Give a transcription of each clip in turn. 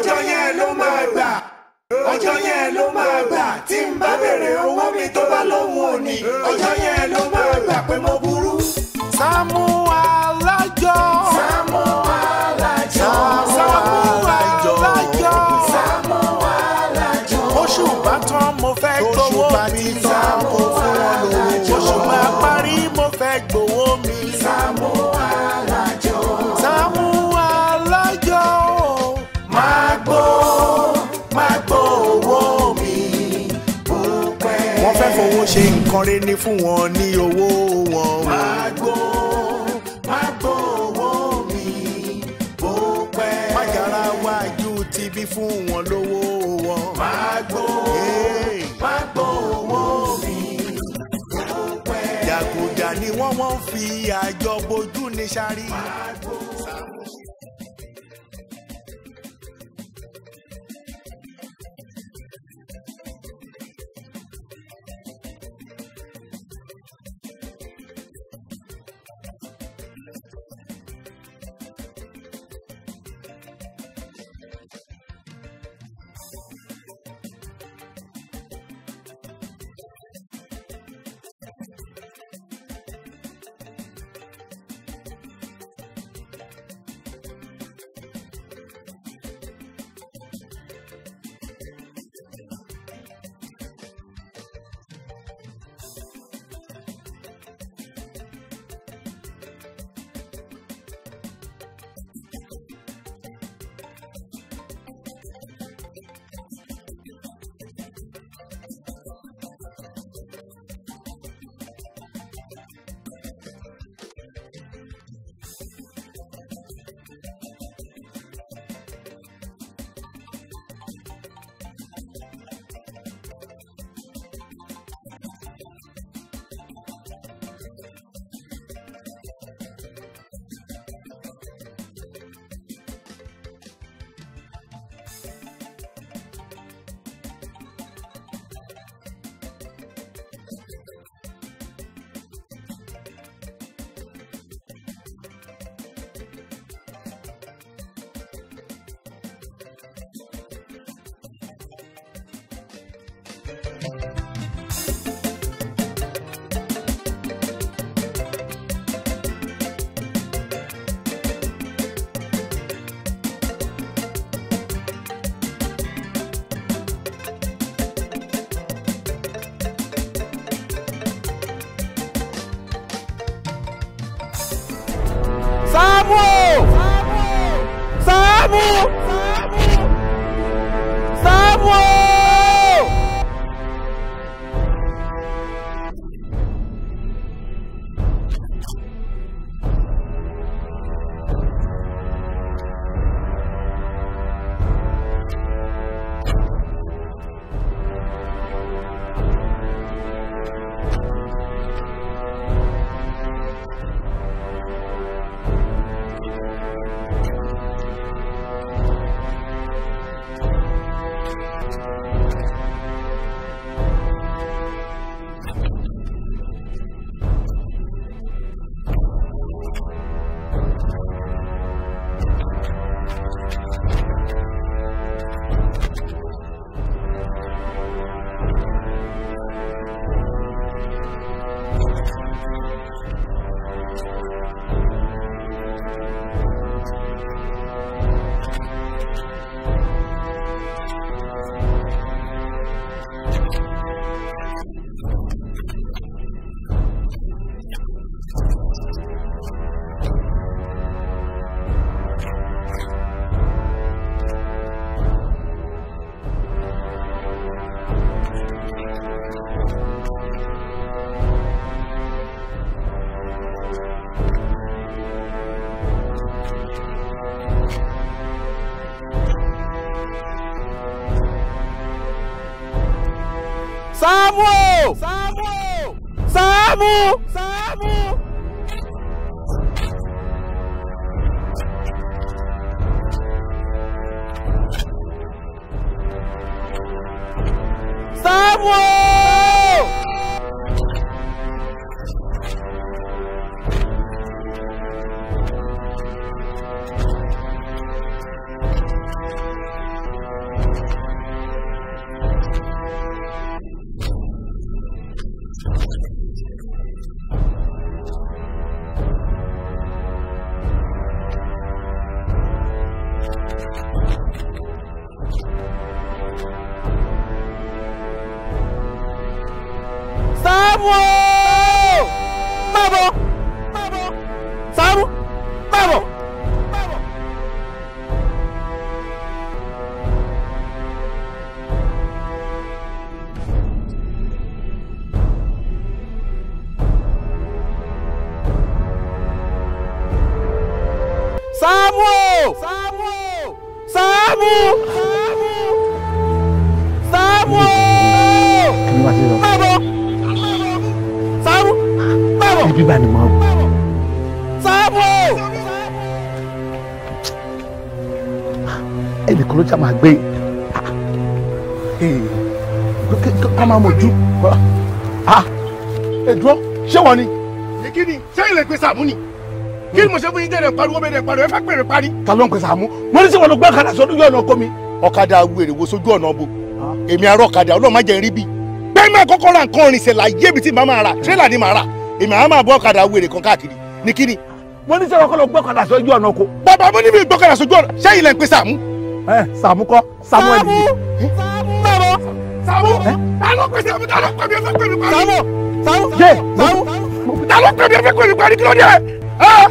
ọjọ́ yẹn ló máa gbà ọjọ́ yẹn ló máa gbà tí n bá béèrè owó mi tó bá lóhùn òní ọjọ́ yẹn ló máa gbà pé mo burú. Sáàmù. kọrin ní fún wọn ní owó wọn. Magbo Magbo owó mi bó pẹ́. Májàra wájú ti bí fún wọn lówó wọn. Magbo Magbo owó mi bó pẹ́. Jàgùjà ni wọ́n wọ́n fi àjọ bojú ní sáré. Magbo. mojú ah. ẹ̀dùn ṣé wọ́n ni. èkì ni sẹ́yìn lè pe sàmú ni kí ni mo ṣe fún yín tẹ̀lé pariwo bẹ́ẹ̀ pariwo ẹ fẹ́ pèrè parí. ta ló ń pe sàmú mo ní sí wọn ló gbé ọ̀kadà sọdún yóò náà kó mi. ọ̀kadà wèrè wo sójú ọ̀nà bo èmi arọ ọ̀kadà ọlọ́run má jẹ́ rí bí. bẹ́ẹ̀ máa kọ́kọ́ ra nǹkan ọ̀rìn ṣẹlẹ̀ ayé ibi tí màá máa ra tírélà ni màá rà èmi àá máa bọ́ ọ̀kadà wèrè kan káàkiri ní kí ni. mo ní sẹ́wọ́n kọ́ lọ gbọ́kadà sójú ọ̀nà ko. bàbá mo ní mi gbọ́kadà sójú ọ̀nà ṣẹ́yìn lẹ́ ń pe sàmú. ẹ eh, sàmú kọ́ sàmú ẹ̀ Sàámú ta ló se mi ta ló pèmí ẹfẹ pèmí parí. Sàámú Sàámú jẹ Sàámú. ta ló pèmí ẹfẹ pèmí parí kí ló dé ẹ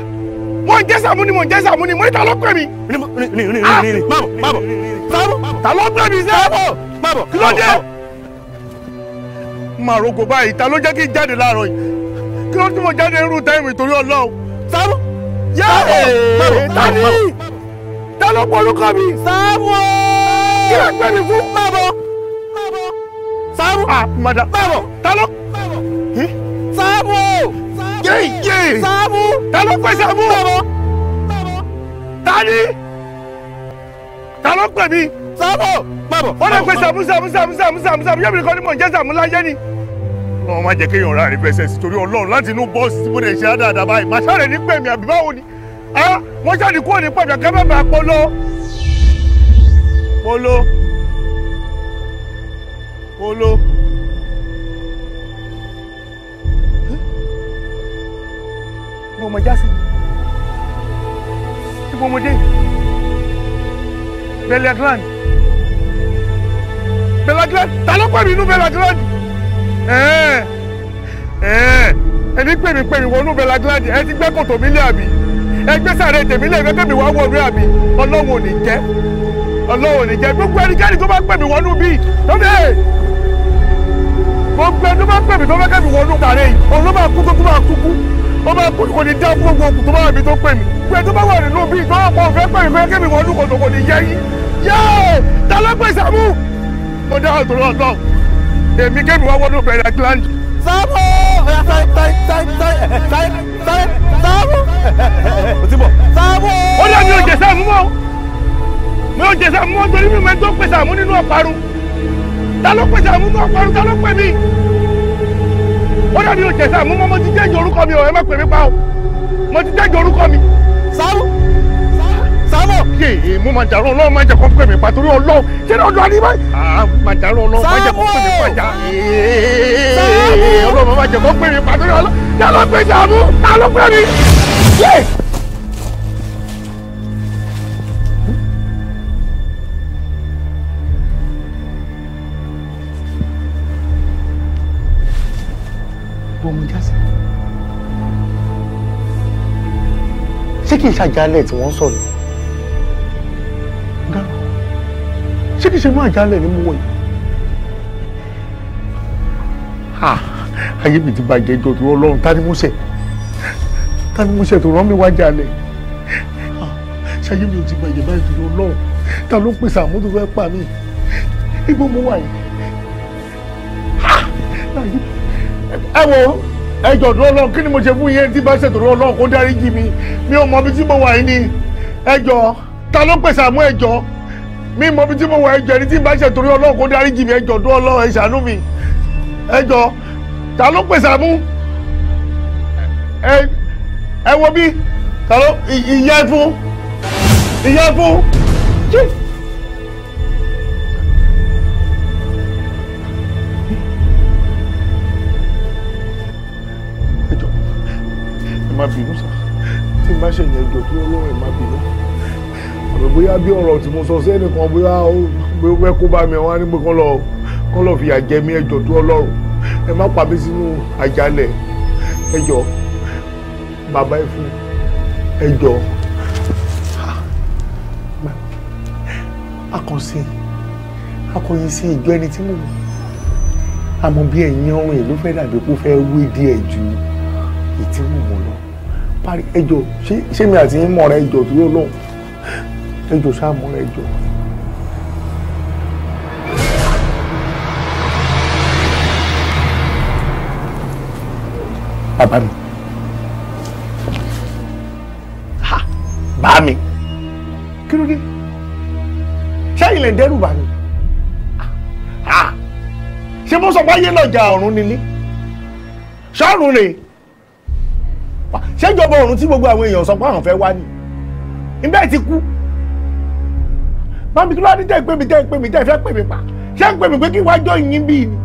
mo ń jẹ Sàámú ni mo ń jẹ Sàámú ni mo ní ta ló pèmí. máàbọ̀ máàbọ̀ Sàámú ta ló pèmí sẹ́ máàbọ̀ kí ló dé. màá rogo báyìí ta ló jẹ́ kí n jáde láàárọ̀ yìí kí ló tún mo jáde ń rú táìmù ìtòrí Ọlọ́run Sàámú yéé tani ta ló polúkọ mi. Sàámú kí ló pè mí fún. máàbọ̀ Sabu, Sabu. àmàdà Sabu. tálọ́ sáàbù Sabu, sáàbù tálọ́ Sabu. Sabu, tani tálọ́ pè mí Sabu. pàbọ̀ wọ́n lè pe Sabu, Sabu. Sabu, Sabu. Sabu, Sabu. yẹ́bìrì kan ní mò ń jẹ́ Sabu, láyé ni ọlọ́run má jẹ́ kéèyàn ra àrífẹsẹ̀ sí torí ọlọ́run láti inú bọ́ọ̀sì tí mo lè ṣe á dáadáa báyìí màá ṣàrẹ̀ ní pẹ̀mí àbí báwo ni wọ́n ah, ṣàdínkù òní pẹ̀mí àkẹ́fẹ́ máa polo polo olo. ní ọmọ já sí ibo mo dé Bellegrand Bellegrand ta ló pè mí inú Bellegrand ẹni pè mí pè mí wọnú Bellegrand ẹ ti gbẹ́ kòtò mi lé àbí ẹ gbé sàrẹ́ tèmi lé ẹgbẹ́ tèmi wá wọ̀ọ́rẹ́ àbí ọlọ́wọ̀n ò ní jẹ́ ọlọ́wọ̀n ò ní jẹ́ gbogbo ẹnikẹ́ni tó bá pè mí wọnú bíi tó gbogbo ẹni máa ń tó fẹ́ kẹ́mi wọnú tààrẹ yìí òun ló kú kó tó máa kú kú kò ní dá gbogbo òkú tó máa bí tó pèmí pé tó bá wà nínú bí tó wà pọ̀ fẹ́ pèmí fẹ́ wọnú kò kò ní yẹ yín yéé ta ló pè Sàámú. ó dá àtòrò ọ̀tọ̀ èmi kẹ́mi wá wọnú bẹ̀rẹ̀ gland. Sàámú Sàámú o ti bọ̀ Sàámú. ó lọ ní oúnjẹ Sàámú mọ́ ní oúnjẹ Sàámú mọ́ torí mímọ́ tó pè ta ló pèsè àmú tó parun ta ló mi. mí ó dàbí o jẹ̀sà mú mọ́ mo ti jẹ́jọ́ orúkọ mi o ẹ má pè mí pa o mo ti jẹ́jọ́ orúkọ mi. sáwọ́ sáwọ́. yéè mo máa dàrú ọlọ́run máa jẹ kó pè mí pa torí ọlọ́run ṣé ní ọdún ba àá máa dàrú ọlọ́run máa jẹ kó pè mí pa jà. ọlọ́run máa jẹ kó pè mí pa torí ọlọ́run ta ló pèsè àmú ta ló pè mí. kì í ṣàjálẹ̀ tí wọ́n sọ̀rọ̀ dáná ṣé kì í ṣe mú àjálẹ̀ ní mú wọ̀nyí. ayé mi ti bàjẹ́ jọ tó ọlọ́run ta ni mo ṣẹ̀ ta ni mo ṣẹ̀ tó rán mi wá jalẹ̀ ṣayé mi ò ti bàjẹ́ báyìí tó ọlọ́run ta ló ń pèsè àmúdó fẹ́ pa mí igbó mo wà yìí. ẹ wo ẹ jọ̀dún ọlọ́run kí ni mo ṣe fún yẹn tí bá ṣètò ọlọ́run kó dárí jì mí mi ò mọ ibi tí mo wà yìí ni ẹjọ́ ta ló pèsè àmú ẹjọ́ mi mọ ibi tí mo wà ẹjọ́ ẹni tí n bá ṣe torí Ọlọ́run kó dáríjì mi ẹjọ́ dún Ọlọ́run ẹ ṣàánú mi ẹjọ́ ta ló pèsè àmú ẹ wo bí ta ló ìyá fún ìyá fún. má bínú sá má ṣèyẹn jọ kí olórin má bínú àbẹ̀ bóyá bí ọ̀rọ̀ tí mo sọ sẹ́nìkan bóyá ó fẹ́ kó bá mi wá ní pé kán lọ kán lọ fìyà jẹ mí ẹjọ́ tó ọlọ́run ẹ má pa mí sínú àjálẹ̀ ẹjọ́ bàbá ẹ fún ẹjọ́ akànṣe akọyin sí ìjọ ẹni tí mo wà àmọ́ bí ẹ̀yin ọrùn ìlú fẹ́ dàbí kó fẹ́ wé díẹ̀ ju ìtí lọ parí ẹjọ́ ṣé mi àti yín mọ̀ra ẹjọ́ tó yóò lọ́hùn ẹjọ́ ṣáà mọ̀ra ẹjọ́. bàbá mi. ha bàá mi kí ló dé ṣé ilẹ̀ ń dẹ́rù bà mí ha ṣé mo sọ pé ayé lọ́jà ọ̀run nílé ṣọ́ọ̀run rèé. Ah, ṣéjọba ọ̀run tí gbogbo àwọn èèyàn sọ pé àwọn fẹ́ wá ni ìbẹ́ẹ̀ ti kú mami kí ló dé tẹ́ pé mi tẹ́ pé mi tẹ́ fẹ́ pè mí pa ṣé ń pè mí pé kí wá jọ yín bí ni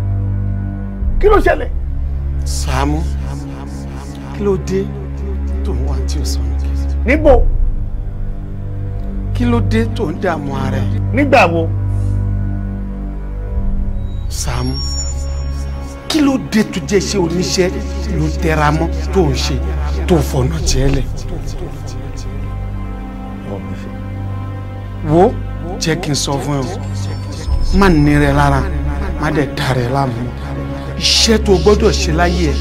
kí ló ṣẹlẹ̀. Sàámú kí ló dé tó ń wá tí o sọ ní. níbo. kí ló dé tó ń dààmú ara ẹ. nígbà wo. Sàámú kí ló dé tó jẹ́ iṣẹ́ oníṣẹ́ ló tẹra mọ́ tó ń ṣe tu fọ̀nà tiẹ̀ lẹ̀. wo jẹ́ kí n sọ fún ẹ o má nira ẹ lára má dẹ̀ dara ẹ láàmú iṣẹ́ tó gbọ́dọ̀ ṣe láyé ẹ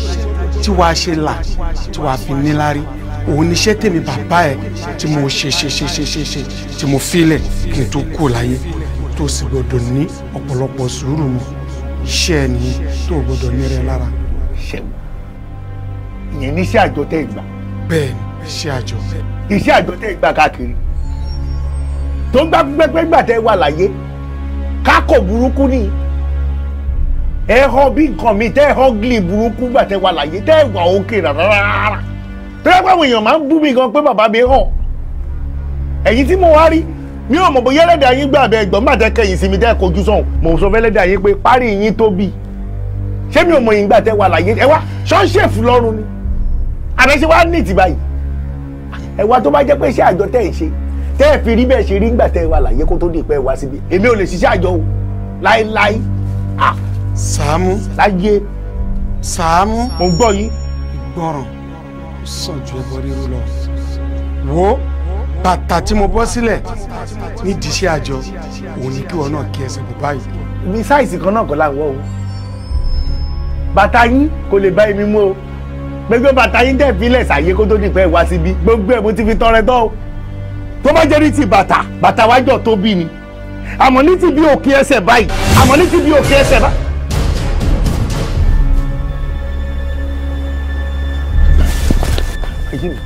tí wàá ṣe là tí wàá fi níláárí òun níṣẹ́ tèmi bàbá ẹ tí mo ṣe ṣe ṣe ṣe ṣe ṣe tí mo filẹ̀ kí n tó kú láyé tó sì gbọ́dọ̀ ní ọ̀pọ̀lọpọ̀ sùúrù mu iṣẹ́ ẹ nìyí tó gbọ́dọ̀ nira ẹ lára ìyẹn níṣẹ́ àjọ tẹ́ ìgbà. bẹ́ẹ̀ni iṣẹ́ àjọ. iṣẹ́ àjọ tẹ́ ìgbà káàkiri tó ń gbá gbẹgbẹgbà tẹ́ wà láyé kákò burúkú ni ẹ họ bí nǹkan mi tẹ́ ẹ họ gili burúkú gbà tẹ́ wà láyé tẹ́ ẹ wà òkè rárá tẹ́lẹ̀ pé àwọn èèyàn máa ń bú mi gan pé bàbá mi hàn ẹ̀yìn tí mo wá rí mi ò mọ̀ bóyá ẹlẹ́dàá yín gbà bẹ́ẹ̀ gbọ́n bàtẹ́ kẹyìn sí mi tẹ́ ẹ kojú sọ̀hún mò ń sọ fẹ́ ẹlẹ́dàá yín pé parí yín tóbi ṣé mi ò mọ̀ yín gbà tẹ́ wà láyé ẹ wá ṣọ́ọ́ṣẹ́fù lọ́rùn ni àbẹ̀ṣe wa ní ìtì báyìí ẹ̀wà tó bá jẹ́ pé iṣẹ́ àjọ tẹ́ ẹ̀ ṣe tẹ́ ẹ̀ fi rí bẹ́ẹ̀ ṣe rí ńgbà tẹ́ ẹ wà láyé kó tó di ìpẹ́ wá síbi èmi ò lè ṣiṣẹ́ àjọ o láéláé à. Sàámú. láyé. Sàámú. mo gbọ́ yìí. ìgbọràn ó sàn ju ẹbọ rírú lọ wo bàtà tí mo bọ́ sílẹ̀ nídìí iṣẹ́ àjọ òun ni kí wọn náà kí ẹsẹ̀ bù báyìí. mi sáìsì kan náà kọ́ láwọ̀ o bàtà yín kò lè bá gbogbo bàtà yín tẹ̀ fílẹ̀ sàyé kó tó nípẹ́ wá síbi gbogbo ẹ̀ mo ti fi tọrẹ tọ́ o tó bá jẹ́ ní ti bàtà bàtà wájọ tó bí ni àmọ́ ní ti bí òkè ẹsẹ̀ báyìí àmọ́ ní ti bí òkè ẹsẹ̀ báyìí. ayé mi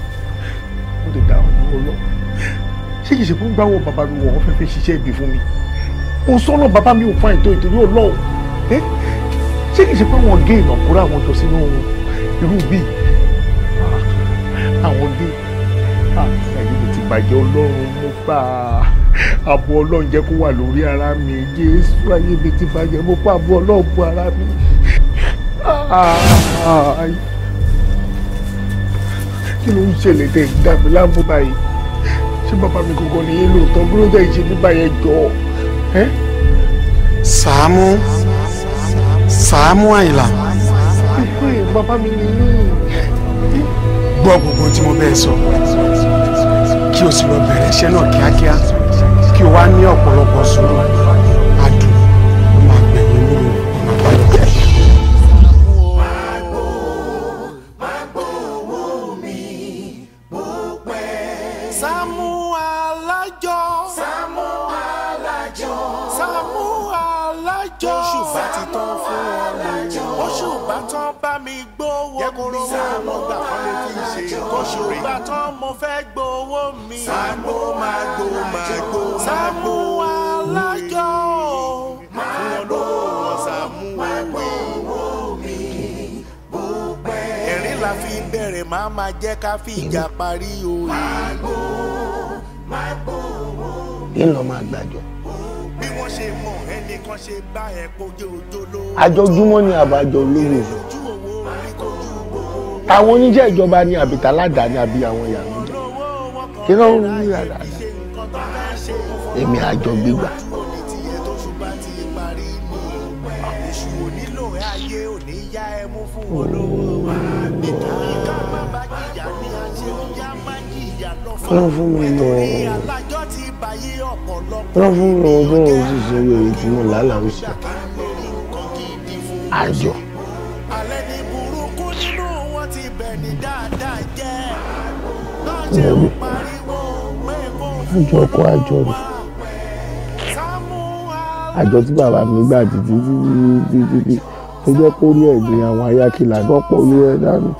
mo lè dá ọ̀nà ọlọ́ ṣé kìí ṣe fún gbàwọ̀ bàbá mi wọ̀ ọ́ fẹ́ fẹ́ ṣiṣẹ́ ibi fún mi òun sọ́nà bàbá mi ò fa ètò ìtòrí ọlọ́ọ̀ ṣé kìí ṣe fún àwọn géènì ọ̀kúrẹ́ àwọn jọ sínú òun irú bíi ah, àwọn bíi àyè mi ti bàjẹ́ ọlọ́run mo pa àbọ̀ ọlọ́run jẹ́ kó wà lórí ara mi Jésù ayé mi ti bàjẹ́ mo pa àbọ̀ ọlọ́run bu ara mi. kí ló ń ṣẹlẹ̀ tẹ̀ dá mi láàmú báyìí ṣé bàbá mi kankan ní yín lóòótọ́ bí ló dẹ̀ ṣe ní báyẹn jọ ẹ́. Sàámú Sàámú Àyìnlá bàbá mi nìyí. gbọ́ gbogbo tí mo bẹ́ẹ̀ sọ kí o sì lọ bẹ̀rẹ̀ iṣẹ́ náà kíákíá kí o wá ní ọ̀pọ̀lọpọ̀ sùúrù. Sàámú màgbò màgbò Sàámú alájọ. Fún ọlọ́wọ́ Sàámú wẹ̀wẹ̀. Ẹ̀rín la fi bẹ̀rẹ̀ máa ma jẹ́ ká fi ìjà parí o. Màgbò màgbò. Ńlọ máa gbàjọ. Bí wọ́n ṣe mọ ẹnìkan ṣe bá ẹ̀ kojú ojú lówó. Àjọjúmọ́ ni àbájọ lówó. Táwọn oníjẹ́ ìjọba ni àbìtáládàá ni àbí àwọn ìyàwó irọ́ ń rí rárá èmi àjọ gbígbà. wọ́n fún mi lọ wọ́n fún mi lọ bẹ́ẹ̀ ó sì ṣe eré tí lálàá ó sì àjọ. mo fúnjọ ọkọ àjọ rẹ̀ àjọ tí bàbá mi gbà títí títí títí tó jẹ́ kó rí ẹ̀gbìn àwọn ayákìlá tó pọ̀ ló ẹ̀ dànù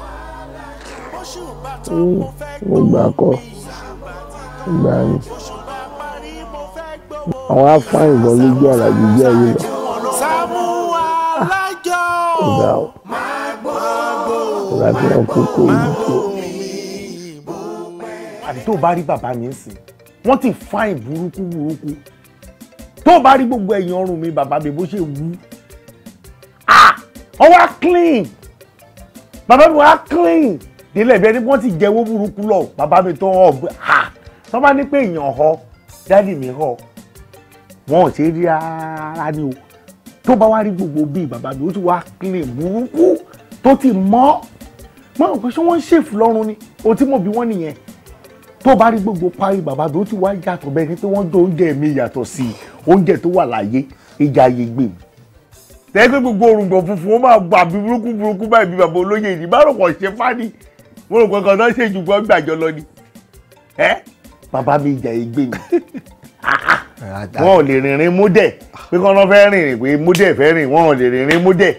mo gbà kọ́ gbà ní àwọn afáàn ìbọn lójú àlàjì jẹ́ ẹ̀yìn lọ. ọ̀gá ọ̀ ọ̀gá tí wọ́n kú kó ìlú tó. àbí bá rí bàbá mi ń sìn wọ́n ti fáìn burúkú burúkú tó bá rí gbogbo ẹ̀yìn ọrùn mi bàbá mi bó ṣe wú ah ọwọ́ clean bàbá mi wá clean délẹ̀ bẹ́ẹ̀ ni wọ́n ti jẹ́wọ́ burúkú lọ bàbá mi tó ọ̀gbẹ́ ah tó bá ní pé èèyàn họ dáàdì mi họ wọn ò ṣe é rí rárá ni o tó bá wá rí gbogbo bíi bàbá mi ó ti wá clean burúkú tó ti mọ́ mọ́ òpin ṣé wọ́n ń ṣèfù lọ́rùn ni o tí mo bí wọ́n nìyẹn tó bá rí gbogbo parí bàbá tó ti wá yàtọ̀ bẹ́ẹ̀ ni pé wọ́n dó oúnjẹ mi yàtọ̀ sí oúnjẹ tó wà láyé ìjà ayé gbé mi. tẹ́gbẹ́ gbogbo òrùngbọ̀n funfun ó máa gbà bí burúkú burúkú báyìí bí bàbá olóyè yìí bá rògbò ṣe fani mo rò kankan náà ṣe jù gbọ́n gbàjọ lọ ni. bàbá mi ìjà ayé gbé mi wọn ò lè rìnrìn múdẹ̀ pé kọ́nà fẹ́ rìnrìn pé múdẹ̀ fẹ́ rìn wọn ò lè rìnrìn múdẹ̀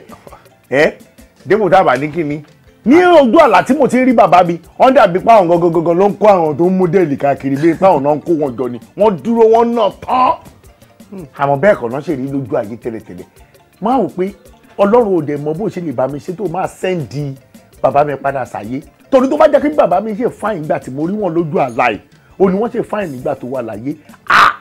dépò tábà ní kíni ní ojú àlá tí mo ti rí bàbá mi wọ́n dàbí páwọn gangan ló ń kó àwọn tó ń mọ́dẹ́lì káàkiri bí páwọn náà ń kó wọn jọ ni wọ́n dúró wọn náà tán hmm, àmọ́ bẹ́ẹ̀ kọ́ náà ṣe rí lójú ayé tẹ́lẹ̀tẹ́lẹ̀ máa wò pé ọlọ́run ò dẹ̀ mọ bó ṣe lè bá mi ṣe tó máa sẹ́ǹdì bàbá mi padà sàyé torí tó bá jẹ́ kí bàbá mi ṣe fáìn nígbà tí mo rí wọn lójú àlá yìí ó ní ṣe fáìn nígbà tó wà láyé ah!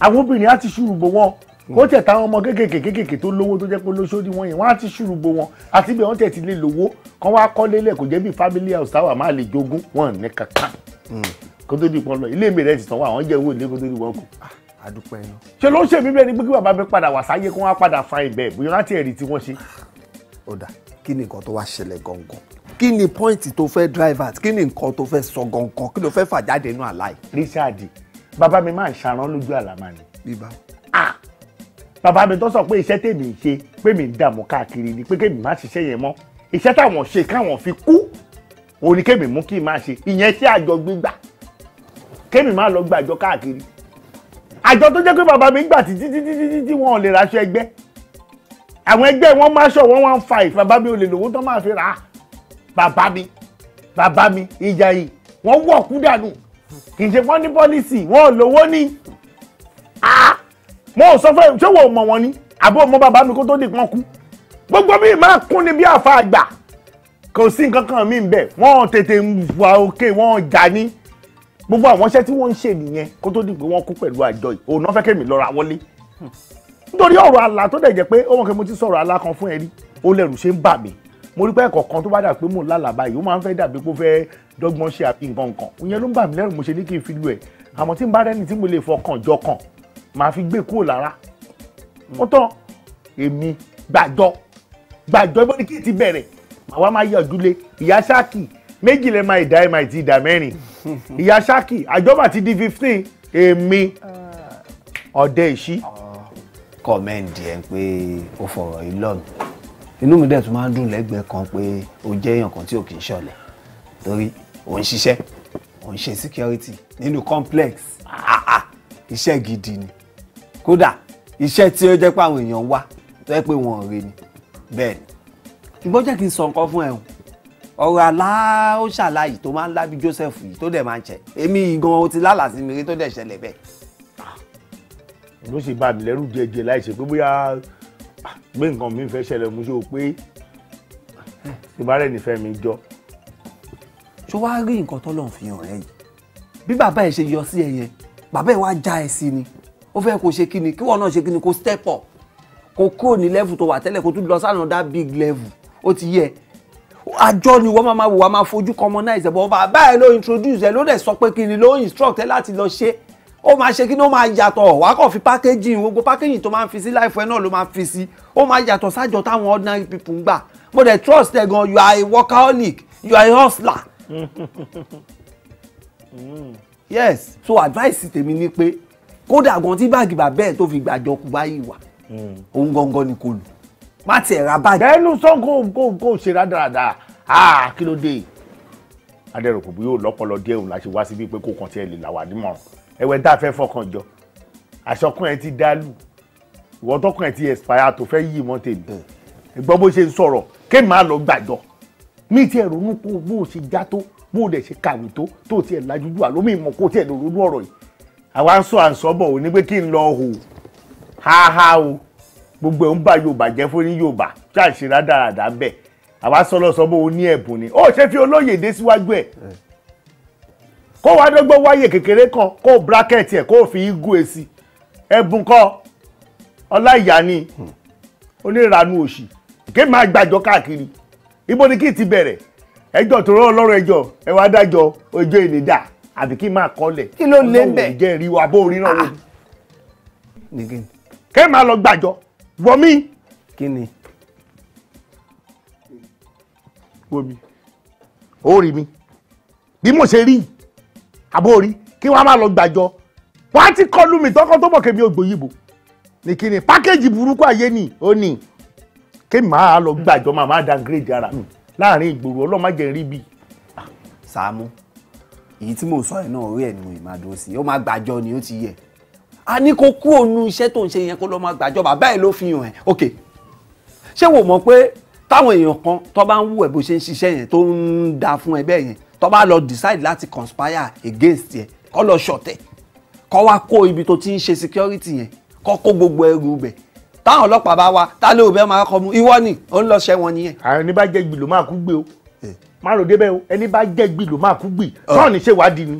àwọn obìnrin á ti ṣùrù bò wọ́n kó mm. tẹ̀ táwọn ọmọ kéékèèké kéékèèké tó lówó tó jẹ́ pé lóṣòdì wọn yẹn wọ́n á ti ṣùrùbọ wọn àti ibẹ̀ wọ́n tẹ̀ ti lè lówó kán wá kọ́lé lẹ̀ kò jẹ́ bí family house táwa máa lè jogún wọn ní kankan mm. kó tó di pọn lọ ilé mi rẹ ti tàn wá àwọn jẹ́ owó ilé kó tó di wọn kù. àdúpẹ́ ah, yẹn. ṣé ló ń ṣe mí bẹ́ẹ̀ ni pé kí bàbá mi padà wà sáyé kó wọ́n á padà fa ibẹ̀ bóyá láti ẹ̀rí tí wọ́n ṣe. ó dà kí ni nǹkan tó wá ṣẹlẹ̀ gangan kí ni pọ́ìntì tó fẹ́ drive at kí ni nǹkan tó fẹ́ sọ gangan kí ló fẹ́ fà jáde inú àlá Richard bàbá mi máa ń ṣarán lójú àlá máa bíbá. ah bàbá mi tó sọ pé iṣẹ́ tèmi ń ṣe pé mi ń dààmú káàkiri ni pé kémi má ṣiṣẹ́ yẹn mọ́ iṣẹ́ táwọn ṣe káwọn fi kú òun ni kémi mú kí n máa ṣe ìyẹn sí àjọ gbígbà kémi má lọ gba àjọ káàkiri àjọ tó jẹ́ pé bàbá mi gbà títí títí títí tí wọn ò lè raṣọ ẹgbẹ́ àwọn ẹgbẹ́ wọn máa ṣọ one one five bàbá mi ò lè lówó tán máa fi rà á bàbá mi bàbá mi ìjà yìí wọ́n wọ̀ kú dànù kì í ṣe wọ́n ní pọ́lísì wọ́n ò lówó ní. Ah! mo sọ fún ẹ ṣé wo mọ̀ wọn ni àbí ọmọ bàbá mi kó tó di kan kú gbogbo mi máa kún ni bí àfa àgbà kò sí nǹkan kan mi bẹ̀ wọ́n tètè wà òkè wọ́n jà ní gbogbo àwọn iṣẹ́ tí wọ́n ń ṣe nìyẹn kó tó di pé wọ́n kú pẹ̀lú àjọ yìí òun náà fẹ́ kẹ́mi lọ́ra wọlé nítorí ọ̀rọ̀ àlá tó dẹ̀ jẹ́ pé ó mọ̀ pé mo ti sọ̀rọ̀ àlá kan fún ẹ rí ó lẹ́rù ṣe ń bà mí mo rí pé ẹ̀kọ́ kan tó bá dà pé mò ń lálàá báyìí ó máa ń fẹ́ dàbí pé ó fẹ́ dọ́gbọ́n ṣe àfi nǹkan kan ìyẹn ló ń bà mí lẹ́rù mo ṣe ní kí n fi lu ẹ̀ àmọ́ tí n bá rẹ́ni tí mo lè fọkàn jọkàn màá fi gbé kúrò lára wọ́n tán èmi gbàjọ gbàjọ ìbọn ní kí n ti bẹ̀rẹ̀ àwa máa yẹ ọdúnlé ìyá ṣáàkì méjì lè máa ìdá ẹ̀ma ìtì ìdá mẹ́rin ìyá ṣáàkì àjọba ti di fifteen èmi uh. ọ̀dẹ ìṣí. Uh, kọ́mẹ́ǹdì ẹ̀ pé ó fọ̀rọ̀ yìí lọ́nù inú mi dẹ̀ tún máa ń dùn lẹ́gbẹ̀ẹ́ kan pé ó jẹ́ èèyàn kan tí ò kì í ṣọ̀lẹ torí ò ń ṣiṣẹ́ ò ń ṣe security nínú complex ah, ah, iṣẹ́ gidi ni kódà iṣẹ́ tí ó jẹ́ pé àwọn èèyàn wá tó yẹ pé wọ́n rè ni bẹ́ẹ̀ ṣùgbọ́n jẹ́ kí n sọ nǹkan fún ẹ o ọ̀rọ̀ aláòṣàlàyé tó máa ń lábí Joseph yìí tó dẹ̀ máa ń ṣẹ èmi gan o ti lálàá sí mi rí tó dẹ̀ ṣẹlẹ̀ bẹ́ẹ̀. ló ṣe bá mi lẹ́rù jẹjẹ láì ṣe pé bóyá gbé ah, nǹkan mi fẹ́ ṣẹlẹ̀ mo ṣe o pé ìbárẹ̀ nífẹ̀ẹ́ mi jọ. ṣó wàá rí nǹkan tọ́lọ́run fi hàn ẹ́ yìí bí bàbá ẹ̀ ṣe yọ sí ẹ yẹn bàbá ẹ̀ wá já ẹ sí ni ó fẹ́ kó ṣe kí ni kí wọ́n náà ṣe kí ni kó step up kó kúrò ní level tó wà tẹ́lẹ̀ kó tún lọ sí another big level ó ti yẹ àjọ ni wọ́n máa wò wá máa fojú commonize ẹ̀bọ̀ bàbá ẹ̀ ló introduce ẹ̀ ló dẹ̀ sọ pé kí ni ló instruct ẹ̀ láti lọ ṣe ó máa ṣe kí ni ó máa yàtọ̀ wá kàn fi packaging gbogbo packaging tó máa ń fi sí life ẹ̀ náà ló máa fi sí ó máa yàtọ̀ sájọ táwọn ordinary people ń gbà mo dẹ̀ trust ẹ̀ gan you are a workaholic you are a hustler yes so advice tèmi ni pé kódà gan tí báàgì bàbá ẹ̀ tó fi gbàjọ kú báyìí wà hmm. òun gangan ni kò lù má tiẹ̀ ra báàgì. bẹ́ẹ̀nu sọ́n kò kò kò ṣe rádaràda aa kí ló dé adẹ́rùkù bí yóò lọ́pọ̀lọ́ díẹ̀ òun la ṣe wá síbi pé kó kàn tiẹ̀ lè là wà nímọ̀ràn ẹ̀wẹ̀ tá a fẹ́ fọkàn jọ àṣọkùn ẹ̀ ti dálù ìwọ́n tọkùn ẹ̀ ti expire tó fẹ́ yí ìmọ̀ tèmi hmm. gbọ́ bó ṣe ń sọ̀rọ̀ kéèmí á lọ gbàjọ mi tiẹ̀ ronú pé bó o ṣe já tó bó o dẹ̀ ṣe kàwé tó tó tiẹ̀ lajú jù àlómi ìmọ̀ kó tiẹ̀ lè ronú ọ̀rọ̀ yìí àwa ń sọ àǹsọ́bọ̀ ò ní pé kí n lọ hò háhá o gbogbo ẹ̀ ń bá yorùbá jẹ́ fún ní yorùbá tí à ń sọ o ní ẹ̀bùn ni ó ṣe fi olóyè dé síwájú ẹ̀ kó wàá kékeré kan kó ẹ̀ kó fi igu èsì ẹ̀bùn hmm. òṣì máa gbàjọ káàkiri ibo ni kí n ti bẹ̀rẹ̀ ẹjọ́ tó àbí kí n máa kọ́lẹ̀ kí ló lé bẹ́ẹ̀ ọlọ́wọ́ ìjẹ́rìí wa bó orí náà wò ni. kẹ́ máa lọ gbàjọ wọmí. kí ni. wọmi ó rí mi bí mo ṣe rí yìí àbó orí kí wọ́n á máa lọ gbàjọ wọ́n á ti kọlu mi tọ́kọ́ tó bọ̀ kẹ́mi ògbóyìnbó ní kí ni pákéjì burúkú ayé ni ó ní kémi máa lọ gbàjọ máa máa downgrade ara láàrin ìgboro ọlọ́mọ jẹ́ rí bí. Sàámú èyí tí mò ń sọ yẹn náà orí ẹ̀ ni mo ì máa dúró sí ó máa gbàjọ ni ó ti yẹ a ní kó kú òun iṣẹ́ tó ń ṣe yẹn kó lọ́ máa gbàjọ bàbá ẹ̀ ló fi hàn ẹ̀ ok ṣé wò mọ̀ pé táwọn èèyàn kan tó bá ń wù ẹ̀ bó ṣe ń ṣiṣẹ́ yẹn tó ń da fún ẹ yẹn tó bá lọ decide láti conspire against ẹ kó lọ ṣọ̀tẹ̀ kó wá kó ibi tó ti ń ṣe security yẹn kó kó gbogbo ẹrù bẹ̀ táwọn ọlọ́pàá bá wa tá ló bẹ́ẹ̀ máa kọ́ mu ìwọ ni ó ń lọ ṣẹ́wọ̀n nìyẹn. àrùn ní bá jẹ́ gbìlò máa kú gbé o má rò débẹ̀ o ẹni bá jẹ́ gbì ló máa kú gbì náà ní ṣèwádìí ni.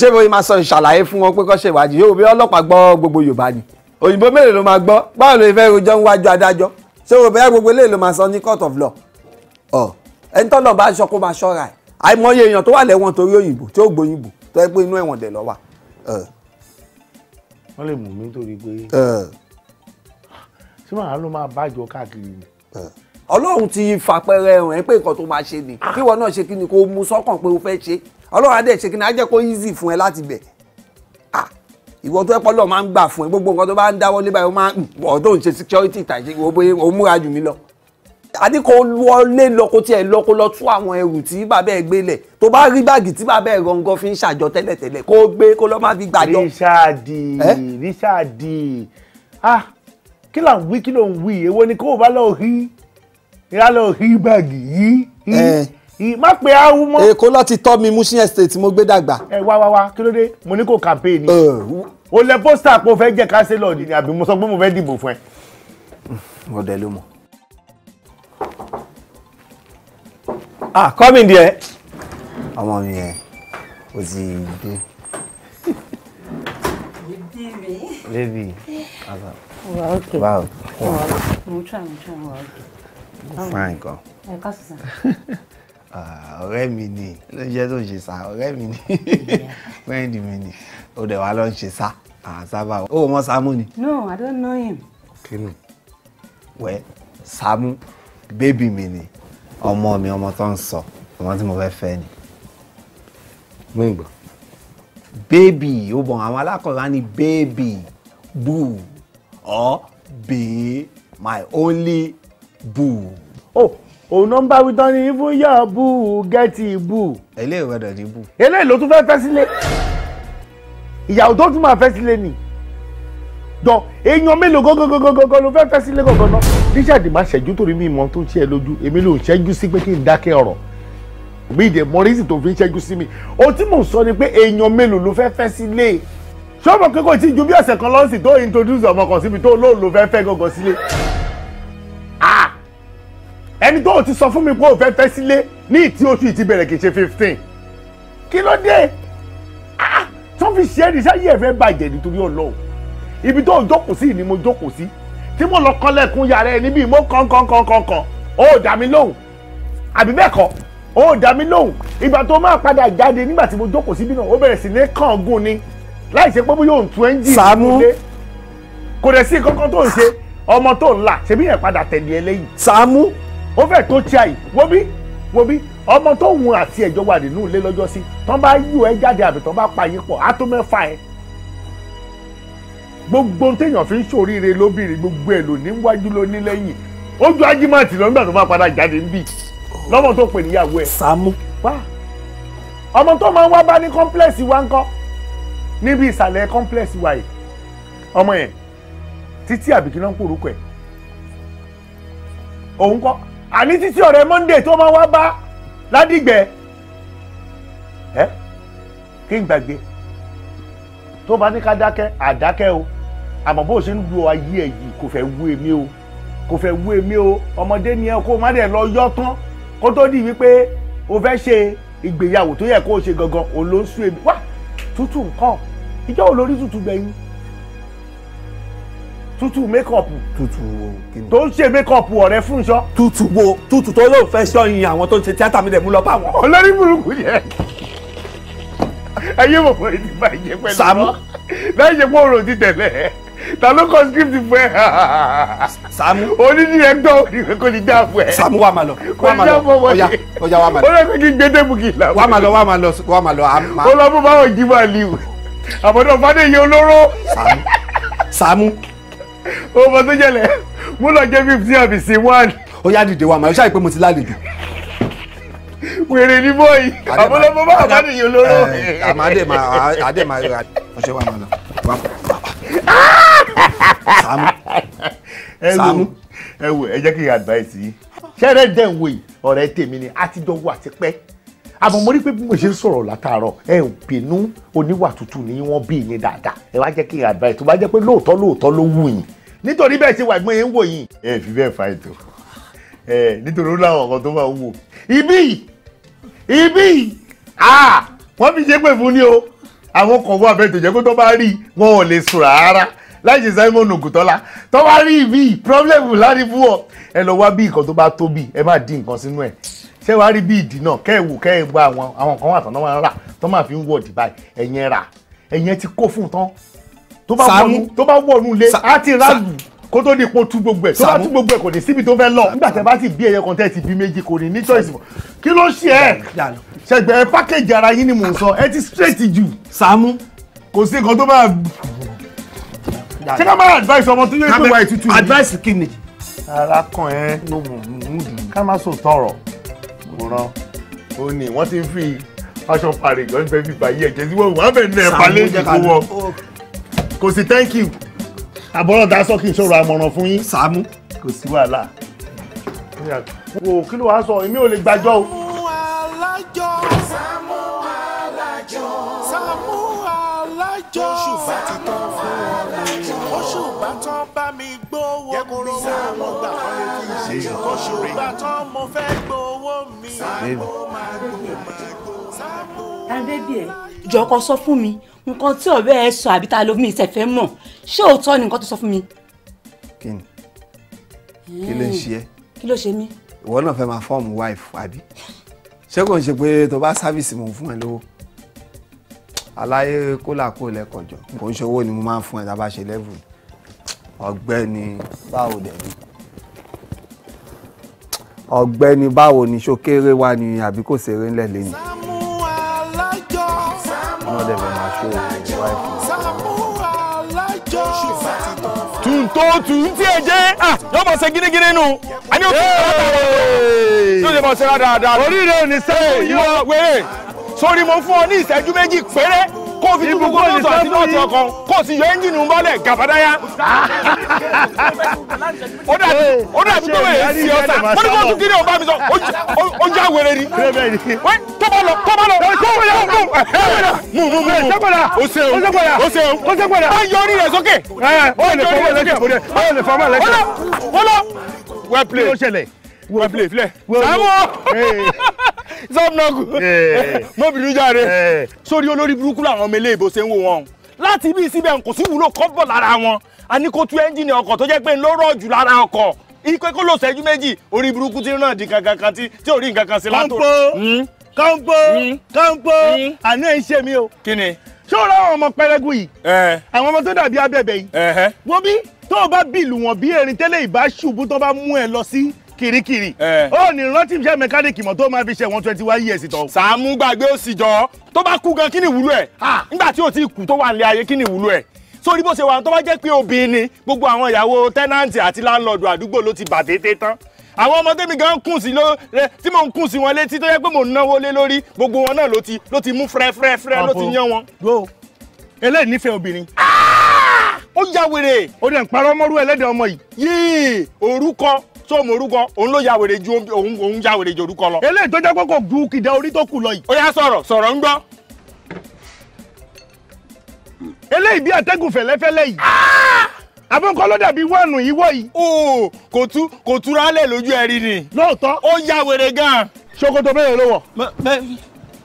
ṣé mo máa sọ ìṣàlàyé fún wọn pé kó ṣèwádìí yóò bí ọlọ́pàá gbọ́ gbogbo Yorùbá ni òyìnbó mélòó ló máa gbọ́ báwo ló fẹ́ rojọ́ níwájú adájọ́ ṣé o bẹ́ẹ̀ gbogbo eléyìí ló máa sọ ní court of law ọ ẹni tọ́lọ̀ bá aṣọ kó máa ṣọ́ra ẹ̀ àìmọye èèyàn tó wà lẹ́wọ̀n torí òyìnbó tí ó gbóyìnbó tó yẹ pé inú ẹ̀wọ̀n dẹ̀ lọ wà. wọ́n lè mú mi torí pé ṣé màá ló máa bájọ káàkiri ni ọlọ́run ti fàpẹrẹ ẹ̀ pé nǹkan tó máa ṣe ni ah. kí wọn náà ṣe kí ni kó mú sọ́kàn pé o fẹ́ ṣe ọlọ́run adé ṣe kí ni á jẹ́ kó easy fún ẹ láti bẹ̀ ah ìwọ tó ẹpọ lọ máa ń gbà fún ẹ gbogbo nǹkan tó bá ń dáwọ́ lé báyìí ó máa ń wọ̀ mm, tó ń ṣe security tàìṣe wo bóyá ó múra jù mí lọ àní kò wọlé lọ kó tiẹ̀ lọ kó lọ tú àwọn ẹrù tí bàbá ẹ gbé lẹ̀ tó bá rí báàgì tí bàbá ẹ gangan fi ń ṣàjọ tẹ́lẹ̀tẹ́lẹ̀ kó gbé kó lọ́ máa fi gbàjọ. ríṣàdì ríṣàdì ah kí là ń wí kí ló ń wí èwo ni kó o bá lọ rí ìyá lọ rí báàgì eh. yìí má pe awu mọ́. èkó láti tọ́ mi Mushin Estate mo gbé dàgbà. ẹ eh, wá wá wá kí ló dé mo ní kò campaign ni. Eh. o lẹ pósítà pé o fẹ́ jẹ́ kánsílọ̀ ni àbí mo sọ pé mo fẹ́ dìbò fún ẹ. ọ̀dẹ ló mọ̀. ah come in there. ọmọ mi yẹn o ti dé. Baby. Well, okay. Wow. Wow. Well, try, try, well, okay fine gan. ẹ ká sùn sàn. ọ̀rẹ́ mi ni ló jẹ́ tó ń ṣe sá ọ̀rẹ́ mi ni friend mi ni ó dẹ̀ wá lọ ń ṣe sá àṣàbà ah, ó mọ Sàámú ni. no i don't know him. kínú wẹ Sàámú bébì mi ni ọmọ mi ọmọ tó ń sọ ọmọ tí mo fẹ́ fẹ́ ni. mo ń gbọ́. bébì ó bọ̀ àwọn alákọ̀ọ́lá ni bébì bù ọ́ bèé my only bù. oh òun náà ń bá wí tán ní fún boo. bù gẹ́tì bù. eléyìí gbọdọ̀ ní bù. eléyìí ló tún fẹ́ fẹ́ sílé ìyàwó tó tún máa fẹ́ sílé ni dọ èèyàn mélòó gọgọgọgọgọ ló fẹ́ fẹ́ sílé gọgọ náà. richard má ṣẹ́jú torí mi mọ tó ń ṣe ẹ lójú èmi ló ń ṣẹ́jú sí pé kí n dákẹ́ ọ̀rọ̀ mi ìdè mọ́rísì tó fi ń ṣẹ́jú sí mi ohun tí mò ń sọ ni pé èèyàn mélòó ló fẹ́ fẹ́ sílé ṣọ́ọ̀bù kékeré tí ju bí ọ̀sẹ̀ kan lọ́sìn tó introduce ọmọ kan síbi tó lóun ló fẹ́ fẹ́ gọ́gọ́ sílé ẹni tó ti sọ fún mi pé o fẹ́ fẹ́ sílé ní ìtí oṣù ìtí bẹ̀rẹ̀ kì í ṣe fifteen kí ló dé ah, ah, tó fi ṣe é ní sáyé ẹ̀fẹ́ bàjẹ́ nítorí ọlọ́run ibi tó jókòó sí ni mo jókòó sí tí mo lọ kọ́lẹ̀kùn yàrá ẹni bíi mo kàn kàn kàn kàn kàn ó dà mí lóhùn àbí bẹ́ẹ̀ kọ́ ó dà mí lóhùn ìgbà tó máa padà jáde nígbà tí mo jókòó síbí náà ó bẹ̀rẹ̀ sí ní kàn gùn ni láì ṣe pé bóyá òun tún ẹ́ńjì ìdílé kò dẹ̀ sí kankan tó ń ṣe ọmọ tó ń là ṣebí yẹn padà tẹ̀lé ẹ lẹ́yìn. Sàámú ó fẹ́ tó tí a yìí wo bí wo bí ọmọ tó wùn àti ẹ̀jọ́ wà nínú ilé lọ́jọ́ sí tán bá yú ẹ jáde àbí tán bá pa yín pọ̀ á tó mẹ́fà ẹ. gbogbo téèyàn fi ń ṣoríire lóbìnrin gbogbo ẹ̀ lò ní wájú ló ní lẹ́yìn ó ju ajímọ̀tì lọ nígbà tó bá padà jáde ń bì lọ́mọ tó pè níyàwó ẹ̀. Sàámú. wá ọmọ tó máa ń wá bá ní kọ́ńplẹ́ẹ̀sì wa ń kọ́ níbi ìsàlẹ̀ kọ́ńplẹ́ẹ̀sì wa yìí ọmọ yẹn títí àbìkí náà ń pòrúkọ ẹ̀ òun kọ́ àní títí ọ̀rẹ́ Monday tó máa wá bá ládìgbẹ́ ẹ kí n gbàgbé tó bá ní ká dákẹ́ àdákẹ́ o àmọ́ bó o ṣe ń lu ayé ẹ̀ yìí kò fẹ́ wú èmi o kò fẹ́ wú èmi o ọmọdé ni ẹ kó má dẹ̀ lọ yọ́ tán kó tó di wípé o fẹ́ ṣe ìgbéyàwó tó yẹ kó o ṣe gangan òun ló ń sún èmi wá tútù nǹkan ìjọ́ olórí tútù gbẹ̀yìn Tutu mékọ̀pù. tútù wo kíni. tó ń ṣe mékọ̀pù ọ̀rẹ́ fún iṣọ́. tútù wo tútù tó lóun fẹ́ ṣọ́yìn àwọn tó ń ṣe tíátà mi dẹ̀ mú lọ bá wọn. olórí burúkú yẹn ayé bọ̀bọ̀ yìí ti bá ìjẹ́ pẹ̀lú wọn. Sàámú. láì ṣe pọ́ọ̀rọ̀ ti tẹ̀lé ta ló kọ script fún ẹ. Sàámú. onídìrẹ́tọ̀ òdìrẹ́ kò ní dá fún ẹ. Sàámú wà máa lọ wà máa lọ ọ̀yà ọ̀yà wà máa lọ. ó lọ sí kí n gbé débùkì ìlànà. wà máa lọ wà máa lọ wà máa lọ. ó lọ fún báwọn jí máa liw àbọ̀dọ̀ fadéyé olóró. Sàámú. Sàámú o mọ tó jẹlẹ mo lọ jẹ fifty àbí sí one. ó yá dìde wa màá ṣáà pé mo ti lálejò. wèrè ní bọ́ọ̀yì àbúlọ́mọ bá àbádìyàn olóró. àmàdé máa àdé máa rà ọṣẹ wa máa lọ. Sàámú Sàámú. ẹ wo ẹ jẹ́ kí n advice yìí ṣẹ́rẹ́ dẹ̀ ń wo yìí ọ̀rẹ́ tèmi ni a ti dọ́wọ́ àti pẹ́ àmọ́ mo rí pé bí mo ṣe ń sọ̀rọ̀ látàárọ̀ ẹ ò bínú oníwà tútù ni wọ́n bí yín dáadáa ẹ wá jẹ́ kí n advice tó bá jẹ́ pé lóòótọ́ lóòótọ́ ló wù yín nítorí bẹ́ẹ̀ ṣe wà gbọ́n yẹn ń wò yín ẹ fi bẹ́ẹ̀ fa ètò ẹ nítorí ó láwọn kan tó máa ń wò ibi ibi wọ́n fi ṣe pé fún ni o àwọn kan wọ́n abẹ́ tó jẹ́ pé tó bá rí wọn ò lè sùn rárá láì ṣe Simon Ògùntọ́lá tó bá rí ibi problem láti fún ọ ẹ lọ wá bí nǹkan tó bá tóbi ẹ má dín nǹkan sínú ẹ ṣé wàá rí bí ìdì náà kẹ́ ẹ̀ wò kẹ́ ẹ̀ gba àwọn àwọn kan wà tán náà rà tán máa fi ń wọ̀ dì báyìí ẹ̀yẹn rà ẹ̀yẹn ti kó fún tán tó bá wọnú tó bá wọnú lé á ti rálù kó tó di ipò tú gbogbo ẹ̀ tó bá tú gbogbo ẹ̀ kò ní síbi tó fẹ́ lọ nígbà tẹ́ bá ti bí ẹyẹ kan tẹ́ ti bí méjì kò ní ní choice mọ́ kí ló ṣe ẹ́ ṣẹgbẹ́ package ara yín ni mò ń sọ ẹ ti straight jù. Sàámú kò sí nǹkan tó máa ṣé ká máa advice ọmọ tó yẹ kó wá ètùtù yìí advice kí ni. ara kan ẹ ló mú un ká má sọ tọrọ kùnran ó ní wọ́n ti ń fi fashion parade wọ́n fẹ́ fi bàyí ẹ̀jẹ̀ sí wọ́n wọ́n bẹ̀ nà ẹ̀ palẹ̀ ìdìbò wọn kò sí thank you àbọ̀rọ̀ dá sọ́kì ìṣòro àmọ̀ràn fún yín. Sàámú kò sí wàhálà. wo kí ló wàá sọ èmi ò lè gbàjọ́ o. kò ṣùgbà tó mo fẹ́ gbowó mi. àbẹ́bí ẹ̀ jọ̀ọ́ kó sọ fún mi nǹkan tí ọ̀rẹ́ ẹ sọ àbí ta ló mi ìṣẹ̀fẹ́ mọ̀ ṣé òótọ́ ni nǹkan tó sọ fún mi. kí ni kí ló ń ṣe ẹ́. kí ló ṣe mí. ìwọ náà fẹ́ máa fọ́ọ̀mù wife àbí ṣé kò ń ṣe pé tó bá sáfìsì mò ń fún ẹ lówó aláyé kólàkó lẹ́kọ̀ọ́jọ́ kò ń ṣe owó ni mo máa ń fún ẹ tá a bá ṣe lẹ́vù ọ̀gbẹ́ni báwo dẹ̀ ni ọ̀gbẹ́ni báwo ni ṣókéré wa ni àbí kò ṣeré ńlẹ̀ lẹ́nu. wọ́n dẹ̀ fẹ́ máa ṣó tuntun tún tí ẹ jẹ́ yóò máa ṣe gírígírí nù a ní òkè ọ̀tá yóò lè máa ṣe rádàrádà. oríire ò ní sẹ́yìn yóò wéré sórí mo fún ọ ní ìṣẹ́jú méjì péré kó o fi tún gbogbo mọ́tò àti mọ́tò ọkàn kó o sì yọ ẹ́ńjìnì ń bọ́lẹ̀ gàbádáyà. ó dàbí ó dàbí pé wẹ́ẹ̀ sí ọ̀sà mo ní kó tún kí ni ọba mi sọ ó já wẹrẹ ni. wẹ́ẹ́ tó bá lọ tó bá lọ tó bá lọ mú mú mú mú o ṣeun o ṣeun o ṣeun bá yọ orí rẹ sókè. ó lè fọwọ́ lẹ́kẹ̀ẹ́ ó lè fọwọ́ lẹ́kẹ̀ẹ́. wọ́n lọ wọ́n lọ well played wo filẹ filẹ sáwọ sọfúnọkù mọbìnrin jàre sórí olórí burúkú làwọn ọmọ eléyìí ṣe ń wò wọn láti ibi síbẹ̀ kò sí wúlò kọ́bọ̀ lára wọn a ní kó tú ẹ́ńjìnì ọkọ̀ tó jẹ́ pé ló rọ̀ jù lára ọkọ̀ ipe kó lò ṣẹ́jú méjì orí burúkú ti ràn di kankan kan tí tí ò rí sí látò. kánpó kánpó kánpó àná ẹ̀ ṣe mí o. kí ni. ṣé o ráwọn ọmọ pẹrẹgu yìí. àwọn ọmọ tó dàbí abẹ́bẹ̀ yìí. wọ́n bí tó o bá bìlù wọn bí erin tẹ́lẹ̀ ìbá ṣubú tó bá mú ẹ lọ sí kirikiri ó ní rántí iṣẹ́ mẹkáníìkì mọ́ tó máa fi ṣe one twenty one years tọ́. Sàámú gbàgbé ó sì jọ tó bá kú gan kí ni ìwúlò ẹ̀ nígbà tí o ti kú tó wà nílé ayé kí ni ìwúlò ẹ̀ sórí bó ṣe wà tó bá jẹ́ pé obìnrin ni gbogbo àwọn ìyàwó tẹ́nàǹtì àti láńlọ́ọ̀dù àdúgbò ló ti bàtẹ́tẹ́ tán àwọn ọmọ tẹ́mi gan kùn sí ló rẹ tí mò ń kùn sí wọn létí tó yẹ pé mò ń náwó lé lórí gbogbo wọn náà ló ti ló ti mú fẹ́rẹ́fẹ́rẹ́ ló ti yán wọn. wo eléyìí nífẹ̀ẹ́ obìnrin. Ah! ó ya wèrè. ó dẹ̀ ń parọ́ mọ́rú ẹlẹ́dẹ̀ ọmọ yìí. yéè orúkọ tó morúkọ òun ló ya wèrè ju òun òun ya wèrè ju orúkọ lọ. eléyìí tó jẹ́ pé kò kìdá orí tó kù lọ yìí. ó yá sọ̀rọ̀ sọ̀rọ̀ ń gbọ́. eléyìí bí àtẹ́gùn fẹ̀lẹ́fẹ́lẹ́ yìí ah! àbọ̀nkọ́ ló dàbí wọ́ọ̀nù ìwọ yìí. ooo kò tú kò túra lẹ̀ lójú ẹ̀rí ni. lóòótọ́ ó ya wèrè gan-an. ṣòkòtò mẹ́rin ló wọ̀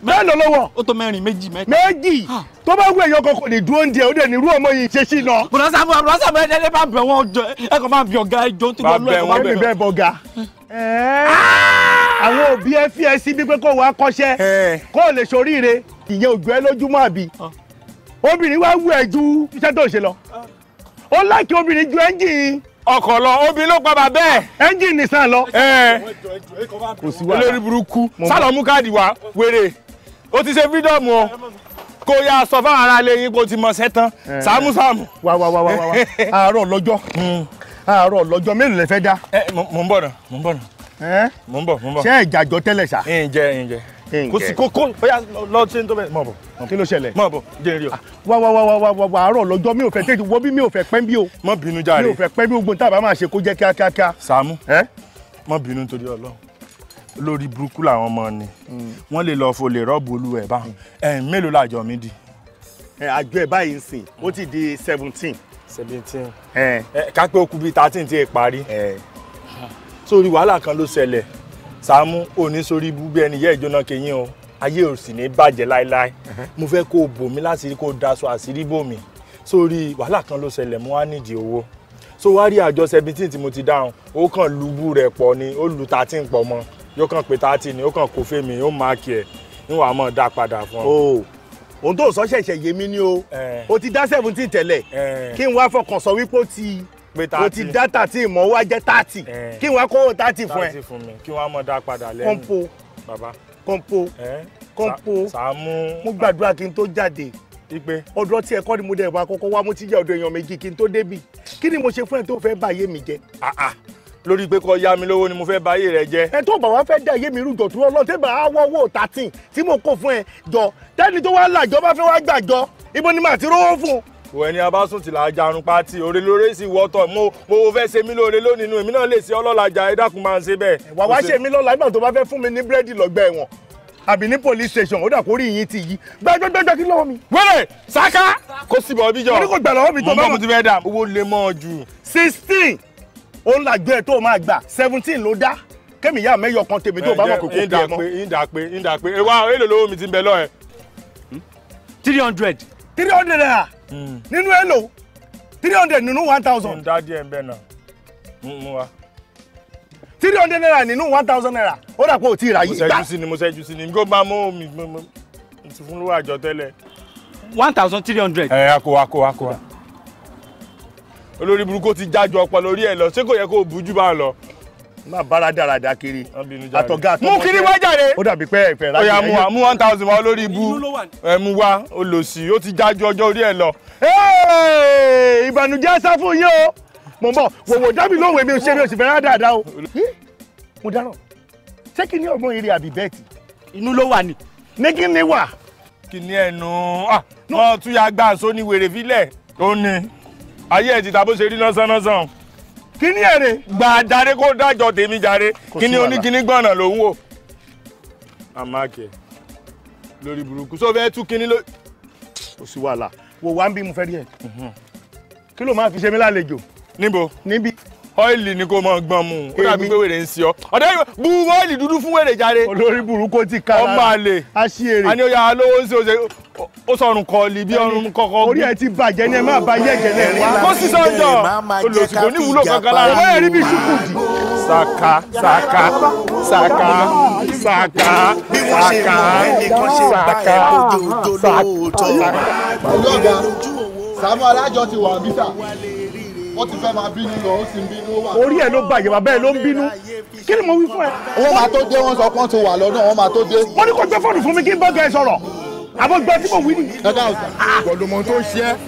mélòó lọ́wọ́. ó tó mẹ́rin méjì mẹ́ta. méjì tó bá wù ẹ̀yọ́ kọkọ lè dúró ń jẹ ó dẹ̀ ní irú ọmọ yìí ṣe sí lọ. bùrọ̀sà bùrọ̀sà bẹ́ẹ̀ ẹni bá bẹ̀ wọ́n jọ ẹ kàn máa bí ọ̀gá ẹ jọ nítorí ọlọ́ọ̀ ẹ̀kọ́ máa bẹ̀ bẹ́ẹ̀ bọ̀gà. àwọn òbí ẹ fi ẹ sí bí pé kó wàá kọ́ṣẹ́ kó o lè ṣoríire ìyẹn òjò ẹ lójúmọ́ àbí obìnrin wá wù ẹ ju iṣẹ́ tó ọkọ̀ lọ obi ló pa bàbá ẹ̀. ẹ́ńjìnì sàn lọ. kò sí wàhálà olórí burúkú sálọ mú káàdì wá wèrè o ti ṣe fídọ́ọ̀mù o kó yá sọ fáwọn ará ilé yín kó ti mọ̀ sẹ́tán sàmú sàmú. wà wà wà wà àárọ̀ lọ́jọ́ hmm. àárọ̀ lọ́jọ́ mélòó lẹ fẹ́ dá. mò ń bọ̀ nà mò ń bọ̀ nà mò ń bọ̀ mò ń bọ̀. ṣé ìjàjọ tẹ́lẹ̀ sà. ǹjẹ́ ǹjẹ́ kò sí kókó bóyá lọ ṣe ń tó bẹ́ẹ̀ mọ̀ bọ̀ kí ló ṣẹlẹ̀ mọ̀ bọ̀ jẹ́ rí o. Ah, wá wá wá wá wá wá àárọ̀ lọ́jọ́ mi ò fẹ́ tètè wọ́ bí mi ò fẹ́ pẹ́ bí o. má bínú jàre mi ò fẹ́ pẹ́ bí ogun tábà máa ṣe kó jẹ́ kíákíá. Sàámú má bínú torí Ọlọ́run lórí burúkú làwọn ọmọ ni hmm. wọ́n lè lọ́ọ́ fo lè rọ́ọ̀bù olú ẹ̀ bá hmm. ẹ̀ẹ́n mélòó làjọ mi di. àjọ ẹ̀ báyìí ń sìn ó ti di seventeen. seventeen ká pé ó kù bíi thirteen ti parí. sórí wàhálà kan ló ṣẹlẹ̀ Sàámú òní sórí ibú bí ẹni yẹ ìjóná kẹyìn o ayé ò sì ní bàjẹ́ láéláé mo fẹ́ kó o bò mí láti rí kó o daṣọ àṣírí bò mí sórí wàhálà kan ló ṣẹlẹ̀ mo wá nídìí owó so wá rí àjọ seventeen tí mo ti dáhùn ó kàn lubú rẹ̀ pọ̀ ni ó lu thirteen pọ̀ mọ́ yóò kàn pé thirteen ni ó kàn kó fèmí yóò máa kí ẹ̀ níwàá mọ̀ dá padà fún ọ oh. ohun tó sọ ṣẹ̀ṣẹ̀ yé mi ni o o ti dá seventeen tẹ́lẹ̀ kí n wá fọkàn sọ wípé ó ti pé thirty. o ti dá thirty ìmọ̀ wá jẹ́ thirty eh. kí wọ́n á kó thirty fún ẹ. thirty fún mi kí wọ́n á mọ̀ dá padà lẹ́yìn. kọ́ńpó bàbá kọ́ńpó kọ́ńpó sàmú. mo gbàdúrà kí n tó jáde ipe ọdọ tí ẹkọ ni mo dẹ ìwà àkọ́kọ́ wa mo ti jẹ ọdọ èèyàn méjì kí n tó débì kí ni mo ṣe fún ẹ tó fẹ́ bà ayé mi jẹ́. lórí pé kó yá mi lówó ni mo fẹ́ bà ayé rẹ jẹ́. ẹ tó bá wá fẹ́ dá ayé mi rújọ tó lọ tẹ́bà á wọ́wọ́ thirteen tí mo kó fún ẹ jọ tẹ́ni tó wá làjọ bá fẹ́ wá gbàjọ ibo ni màá ti rówó fún un kò ẹni abásùn tìlà jarun pati òre lóore sì wọtọ mo mo fẹ́ ṣe mí lóore lónìí inú èmi náà lè ṣe ọlọ́lajà ẹ dákun máa ń ṣe bẹ́ẹ̀. wà wá ṣe mí lọ́la nígbà tó bá fẹ́ fún mi ní búrẹ́dì lọ́gbà ẹ̀wọ̀n àbí ní police station ó dà kó ti yí gbẹgbẹgbẹgbẹ kí lọ́wọ́ mi. wẹ́rẹ̀ saka kó sì bọ̀ ọbí jọ. mo ní kò gbà lọ́wọ́ mi tó bá wà. mo ti fẹ́ kan tèmi tó bá mọ̀ kókó bí ẹ mọ́. ìdàpé ìdàpé ewa èlò mi ti bẹ lọ́ọ̀ ẹ̀. three hundred. three naira hmm. nínú èlò three nínú one thousand. ǹda hmm, naira nínú one thousand naira ó dà pé ò tí ì ni mo ṣẹ́jú ni mi ti one thousand three hundred. ẹ ti ọpọlọ yẹ ko o má bára dáradá kiri àtọ̀gá àtọ̀gá mú kiri wá jáde ó dàbí pé ẹ̀fẹ̀ rájì ọ̀yà mú wa mú one thousand wa olórí ibú ẹ̀ wa olòṣì ó ti jájú ọjọ́ orí ẹ̀ lọ. ìbànújẹ́ sá fún yín o mo bọ̀ wòwò dábì lóhùn èmi ò ṣe mi ò sì fẹ́ rádáadáa o. mo dáràn ṣé kí ni ọgbọ́n eré àbí bẹ́ẹ̀tì. inú ló wà ní. ní kí ni wà. kí ni ẹnu wọn ah, tún yà gbà sóní wèrè fílẹ̀ ó ní ayé ẹ̀ ti ta bó ṣe rí lọ́sán-lọ́sán kíní èrè gbà dáre kó dájọ tèmi jàre kíní oníkíní gbọ̀nà ló ń wò. àmàkẹ́ lórí burúkú sọ fẹ́ tú kíní lórí. kò sí wàhálà wo wá ń bí mo fẹ́ rí ẹ mhm. kí ló máa fi ṣe mí lálejò. Nibo, níbi ọ́ìlì ni kò mọ gbọ́n mu ó dàbí pé wèrè ń sí ọ ọ̀dẹ́ bu ọ́ìlì dúdú fún wèrè jáde. olórí burúkú ti ká ọmọ àlè aṣèrè àní oyà lówó ń ṣe oṣù ó sọrùn kọọlì bí ọrùn kọkọ. orí ẹ ti bàjẹ́ ni ẹ máa ba yẹ rẹ wá. kó sísọ jọ olùsìnkò ní kankan lára. ọwọ́ ẹ̀rí bí ṣùkù dì. saka saka saka saka saka saka saka. ọlọ́gà sàmú alájọ ti wà bísà ó ti fẹ́ máa bínú lọ ó sì ń bínú wà. orí ẹ̀ ló bàjẹ́ bàbá ẹ̀ ló ń bínú kí ni mo wí fún ẹ. wọ́n máa tó dé wọ́n sọ pé wọ́n ti wà lọ́dún wọ́n máa tó dé. wọ́n ní kó gbé fóònù fún mi kí n bọ́gà ẹ sọ̀rọ̀ àbọ̀ gbọ́ tí mo wí ni. ẹ dáhùn sọ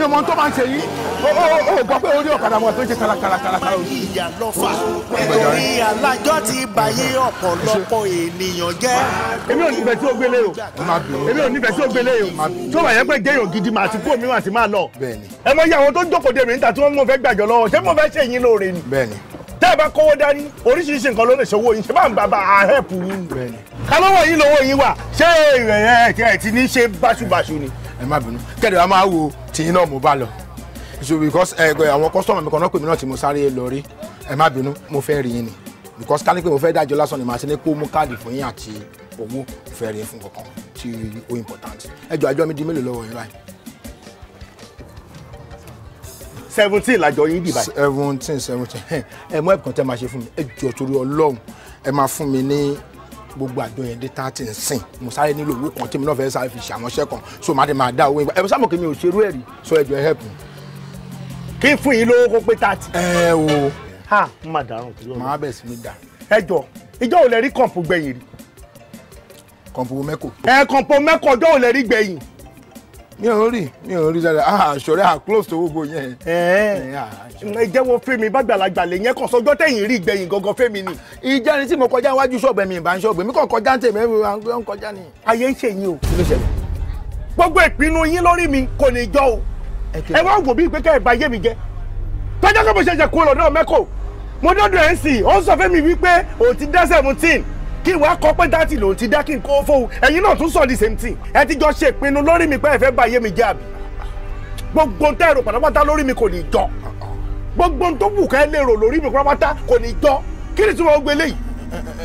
mi ò mọ tó máa ń ṣe yín ó gbọ́ pé orí ọ̀kadà wọn tó ń ṣe kàlàkàlàkàlà òní. ìyá ló fà nítorí alájọ ti bàyé ọ̀pọ̀lọpọ̀ ènìyàn jẹ́. èmi ò nífẹ̀ẹ́ tí ó o èmi ò nífẹ̀ẹ́ tí ó gbélé o tó wà yẹn pé jẹ́yàn gidi màá ti kú omi màá sì máa lọ. ẹ mọ iye àwọn tó jókòó dè mí níta tí wọ́n mọ̀ fẹ́ gbàjọ lọ́wọ́ ṣé mo fẹ́ ṣe yín lóore ni. tẹ́ ẹ bá kówó dání oríṣiríṣi nǹkan ló lè ṣòwò yín ṣé bá ń bàbá àhẹ́pù yín. kálọ́wọ́ yín lọ́wọ́ yín wà ṣé ìrẹ̀yẹ ẹ̀ ti ní ṣe báṣubàṣu ni ẹ má bínú kẹ́lẹ́ tìyín náà mo bá lọ so because ẹgbẹ́ eh, àwọn customer mi kan náà pè mí náà tí mo sáré lọ rí ẹ má bínú mo fẹ́ rí yín ni because ká ní pé mo fẹ́ dájọ́ lásán ni màá ṣe ní kó mú káàdì fún yín àti owó fẹ́ rí fún kankan tí ó important ẹ àjọ mi di mélòó lọ́wọ́ yín báyìí. seventeen làjọ yín dì báyìí. seventeen seventeen ẹ mú ẹ̀bùn kan tẹ́ máa ṣe fún mi ẹ jọ torí ọlọ́run ẹ máa fún mi ní gbogbo àjọ yẹn dé thirty ń sìn mo sáré nílò owó kan tí mi náà fẹ́ sáré fi ṣe kan so màá ti máa dá owó yẹn ẹ sábà kí mi ẹ̀ rí so ẹ jọ̀ọ́ help me. kí n fún yín lówó kó pé thirty. ẹ o. ha n máa dàrún kúrò. màá bẹ̀ sí mi dà. ẹ jọ ìjọ ò lè rí kọ̀ǹpù gbẹ̀yìn rí. kọ̀ǹpù mẹ́kọ̀. ẹ kọ̀ǹpù mẹ́kọ̀ ọjọ́ ò lè rí gbẹ̀yìn mi ò rí mi ò rí dáadáa ah ṣọ̀rẹ́ ah close to gbogbo yẹn. ẹ eh, ah, jẹ́wọ́ fẹ́mi bàgbàlagbà lè yẹn kàn sọ́jọ́ tẹ̀yìn rí gbẹ̀yìn gangan fẹ́mi ni. ìjẹrin tí mo kọjá iwájú ṣọ́ọ̀bù mi ìbá ń ṣọ́ọ̀bù mi kàn kọjá ń tèmi ń kọjá ni. ayé ń ṣe yín o. kí ló ṣẹlẹ̀. gbogbo ìpinnu yín lórí mi kò ní jọ o. ẹ wá wò bí pé kẹ́ ẹ̀ bá yé mi jẹ. tọ́jà kó mo ṣe jẹ kó lọ́dọ̀ mẹ́kọ̀ọ́ mo dọ́dọ̀ ẹ̀ ń sì ó sọ fẹ́mi wípé òun ti dẹ́sẹ̀ mu tíì kí n wá kọ pé dátì lòun ti dá kí n kó fóun ẹ̀yin náà tún sọ the same thing ẹ ti jọ ṣe ìpinnu lórí mi pé ẹ fẹ́ bá ayé mi jẹ́ àbí gbogbo tẹ́ èrò pátápátá lórí mi kò ní jọ gbogbo tó wù ká ẹ lè rò lórí mi pátápátá kò ní jọ kí ni tí wọ́n gbé léyìí.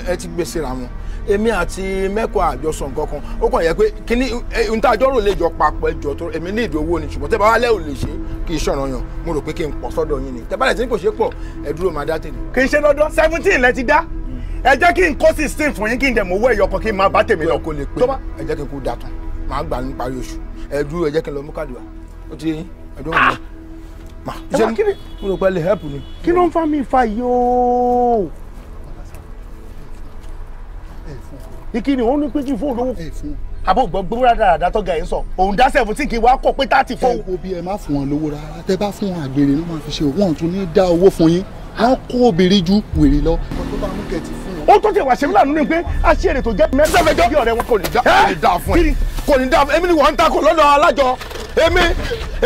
ẹ ti gbèsè ra wọn èmi àti mẹ́kọ̀ àjọsọ nǹkan kan ó kàn yẹ pé kíní ohun tá a jọ rò lè jọ papọ̀ ẹjọ́ tó èmi ní ìdówó ni ṣùgbọ́n tẹ́ bá wá lẹ́ ò lè ṣe kí iṣẹ́ ọ̀nà yàn mo rò pé kí n pọ̀ sọ́dọ̀ yín ni tẹ́ bá lẹ̀ tí kò ṣe pọ̀ ẹ dúró máa dá tèmi. kì í ṣe lọ́dọ̀ seventeen lẹ ti dá ẹ jẹ́ kí n kó sixteen fún yín kí n dẹ̀ mọ̀ owó ẹ̀yọkọ̀ kí n máa bá tèmi lọ. kó lè pé ẹ jẹ́ kí n kó da tán màá gbà ní parí oṣù ẹ dúró ẹ jẹ́ kí n lọ mú káàdì wa ó ti yín ẹ dúró ah! mi. ma ṣe kí ni mo rò pé lè help ni. kí ló ń fa mi fa yìí ooo. ìkíni òun ní pé kí n fóun lówó àbò gbogbo dáadáa tó ga yín sọ òun dá seventeen kí wàá kó pé thirty four. ẹ wo bí ẹ má fún wọn lówó rárá tẹ bá fún wọn àgbèrè ló máa fi ṣe òun ọ̀tún ní dá owó fún yín wọn kó obìnrin ju wèrè lọ. ọ̀tún bá mú kẹ̀tì f ó tó tẹ wà ṣe mí lànà ní pé a ṣe èrè tó jẹ́ mẹ́tẹ́fẹ́jọ́ bí ọ̀rẹ́ wọn kò ní dá fún ẹ kò ní dá fún ẹ èmi ni wọ́n ń takò lọ́dọ̀ alájọ èmi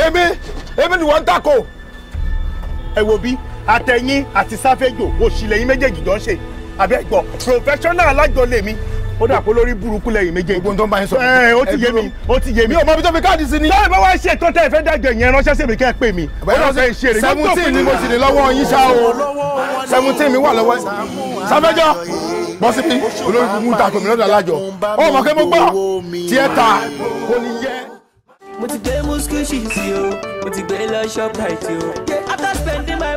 èmi èmi ni wọ́n ń takò. ẹ wo bí àtẹ̀yìn àti sáfẹ́jọ òṣìlẹ̀yìn méjèèjì jọ ń ṣe àbí ẹ̀gbọ́n professional alájọ lèmi ó dà pé lórí burúkú lẹ́yìn méjèèjì. gbogbo tó bá yín sọ. ẹ ó ti yé mi ó ti yé mi. mi ò mọ ibi tó fi káàdì sí ni. báyìí bá wá ṣe tọ́tẹ́ ìfẹ́ dàgbẹ̀ yẹn ránṣẹ́ sí mi kẹ́ ẹ pè mí. seventeen ni mo sì ní lọ́wọ́ yín ṣá o seventeen mi wà lọ́wọ́ sáfẹ́jọ́ bọ́sibí olórí burúkú ta tòmí lọ́dọ̀ alájọ ó mọ̀ kẹ́ mo gbọ́ tiẹ̀ ta kò ní yẹ. mo ti gbé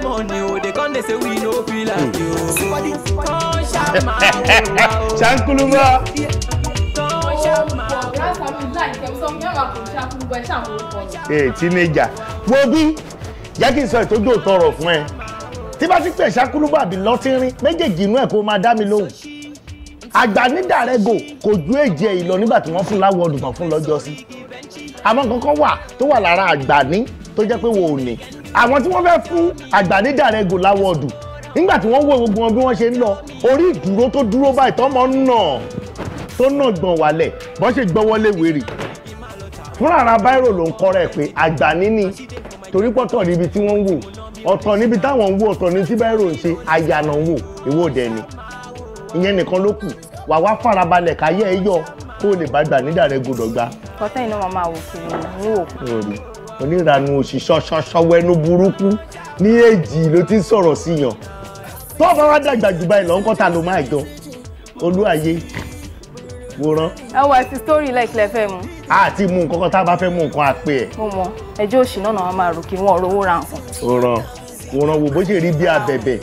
money o oh, dey come dey say we no feel am yo. kan ṣàmà wà o. ṣàǹkúlùmọ́. ee teenager wo bí jẹ́ kí n sọ ìtọ́jú òtọrọ fún ẹ tí bá ti pè ṣàǹkúlùmọ́ àbí lọ́tínrín méjèèjì inú ẹ̀ kó máa dá mi lóhùn àgbà nídàrẹ́gò kò ju èjì ẹ̀ ìlọ nígbà tí wọ́n fún láwọ̀ ọdún kan fún lọ́jọ́ sí àmọ́ kankan wà tó wà lára àgbà ní tó jẹ́ pé wo ò ní àwọn tí wọ́n fẹ́ fún àgbàdéjà rẹ gò láwọ́ọ̀dù nígbà tí wọ́n wò gbogbo wọn bí wọ́n ṣe ń lọ orí ìdúró tó dúró báyìí tọ́mọ nà tó nà gbọ̀n wálẹ̀ bọ́n ṣe gbọ́ wọlé wèrè fúnra ara báírò ló ń kọ́ rẹ̀ pé àgbà níní torí pọ́tọ̀ níbi tí wọ́n ń wò ọ̀tọ̀ níbi táwọn ń wò ọ̀tọ̀ ní tí báírò ń ṣe àyànà ń wò ìwò dẹ̀ ni ìyẹn nìkan ló kù wà wá farabalẹ̀ káyé ẹ yọ kó o lè bá gbà nídàrẹ́ gbọdọ̀ gba. kọ́tẹ́yìn náà máa wò kiri ní òkú oníranu òṣìṣọ́ ṣọ́ṣọ́wọ́ ẹnu burúkú ní èjì ló ti ń sọ̀rọ̀ sí yàn tó bá wá dàgbà jù báyìí lọ ńkọ́ ta ló máa jọ olúwàyé wòran. ẹ wọ ẹsìn sórí ilé ìkìlẹ̀ fẹ́ mu. a ti mú nǹkan kan tá a bá fẹ́ mú nǹkan àpè ẹ̀. mo mọ ẹjọ́ òṣì náà náà máa rò kí wọ́n rówó ra nǹkan. wòran wòran wò bó ṣe rí bí abẹ̀bẹ̀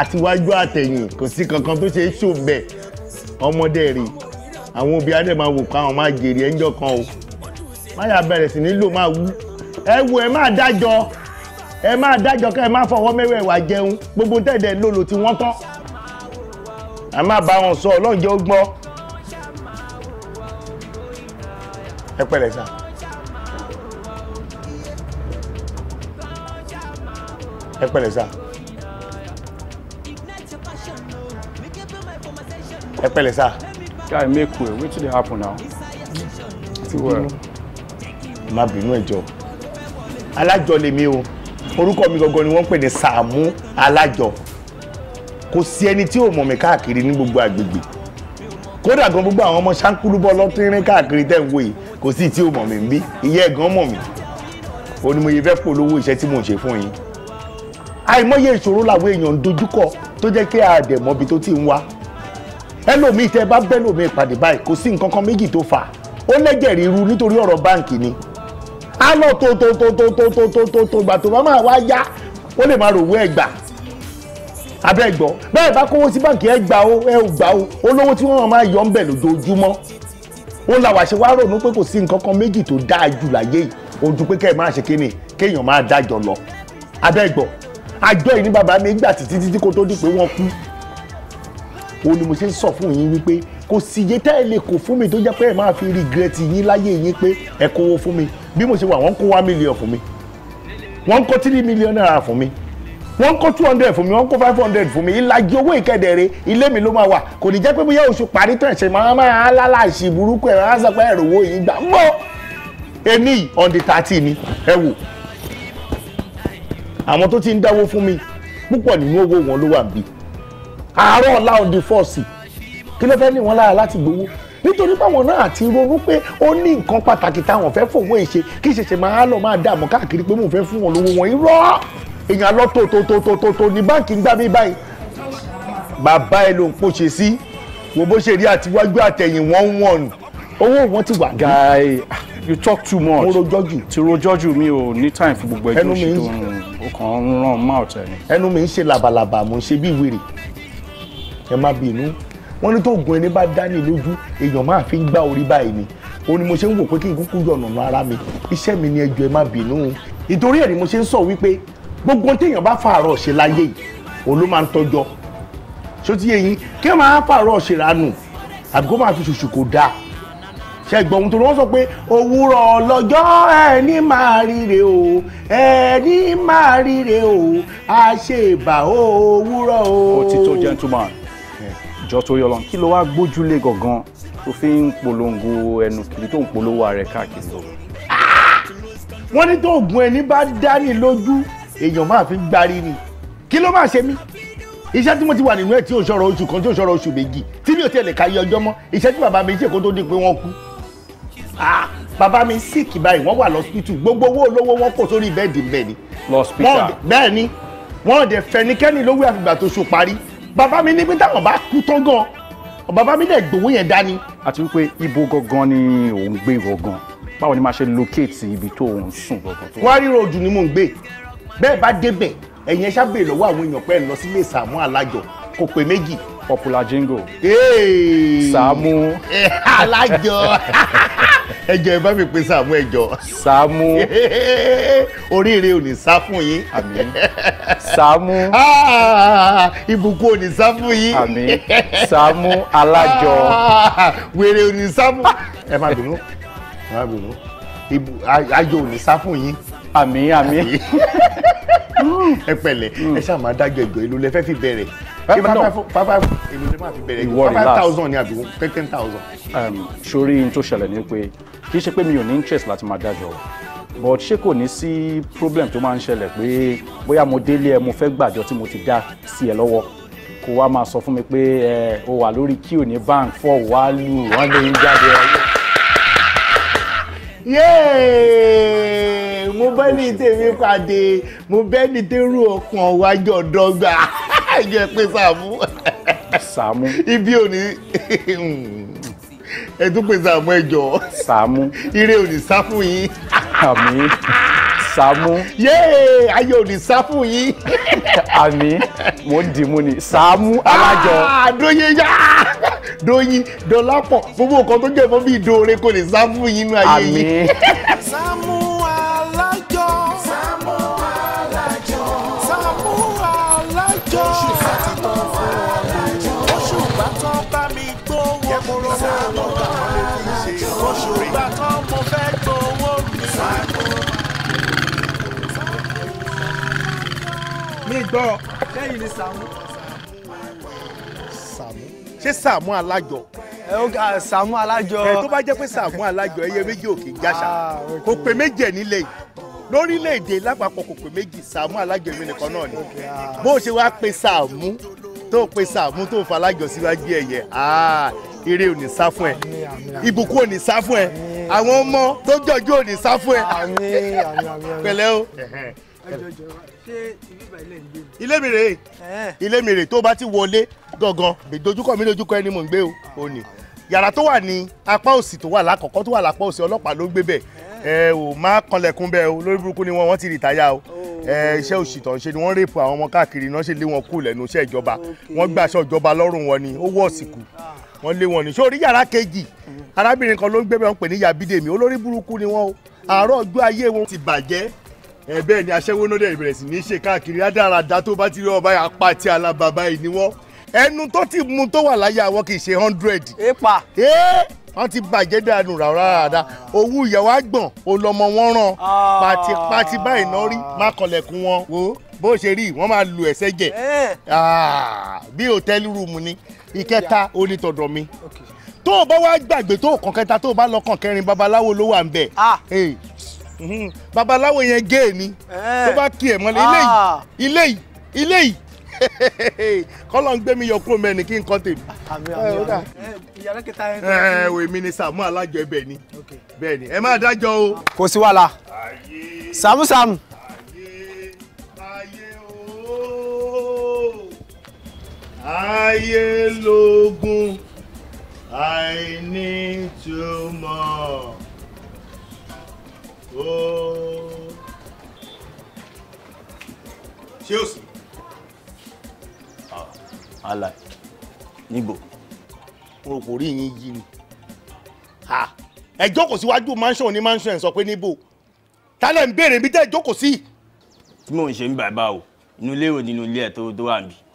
àtiwájú àtẹ̀yìn kò sí kankan tó ṣe é ṣòbẹ̀ ọmọdé rí àwọn obìnrin á máa wò káwọn máa jèrè ẹjọ́ kan o máyà bẹ̀rẹ̀ sí nílò máa wú ẹ wo ẹ máa dájọ́ ẹ máa dájọ́ ká ẹ máa fọwọ́ mẹ́wẹ̀ẹ̀wá jẹun gbogbo tẹ̀dẹ̀ lòlò tí wọ́n tán a máa bá wọn sọ ọlọ́run jẹ́ ó gbọ́ ẹ pẹ̀lẹ́ sá. ẹ pẹ̀lẹ́ sá. ẹ pẹ̀lẹ́ sá. guy make way wetin dey happen now. ti wọ ẹ. má bínú ẹ jọ̀ọ́ alájọ lèmi o orúkọ mi gangan ni wọ́n ń pè ní Sàámú alájọ kò sí ẹni tí ò mọ̀ mí káàkiri ní gbogbo àgbègbè kódà gan gbogbo àwọn ọmọ ṣáńkúlú bọ́ lọ́tínrín káàkiri tẹ̀ ń wò yìí kò sí tí ò mọ̀ mi ń bí ìyá ẹ̀gán mọ̀ mí o ní mo yẹ fẹ́ polówó iṣẹ́ tí mò ń ṣe fún yín àìmọye ìṣòro làwọn èèyàn ń dojúkọ tó jẹ́ kí àdẹ̀mọ́bi tó ti ń wá ẹlòmíì tẹ bá bẹ́lòmíì pàdé báyìí kò sí nǹkan kan méjì tó fà á ó lẹ́jẹ̀rì nítorí ọ̀rọ̀ báǹkì ni á lọ tó tó tó tó tó tó tó tó tó gbà tó bá máa wá yá ó lè máa ròwó ẹgbà abẹ́ gbọ́ bẹ́ẹ̀ bá kówó sí báǹkì ẹ gbà ó ẹ ò gbà ó olówó tí wọ́n máa yọ ń bẹ̀ lójoojúmọ́ ó la wàṣẹ wá rònú pé kò sí nǹkan kan méjì tó dáa jù láyé yìí ojú pé kẹ́ ẹ̀ máa ṣe kíni kéèyàn máa dájọ́ lọ abẹ́ gbọ́ àjọ yìí ní bàbá mi gbà títí títí kó tó di pé wọ́n kú òun ni mo ṣe ń sọ fún yín wípé kò sì yé tẹ́ ẹ lè kó fún mi tó jẹ́ pé ẹ máa fi regret yín láyé yín pé ẹ kówó fún mi bí mo ṣe wà wọ́n kó one million fún mi wọ́n kó three million naira fún mi wọ́n kó two hundred fún mi wọ́n kó five hundred fún mi ìlàjì owó ìkẹ́dẹ̀ẹ́rẹ́ ilé mi ló máa wà kò ní jẹ́ pé bóyá oṣù parí tán ṣe máa máa lálàṣì burúkú ẹ̀rọ àṣàpẹ́ ẹ̀rọ owó yìí gbà mọ́ ení on the thirty ni ẹ wò àwọn tó ti ń dáwó fún mi púpọ̀ nínú owó wọn ló wà bí àárọ̀ ọ̀la on the first kí ló fẹ́ ní wọn lára láti gbowó nítorí páwọn náà ti ronú pé ó ní nǹkan pàtàkì táwọn fẹ́ fòwò ẹ̀ ṣe kí ṣẹ̀ṣẹ̀ máa lọ máa dààmú káàkiri pé mò ń fẹ́ fún wọn lówó wọn irọ́ èèyàn lọ tòótòótòótò ní báǹkì ń gbà mí báyìí bàbá ẹ ló ń pòṣe sí wo bó ṣe rí àtiwájú àtẹ̀yìn one one owó wọn ti wà. guy you talk too much. mo rojọ́ ti rojọ́ mi ò ní time fún gbogbo ẹjọ́ ṣe tó ń ràn mouth ẹ̀ ni. ẹnu mi ń ṣe làbàlàbà mo ń ṣe bí wèrè ẹ má bínú wọ́n ní tóògùn ẹni bá dání lójú èèyàn máa fi ń gbá orí báyìí ni òun ni mo ṣe ń wò pé kí n kúkú yọ̀nà ara mi iṣẹ́ mi ni ẹjọ́ ẹ má bínú ìtorí ẹ̀ ni mo ṣe ń sọ wípé gbogbo téèyàn bá fàárọ̀ ṣe láyé yìí òun ló máa ń tọ́jọ́ ṣó ti yé yín kí wọ́n máa fàárọ̀ ṣe ránù àbí kó máa fi ṣùṣù kò dáa ṣe gbọ́n ohun tó wọ́n sọ pé òwúrọ̀ lọ́jọ́ ẹni máa ríre o ẹni máa ríre o àṣebà òwúrọ̀ o. òtítọ́ gentleman jọ torí Ọlọ́run kí ló wá gbójúlé gangan tó fi ń polongo ẹnu kiri tó ń polówó ààrẹ káàkiri lọ. wọ́n ní tó oògùn ẹni bá dání lójú èèyàn máa fi gbárí ni kí ló máa ṣe mí iṣẹ́ tí mo ti wà nínú ẹ̀ tí ò ṣọ̀rọ̀ oṣù kan tí ò ṣọ̀rọ̀ oṣù méjì tí mi ò tiẹ̀ lè ka iye ọjọ́ mọ́ iṣẹ́ tí bàbá mi ṣe kó tó di pé wọ́n kú bàbá mi síìkì báyìí wọ́n wà lọ́sítítù gbogbo owó olówó wọn kò sórí bẹ́ẹ̀dì bẹ́ẹ̀ ni. lọ́sítítà bẹ́ẹ̀ ni wọ́n dẹ̀ fẹ́nikẹ́ni lówó àfìgbà tó ṣù parí bàbá mi ní pé táwọn bá kú tán gan bàbá mi dẹ̀ gbowó yẹn dání. àti wípé ibo gangan ni òun gbé gangan báwo ni máa ṣe locate ibi tó òun sùn gangan tó. wọ́n ríro ojú ni mò ń gbé bẹ́ẹ̀ bá débẹ̀ ẹ̀yin ẹ ṣàbẹ̀ lọ́wọ́ àwọn èèyàn pẹ́ lọ sílé Sàámú Alájọ kò pé méjì. popular jingle. Sàámú. Alájọ. ẹjọ ẹ bá mi pe Sàámú ẹjọ. Sàámú. oríire ò ní sá fún yín. àmín. Sàámú. Ah, ìbùkún ò ní sá fún yín. àmín. Sàámú alájọ. wèrè ò ní sá fún. ẹ má bínú ẹ má bínú ayọ̀ ò ní sá fún yín. àmín àmín. ẹ pẹ̀lẹ́ ẹ ṣáà máa dájọ ìgbọ ìlú lẹ fẹ́ fi bẹ̀rẹ̀ ìwọ thousand, sori n tó ṣẹlẹ̀ ni pé kì í ṣe pé mi ò ní interest láti máa dájọ́ but ṣé kò ní sí problem tó máa ń ṣẹlẹ̀ pé bóyá mo délé ẹ mo fẹ́ gbàjọ tí mo ti dá sí ẹ lọ́wọ́ kó wá máa sọ fún mi pé ẹ o wà lórí kí o ní bank fọ wá lù wọ́n lè ń jáde ẹ. yéé mo bẹ́ẹ̀ ní tèmi pàdé mo bẹ́ẹ̀ ní ọkàn wájú ọ̀dọ́gba ìjẹ́ pé Sàámú. Sàámú. ibi ò ní hmm, ẹ tún pé Sàámú ẹ jọ. Sàámú. ire ò ní sá fún yín. àmín Sàámú. yéè ayé ò ní sá fún yín. àmín mo dì mú ni Sàámú alájọ. Ah, dóyè yá dóyin dọlápọ̀ gbogbo nǹkan tó jẹ́ fún mi ìdóore kò lè sá fún yín nínú ayé yìí. àmín. Sàámú mi gbọ́ lẹ́yìn ni Sàámú. Sàámú ṣé Sàámú alájọ. ẹ ó ga Sàámú alájọ. ẹ tó bá jẹ́ pé Sàámú alájọ ẹyẹ méjì òkè jáṣà ah, kò pé méjì ẹ̀ nílé yìí lórílẹ̀‐èdè lápapọ̀ kò pé méjì Sàámú alájọ èmi nìkan náà ni ah. bó ṣe wá pe Sàámú tó pe Sàámú tó fa alájọ síwájú ẹ̀yẹ ah, ire ò ní sá fún ẹ ìbùkún ò ní sá fún ẹ àwọn ọmọ tó jọjú ò ní sá fún ẹ pẹ̀lẹ́ o ṣé ìbíbà ilé ń gbé mi. ilé mi rèé ilé mi rèé tó bá ti wọlé gangan ìdojúkọ mi lójúkọ ẹni mò ń gbé o ah, ní ah, ah. yàrá tó wà ní apá òsì tó wà lákọ̀ọ́kọ́ tó wà lápá òsì ọlọ́pàá ló gbé bẹ̀ ẹ ò má kanlẹ̀kùn bẹ́ẹ̀ o lórí burúkú ni wọ́n wọ́n ti rìtáyà o oh. ẹ iṣẹ́ òsì tó ń ṣe ni wọ́n rèpù àwọn ọmọ káàkiri náà ṣe lé wọn kú lẹ́nu iṣẹ́ ìjọba wọ́n gbà aṣọ ìjọba lọ́rùn wọn ni ó wọ́ ọ̀sìnkú wọ́n lé wọn ni sórí yàrá kejì mm. arábìnrin kan ló ń gbé bẹ́ẹ̀ ń pè ní yabídèmí olórí burúkú ni wọ́n o mm. àárọ̀ ọjọ́ ayé wọn ti bàjẹ́ ẹ bẹ́ẹ̀ ni aṣẹ́wó náà dẹ̀ bẹ̀rẹ̀ sí ní ṣe káàkiri rádaràda tó bá ti rí ọba yà pa ti alábàbá yìí ni wọ́n ẹnu tó ti mu tó wà láyà wọn kì í ṣe hundred. ipa. ee wọn ti bàjẹ́ dànù rárára owó ìyàwó àgbọ̀n olọmọ wọn ràn ah. pátipáti báyìí náà rí má kọlẹ̀kùn wọn wo bó ṣe rí wọn máa lu ẹsẹ̀ jẹ eh. ah, bí hòtẹ́ẹ̀lì rúùmù ni ìkẹta onítọ̀dọ̀ mi tó o bá wá gbàgbé tó o kàn kẹta tó o bá lọ kàn kẹrin babaláwo ló wà ń bẹ̀. Ah. Eh. Hmm, babaláwo yẹn géè ni eh. tó bá kí ẹ mọ́lẹ̀ ilé yìí ah. ilé yìí ilé yìí kọ́lọ̀ ń gbé mi yọ kúrò mẹ́rin kí n kọ́ tèmi. Eh, eh, ìyàrá kẹta yẹn. ẹ wo èmi ni Sàámú alájọ ẹbẹ ni bẹ́ẹ̀ ni ẹ má dájọ́ o. kò sí wàhálà Sàámú Sàámú. ayé lógún àìní túmọ̀ ṣé o sì. Ah, ala níbo mo rò kò rí yín yí ni ẹ jókòó síwájú mansion ní mansion ẹ̀ sọ pé níbo tálẹ̀ ń béèrè bí tẹ́ ẹ jókòó sí. tí mò ń ṣe ń bàbá o inú ilé ìwé nínú ilé ẹ̀ tó wà níbi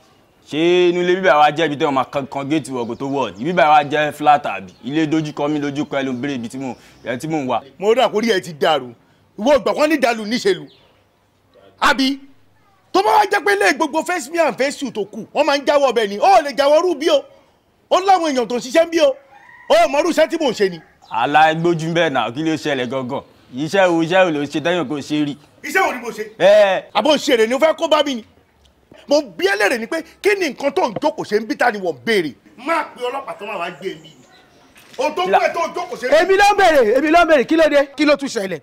ṣé inú ilé bíbá wa jẹ́ ibi tí wọ́n máa kan géètì wọ̀gùn tó wọ̀d ibi bíbá wa jẹ́ flat àbí ilé dojúkọ mi lójúkọ ẹlòmí bèrè ibi tí mò ń wà. mo rà kórìí ẹ ti dàrú ìwọ ìgbà wọn ní dàlù níṣèlú àbí tó bá wá jẹ́ pé lé gbogbo face me and face you tó kù wọ́n máa ń jáwọ́ ọbẹ̀ ni ó lè jáwọ́ rú bí o ó láwọn èèyàn tó ń ṣiṣẹ́ bí o ó mọ irú iṣẹ́ tí mò ń ṣe ni. aláìgbójú bẹ́ẹ̀ náà kí ló ṣẹlẹ̀ gangan iṣẹ́ wo iṣẹ́ wo ló ṣe dẹ́yìn kò ṣe rí. iṣẹ́ wo ni mo ṣe. àbò ṣèrè ni o fẹ́ kó bá mi ni mo bí ẹlẹ́rìí ni pé kí ni nǹkan tó ń jókòó ṣe ń bí ta ni wọ́n béèrè. má pe ọlọ́pàá tó máa wá gbé mi o tó pẹ́ tó jókòó ṣe. èmi ló ń béèrè èmi ló ń béèrè kí ló dé kí ló tún ṣẹlẹ̀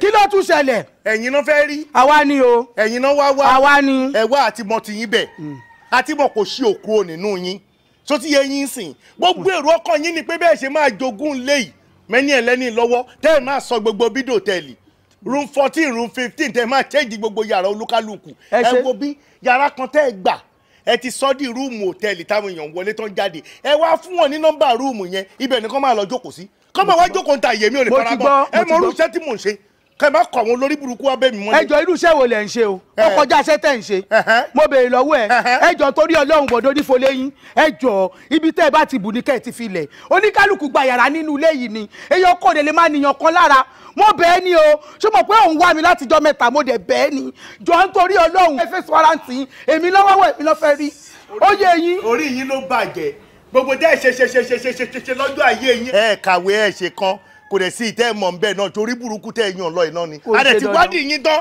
kí ló tún ṣẹlẹ̀. ẹ̀yin náà fẹ́ rí. àwa ni o. ẹ̀yin náà wá wá. àwa ni. ẹ wá àti mọ tiyín bẹ̀ mm. àti mọ kò sí òkú o nínú yín tó ti yẹ yín sìn gbogbo èrò ọkàn yín ni pé bẹ́ẹ̀ ṣe máa jogún léyìí mẹ́ni ẹ̀lẹ́ni lọ́wọ́ tẹ́ máa sọ gbogbo bídò tẹ́lì room fourteen room fifteen tẹ máa change gbogbo yàrá olúkálùkù ẹ wo bí yàrá kan tẹ́ ẹ gbà ẹ ti sọ di rúùmù òtẹ́ẹ̀lì táwọn èèyàn wọlé tó ń jáde ẹ wá fún wọn ní nọ́mbà rúùmù yẹn ibẹ̀ nìkan máa lọ jókòó sí kọ́mọ̀ wá jókòó ń ta ìyèmí ò lè fara bọ́ ẹ mọ orúṣẹ́ tí mò ń ṣe kẹ má kọ àwọn olórí burúkú abẹ́ mi mọ́lẹ̀. ẹjọ irú iṣẹ́ wo lẹ̀ ń ṣe o eh. ó kọjá iṣẹ́ tẹ̀ ń ṣe mo béèrè lọ́wọ́ ẹ ẹjọ torí ọlọ́run bọ̀dọ̀ ní fọlẹ́ yín ẹjọ ibi tẹ́ ẹ bá ti bù ní kẹ́ ẹ ti fi lẹ̀ oníkálukú gba yàrá nínú ilé yìí ni èyí ọkọ òde lè má níyàn kan lára mo bẹ́ẹ̀ ni o ṣé mo pé òun wá mi látijọ́ mẹ́ta mo dẹ̀ bẹ́ẹ̀ ni jọ ń torí ọlọ́run ẹ fẹ́ sọ́rántì kò dẹ̀ sí ìtẹ́ mọ̀ ń bẹ̀ náà torí burúkú tẹ́ yàn lọ iná ni adẹ̀ ti wádìí yín tán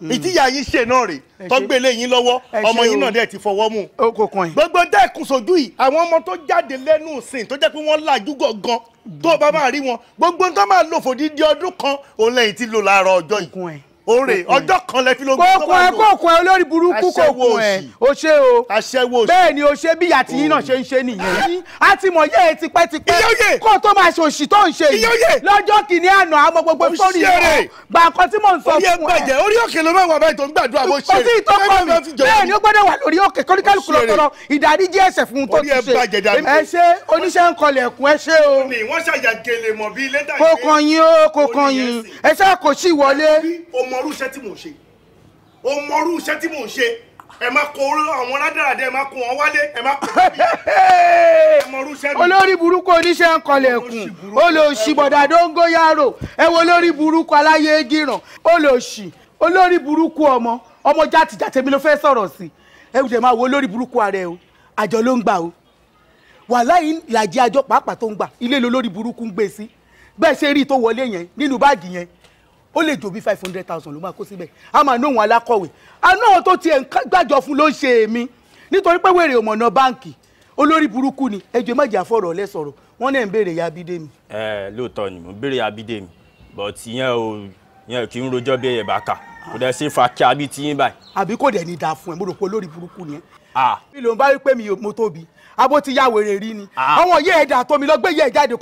mm. ìtìyà yín ṣe náà rè tọ́gbélé yín lọ́wọ́ ọmọ yín náà dẹ̀ ti fọwọ́ mú gbogbo dẹ́kun sójú yìí àwọn ọmọ tó jáde lẹ́nu ìsìn tó jẹ́ pé wọ́n làjú gangan tó bá máa rí wọn gbogbo tó máa lò fòdí di ọdún kan òun lẹ́yìn ti lò láàárọ̀ ọjọ́ yìí orè ọjọ́ kan lẹ fi ló ń gbé kókó ẹ kókó ẹ olórí burúkú kókó ẹ o ṣe o bẹ́ẹ̀ ni o ṣe bí ìyá yín náà ṣe ń ṣe nìyẹn a ti mọ̀ yé e tipẹ́tipẹ́ kó o tó máa ṣe òṣì tó ń ṣe yìí lọ́jọ́ kìíní àná àmọ́ gbogbo tó rí i gba nǹkan tí mò ń sọ fún ẹ. orí òkè ló máa wà báyìí tó ń gbàdúrà bó ṣe kò sí ìtọ́kọ mi bẹ́ẹ̀ ni ó gbọ́dọ̀ wà lórí òkè mọrú iṣẹ́ tí mò ń ṣe o mọrú iṣẹ́ tí mò ń ṣe ẹ má kó àwọn ládàradà ẹ má kó wọn wálé ẹ má kó wọn bí. olórí burúkú oníṣẹ́ ń kọlẹ̀kùn olóòṣì bọ̀dà dóńgóyàrò ẹ wo olórí burúkú aláyé gíràn olóòṣì olórí burúkú ọmọ ọmọ jàtìjàtẹ̀mí ló fẹ́ sọ̀rọ̀ sí ẹ jẹ́ máa wo olórí burúkú ara ẹ o àjọ ló ń gbà o wàláì làjẹ àjọ pàápàá tó ń gbà ilé lolórí burúkú ń gbé sí bẹ́ẹ̀ ṣe rí i tó wọlé yẹn nínú báàgì yẹn ó lè jò bí five hundred thousand ló máa kó síbẹ̀ a máa ná òun alákọ̀wé àná àwọn tó tiẹ̀ gbàjọ fún ló ń ṣe èmi nítorí pé wèrè òmọ̀nà báǹkì olórí burúkú ni ẹjọ́ má jà fọ̀rọ̀ ọ̀lẹ́ sọ̀rọ̀ wọ́n náà ń béèrè ya Abídèmí. ẹ lóòótọ́ ni mo ń béèrè Abídèmí but ìyẹn ò ìyẹn kì í rojọ́ bí ẹ̀yẹ̀ bá kà kò dẹ̀ ṣe fa kí abí ti yín báyìí. àbí kò dẹ̀ ní dáa fún ẹ mo rò pé olórí burúkú ni ẹ. mi ló ń bá wí mi ò mọ tóbi abo ti ya wèrè rí ni ah. àwọn yẹ ẹ̀dà tó mi lọ gbé yẹ ìjáde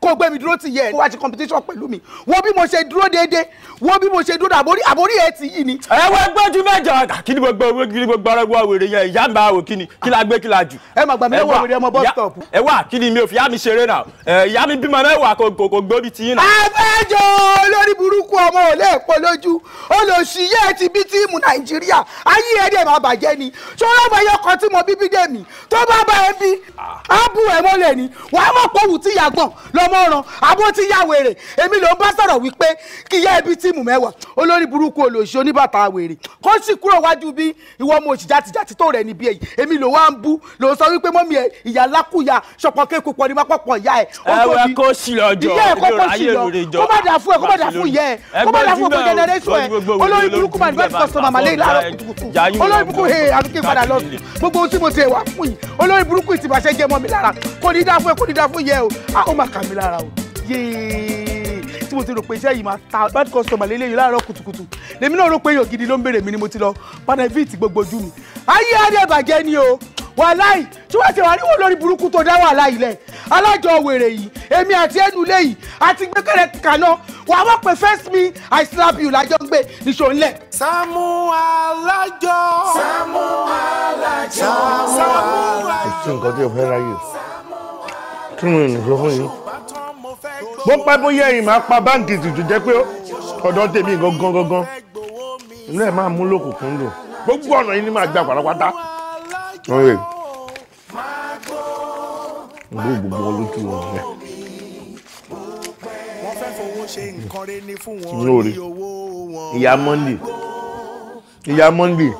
kó gbé mi dúró ti yẹ kó wá ti competition pẹ̀lú mi wo bí mo ṣe dúró déédéé wo bí mo ṣe dúró àbórí àbórí ẹ ti yìí ni. ẹ wọ ẹgbẹ́ ju mẹ́jọ kí ni gbogbo kí ni gbogbo ọ̀rẹ́gbọ́ wèrè yẹn ìyá mi máa wò kí ni kí la gbé kí la jù. ẹ mà gbà mí lọ́wọ́ wèrè ọmọ bus stop. ẹ wà kí ni mi ò fi ìyá mi ṣeré náà ìyá mi bímọ mẹ́wàá kò kò gbóbi ti yín náà. abẹ́jọ olórí burúkú ọmọ ò lẹ́ẹ̀pọ̀ lójú olóṣìyẹ́ ti tíìmù mẹ́wàá olórí burúkú olóṣì oníbàtà wèrè kó sì kúrò wájú bí ìwọ ọmọ òṣì jàtìjàtì tó rẹ̀ níbí ẹ̀yìn èmi ló wá ń bú ló sọ wípé mọ́mí ẹ̀ ìyá lákùyà ṣọpọ̀ kéku pọ̀ ní pápákọ̀ ìyá ẹ̀. ẹwẹ kó sì lọ jọ ìyá ẹ kó kó sì lọ kó má dà fún ẹ kó má dà fún ìyá ẹ kó má dà fún ọkọ jẹnẹrẹsùn ẹ olórí burúkú mà nígbà tí kò sọmọ àmàlẹ́ ìlàrọ̀ kùtùkùtù olórí burúkú a ó má kà mí lára tí mo ti rò pé iṣẹ́ yìí máa ta bad customer lélẹ́yìn láàárọ̀ kùtùkùtù lèmi náà rò pé èèyàn gidi ló ń béèrè mi ni mo ti lọ panavit gbogbo ojú mi ayé adé ni o wàláì tí wọ́n ti wà níwọ̀n lórí burúkú tó dá wàhálà yìí lẹ̀ alájọ wèrè yìí èmi àti ẹnu lé yìí àti gbẹkẹrẹ kàná wà wọ́n pé first me i slap you lájọ ń gbé níṣó ńlẹ̀. Sàámú Alájọ. Sàámú Alájọ. Sàámú Alájọ. kò sí nǹkan tí o fẹ́ ráyè kí ni ìrìn ìfẹ́ fún yín bó pẹ́ bóyá ẹ̀yìn máa pa báǹkì tuntun jẹ́ pé ọ̀dọ́ tèmi gangan gangan ilé ẹ̀ máa mú lókùnkún dùn gbogbo ọ̀nà yìí ni máa gba pátápátá. ọ̀rẹ́ gbogbo olójú wọn rẹ̀. lórí ìyá monday ìyá monday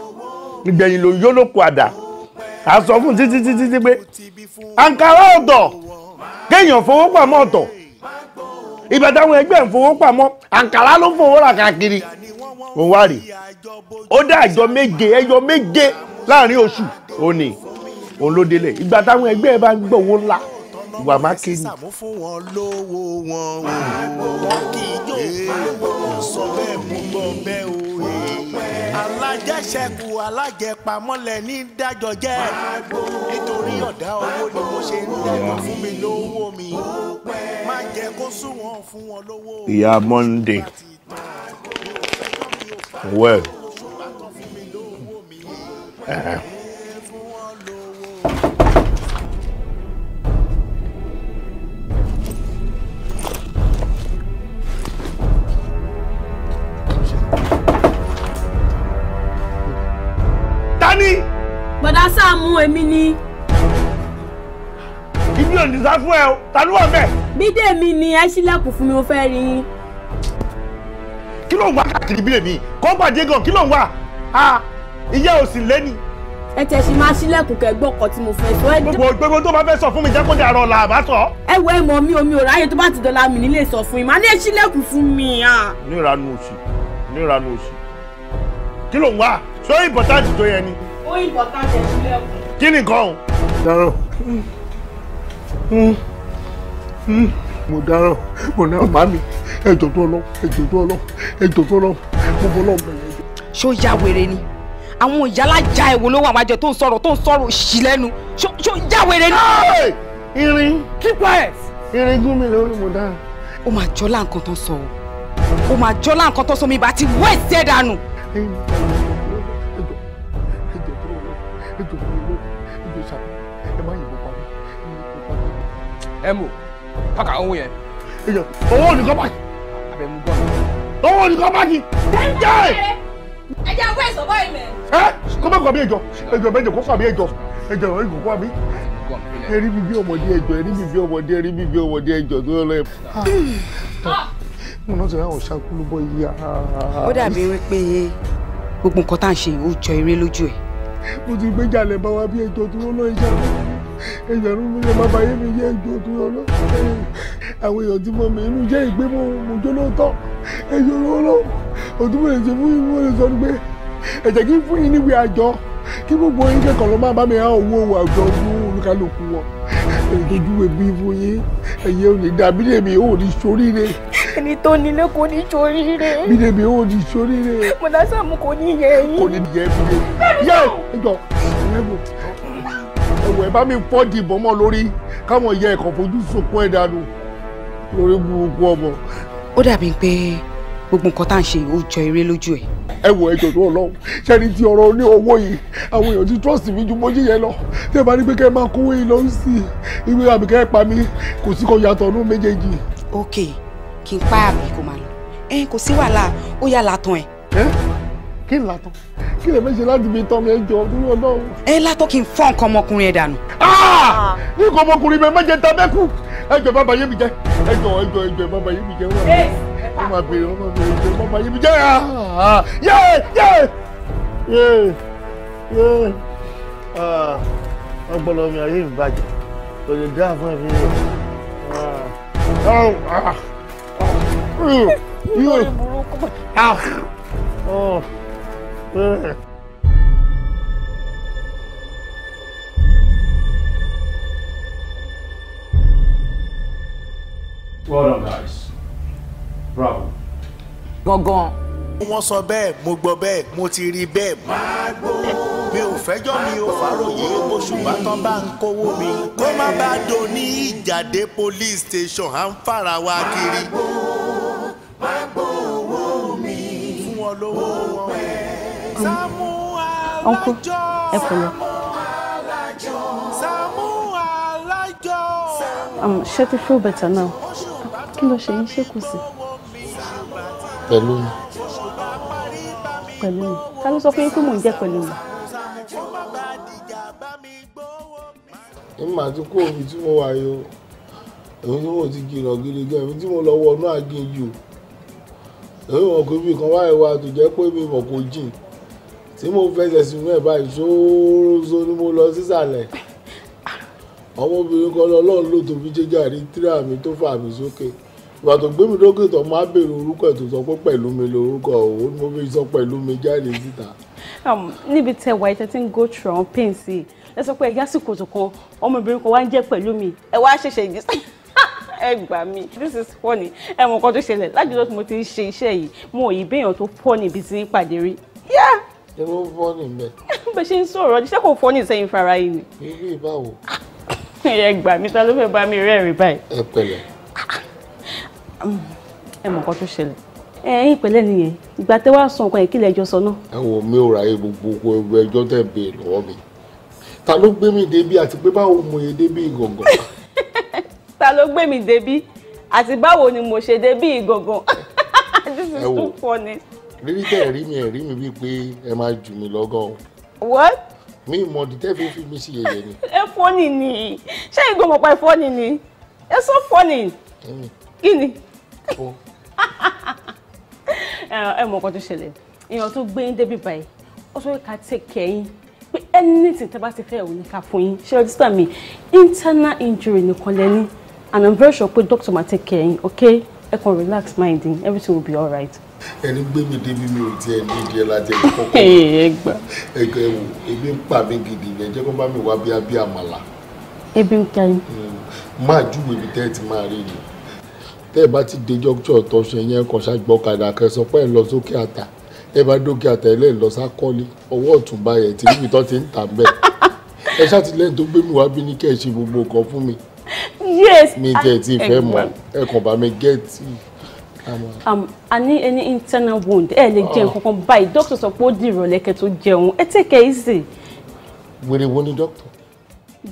ìgbẹ̀yìn ló yólókù àdá a fún títí títí pé àǹkárá ọ̀dọ̀ kéèyàn fowó pamọ́ ọ̀tọ̀ ìgbà táwọn ẹgbẹ́ ń fowó pamọ́ àǹkàrá ló fowó rà káàkiri òun wá rè ó dá àjọ méje ẹyọ méje láàrin oṣù òní òun ló délẹ̀ ìgbà táwọn ẹgbẹ́ bá ń gbọ́ owó ńlá ìwà mákè ni. sàmúfún alájẹpamọlẹ ní dájọ jẹ nítorí ọ̀dá owó ni mo ṣe ń dájọ fún mi lówó mi má jẹ́ kó sùn wọn fún wọn lówó. ìyá Monday well. Uh ta ni. bọ̀dá Sáàmù èmi ni. ibi ò ní sá fún ẹ o ta ló wà bẹ́ẹ̀. bídè mi ni ẹ ṣílẹ̀kùn fún mi mo fẹ́ rí yín. kí ló ń wá káàkiri bílẹ̀ mi kọ́ńpà jẹ́gàn kí ló ń wá ìyá ò sì lẹ́ni. ẹ tẹ̀ sí máa ṣílẹ̀kùn kẹ́gbọ́n kan tí mo fẹ́ sọ. gbogbo gbogbo tó bá fẹ́ sọ fún mi jẹ́ kó dàrọ̀ là bá sọ. ẹ wo ẹmọ mi omi ò ráyè tó bá ti dọ̀la mi nílé sọ fún mi màá ní ẹ ṣílẹ̀kùn fún mi. ní òsì ní òsì kí ló ń wá sọ important tó yẹ ni. ó important ẹ̀ sílẹ̀ kí ni nǹkan o. dárò hmm. Hmm. mo dárò mo náà má mi ẹjọ tó lọ ẹjọ tó lọ ẹjọ tó lọ mo bọ lọ bẹ̀rẹ̀ ṣó ya wèrè ni àwọn ìyálàjà ẹ̀wò ló wà wájọ tó ń sọ̀rọ̀ tó ń sọ̀rọ̀ sí lẹ́nu ṣó ya wèrè ni. irin keep quiet. irin gún mi lórí mo dára. ó máa jọ́lá nǹkan tó sọ ó máa jọ́lá nǹkan tó sọ mi bá ti wẹ́ẹ̀sì ẹ̀ dànù. Emu, ẹjọ ẹjọ tó lọ ẹjọ tó lọ ẹjọ sàbẹ ẹ má yìnbọn pa mí yìnbọn pa mí. ẹ mú pàkà owó yẹn. ẹjọ owó nìkan bá kí. abẹ mú bọ́ọ̀lù. owó nìkan bá kí. dẹ́ńdẹ́. ẹjẹ awọ ẹsọ bọ́ọ̀lù mẹ. ẹ kó má kọ mí ẹjọ ẹjọ mẹjọ kó fà mí ẹjọ mo náà ti ráwọn ṣàkólú bọ ó dàbí wípé gbogbo nǹkan tá à ń ṣe ó jọ eré lójú ẹ. mo ti gbé jalè bá wa bí ẹjọ́ tó lọ ẹjọ́ ẹjọ́ ló ló yẹ bàbá yé mi yé ẹjọ́ tó lọ lọ àwọn èèyàn tí mo mẹ inú jẹ ìgbé mo mo jó lóòótọ́ ẹjọ́ ló lọ òtún mo lè ṣe fún yín mo lè sọ pé ẹ jẹ́ kí fún yín níwèé àjọ kí gbogbo yín kẹ́kọ̀ọ́ ló máa bá mi hàn owó òwò àjọ fún olúkálùkù wọn èyí tó júwe bí fún yín ẹ̀yẹ ò dàbí lèmi ò ní ṣoríire ẹni tó nílé kò ní ṣoríire. bídèmí ò di ṣoríire. mọ̀dá sàmù kò ní yẹ ẹyin. kò ní yẹ ẹyin. yẹ ẹjọ ẹwẹ bá mi fọ́ di ìbọn mọ́ lórí káwọn ìyá ẹ̀kọ́ fojú sunkún ẹ̀ dànù lórí burúkú ọmọ. ó dàbí pé gbogbo nǹkan tá à ń ṣe ó jọ eré lójú ẹ. ẹ wo ẹjọ tó lọ sẹni ti ọ̀rọ̀ ní owó yìí àwọn èèyàn ti trust mi ju bójú yẹn lọ tí ẹ bá ní pé kẹ máa kówó yìí lọ sí ìwé àbíkẹ́ pa mi kò sí kan yàtọ̀ ọdún méjèèjì. okay kí n pa àmì kó máa lọ ẹ kò sí wàhálà ó yà látàn ẹ. ẹ kí n látàn kí lè fẹ́ ṣe láti fi tán mi ẹ jọ nínú ọlọ́run. ẹ látọ́ kí n fọ́ nǹkan ọmọkùnrin ẹ dànù. ní nǹkan ọmọkùnrin mi ẹ má jẹ ta bẹ́kù ẹ jọ bàbá yé mi jẹ ẹ jọ ẹ jọ ẹ jọ bàbá yé mi jẹ wọn wọn máa bèrè wọn máa bèrè jẹ bàbá yé mi jẹ yé yé yé yé ọgbọ́n mi ayé mi bàjẹ́ kò lè dá fún ẹ̀mí rẹ̀ lórí burúkú. Well guys. Bravo. Gangan. sọ bẹ́ẹ̀, mo gbọ́ bẹ́ẹ̀, mo ti rí bẹ́ẹ̀. Máa mi ò fẹ́jọ́ mi ò fàròyé oṣùgbà tán bá ń kówó mi. kó má bàa dò ní ìjàdé police station à ń fara wa kiri ọ̀nkọ́ ẹ kò lọ. feel better now Can you share your ṣèkù sí. pẹ̀lú Can you talk ká ló sọ fún yín pé mò ń jẹ́ pẹ̀lú mi. ìmọ̀ àti kóòfì tí mo wà yìí o èmi tí mo ti kìlọ̀ gidi gan èmi tí èmi mọ̀ pé ibi kan báyìí wà tó jẹ́ pé mi mọ̀ kó jìn tí mo fẹsẹ̀ sínú ẹ̀ báyìí ṣóòrò ni mo lọ sísàlẹ̀ ọmọbìnrin kan lọ́lọ́run ló tóbi jẹjẹ àrítíra mi tó fà mí sókè ìgbà tó gbé mi lókè tó máa béèrè orúkọ ẹ̀ tó sọ pé pẹ̀lú mi lórúkọ òun ni mo fi sọ pẹ̀lú mi jáde síta. Um, níbi tẹ wà ìtẹ́tí ń go through pain sí ẹ sọ pé ẹ yásìkò tó kan ọmọbìnrin kan wá ń jẹ́ pẹ̀lú mi ẹ wá ẹ gbà mí this is funny ẹ mọ nǹkan tó ṣẹlẹ̀ lájúlọ tí mo ti ń ṣe iṣẹ́ yìí mo ì béèyàn tó funny bí ti ń pàdé rí. ṣé ó funny ń bẹ. bẹ́ẹ̀ ṣe ń sọ̀rọ̀ ṣé kò funny sẹ́yìn fara yìí ni. irú ìbáwo. ẹ gbà mí ta ló fẹ́ bá mi rẹ́rìn báyìí. ẹ pẹ̀lẹ́. ẹ mọ nǹkan tó ṣẹlẹ̀ ẹ̀yin pẹ̀lẹ́ nìyẹn ìgbà tẹ́ wàá sọ nǹkan yẹn kí lẹ jọ sọ náà. ẹ wò mí ò ráyè gbogbo ẹjọ́ tẹ́ ń lọ́wọ́ mi ta ló gbé mi débi àti pé báwo mo yẹ débi gàngàn ta ló gbé mi débí àti báwo ni mo ṣe débí gangan this is too funny. rírí tẹ́ ẹ̀ rí mi ẹ̀ rí mi wípé ẹ máa jù mí lọ́gán what. mi mọ̀ ọdún tẹ́ fi fi mí sí yẹ̀yẹ́ ni. ẹ fọ́nì ni ṣé ìgbọ́n mọ̀pá ẹ fọ́nì ni ẹ sọ fọ́nì kí ni. ẹ mọ̀ nǹkan tó ṣẹlẹ̀ èèyàn tó gbé yín débi báyìí ó sọ ká take care yín pé anything tẹ́ bá ti fẹ́ òun ní ká fún yín ṣé ọdún sàmì internal injury nìkan lẹ́ni and i'm very sure pé doctor ma take care yín okay ẹ kàn relax mind yín everything will be alright. ẹni gbé mi débi mi ò tiẹ̀ ní ìdí ẹ láti ẹni kọ́kọ́ ẹgbẹ́ ẹ wò ebi ń pa mí gidi yẹn jẹ́ kó bá mi wá bíi abí àmàlà. ebi ń ka yín. Hmm. máa júwèé ibi tẹ́ ẹ ti máa rí ni tẹ́ ẹ bá ti dé junction tó ṣe yẹn kàn ṣàgbọ́kadà kẹsàn-án pẹ́ lọ sókè àtà ẹ bá dókè àtà ẹ lẹ́ẹ̀ lọ sákọ́lé ọwọ́ ọ̀túnba yẹn tí níbi tó ti ń tà ń bẹ̀ ẹ ṣàtìlẹ́yìn tó gbé mi wá bí ní kẹ́ ẹ ṣe gbogbo nǹkan fún mi yes mi jẹ ti fẹ mọ ẹ kàn get it. Um, I need any internal wound ẹ lè jẹ ah. nǹkan kan Doctor dókítà sọ pé ó di ìrọ̀lẹ́ kẹ́ tó jẹun ẹ take it easy. wèrè wo ni dókítà.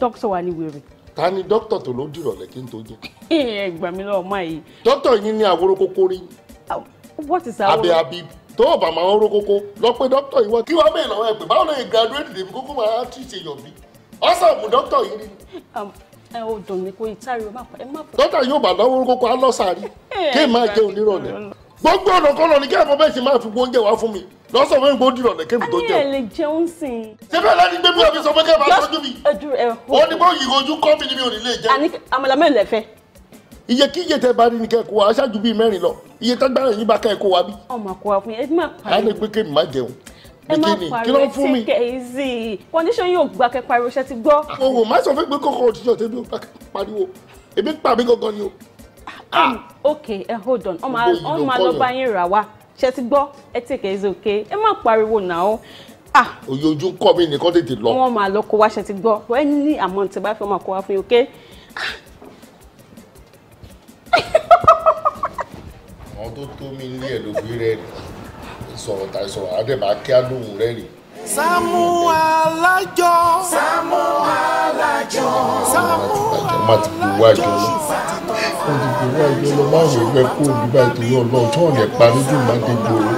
doctor wa ni wèrè. ta ni dókítà tó ló di ìrọ̀lẹ́ kí n tó jẹ. ẹ gbà mí lọ́wọ́ máa yìí. dókítà yín ní àwòrán kókó uh, what is our. abẹ́ abí tó o bá máa ń ró kókó lọ You dókítà yìí wá kí wàá bẹ̀rẹ̀ lọ́wọ́ ẹ pé báwo lè graduate lèmi kókó máa tì í ṣe yọ̀ bí ọ̀sán ẹ ò dùn mí kó ìtàrí o má pa ẹ má pa. dọ́tà yóò bá dáwọ́ kókó alọ́sàárì kí ẹ máa jẹun nírọ̀lẹ́ gbogbo ọ̀nà kọ́nà ni kí ẹ̀fọ́ bẹ́ẹ̀ sì máa fi oúnjẹ wá fún mi lọ́sọ̀ fún ìgbó dìrọ̀ lẹ́kẹ́ mi tó jẹun. ayé ẹ lè jẹun sí i. síbẹ̀ láti gbé bí ọ̀fíìsì ọmọ kẹfà sọ́jú mi. ó ní bó yìí ojú kọ́ mi ni mi ò ní lè jẹ. àní àmàlà mẹ́rin lẹ fẹ́. iye kí iye tẹ bá rí ni kẹ kó wa aṣáájú bíi mẹ́rin lọ iye tágbára yín bá kẹ kó wa bí. ọmọ kó wa fún yẹn ẹ má pa. a lè gbé kémi má bikini kí ló ń fún mi. ẹ má pariwo take it easy condition yóò gba kẹ pariwo ṣe ti gbọ́. owó má sọ fún mi pé kókó òtítọ́ tẹ́bí ó pariwo èmi pa mí gangan ni o. Ah, um, ok ẹ hold on ọmọ alọ́ba yín rà wá ṣe ti gbọ́ ẹ take it easy ok ẹ má pariwo nà ó òye ah. ojú ń kọ́ mi nìkan tètè lọ. wọ́n máa lọ kó wá ṣe ti gbọ́ wọ́n ní àmọ́ tí bá fẹ́ máa kó wá fún yín ok. àwọn tó tó mi ní ẹ̀ ló gbé rẹ̀ nìyẹn sọ̀rọ̀ tàì sọ̀rọ̀ àdèmà kí á lóhùn rẹ̀ rìn. Sàámú Alájọ. Sàámú Alájọ. Sàámú Alájọ. má ti gbowó àjọ lọ ti gbowó àjọ lọ má wọ ẹgbẹ́ kó òbí báyìí torí Ọlọ́run tó ọ̀nà ẹ̀pá lójú má dé gbòòrò.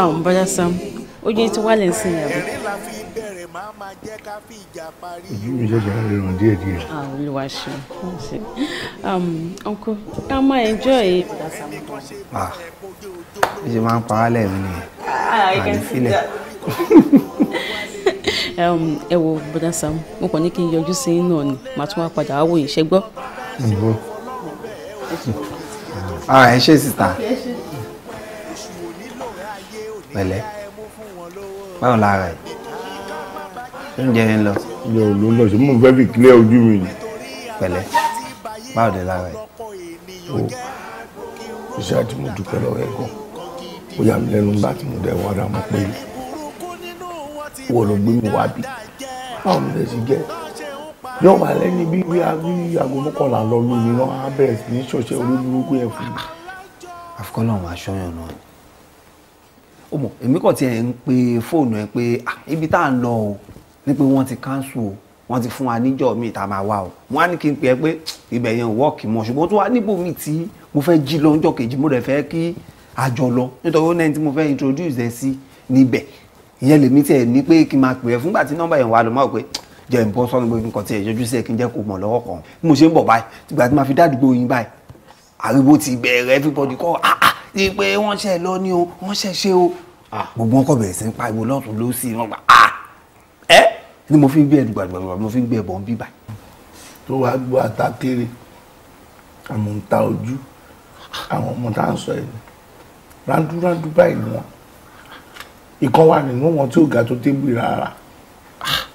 Um, bọ́dá Sam you need to ń sìn yàrá máa máa jẹ́ ká fi ìjà parí. ojú mi ṣẹ̀ṣẹ̀ ń rírun díẹ̀ díẹ̀. Ah, olùwà ṣe ọkọ um, ká máa enjoy. Ah, bí ṣe máa ń para lẹ́ẹ̀mí nìyẹn ah, àdìfílẹ̀. Um, ẹ wo bọ́dá Sam mo kàn ní kí n yọjú sí náà ni màá tún wá padà wá wò yìí ṣe gbọ́. ìbò ara ẹ ṣe síta pẹ̀lẹ́ báwo lára ẹ oúnjẹ yẹn lọ. mi ò ló lọ sí mo fẹ́ fi clear ojú mi ni. pẹ̀lẹ́ báwo de lára ẹ. o iṣẹ́ àti mo dúpẹ́ lọ́wọ́ ẹ̀ gan ó yà mí lẹ́nu nígbà tí mo dẹ̀ wá ra mo pé wo ló gbé mi wá bí báwo ló dẹ̀ sì jẹ́ yóò wà lẹ́ni bí wí agbí aago mọ́kànlá lọ lù mí náà á bẹ̀rẹ̀ sí ní ṣọ̀ṣẹ́ orí burúkú yẹn fún mi. àfikún náà wàá ṣọyàn náà ó mọ èmi kàn tiẹ̀ ń pe fóònù ẹ pé ibi tá à ń lọ o ní pé wọ́n ti cancel o wọ́n ti fún wa níjọ́ mi ìta máa wá o wọ́n á ní kí n pè é pé ibẹ̀ yẹn ò wọ́ọ̀kì mọ́ ṣùgbọ́n tó wà níbo mi tí mo fẹ́ jí lọ níjọ́ kejì mo rẹ̀ fẹ́ kí àjọ lọ nítorí ó náà tí mo fẹ́ introduce ẹ sí níbẹ̀ ìyẹn lèmi tiẹ̀ ní pé kí n máa pè é fúngbà tí nọ́mbà yẹn wà lọ́mọ́ pé jẹ́ n bọ́ sọ́nù pé nǹkan tiẹ̀ yọjú sí ẹ kí n jẹ́ kó mọ̀ lọ́wọ́ kan bí mo ṣe ń bọ̀ báyìí tìgbà tí ma fi dádùgbò yín báyìí ariwo ti bẹ̀rẹ̀ everybody kọ́ ah ah ni pé wọ́n ṣe lọ ni o wọ́n ṣe ṣe o ah, gbogbo wọn kọ̀ bẹ̀rẹ̀ sí ń pariwo lọ́tún lọ́sì wọn gbà ah ni mo fi ń gbé ẹ̀dùn gbàgbàgbà mo fi ń gbé ẹ̀bọ̀n bíbà. tó wàá gbọ́ ata kéré àmọ́ ń ta ojú àwọn ọmọ tá à ń sọ ẹ̀ ní randúrandú báyìí ni wọn ìkan wà nínú wọn tí ò ga tó tébù rárá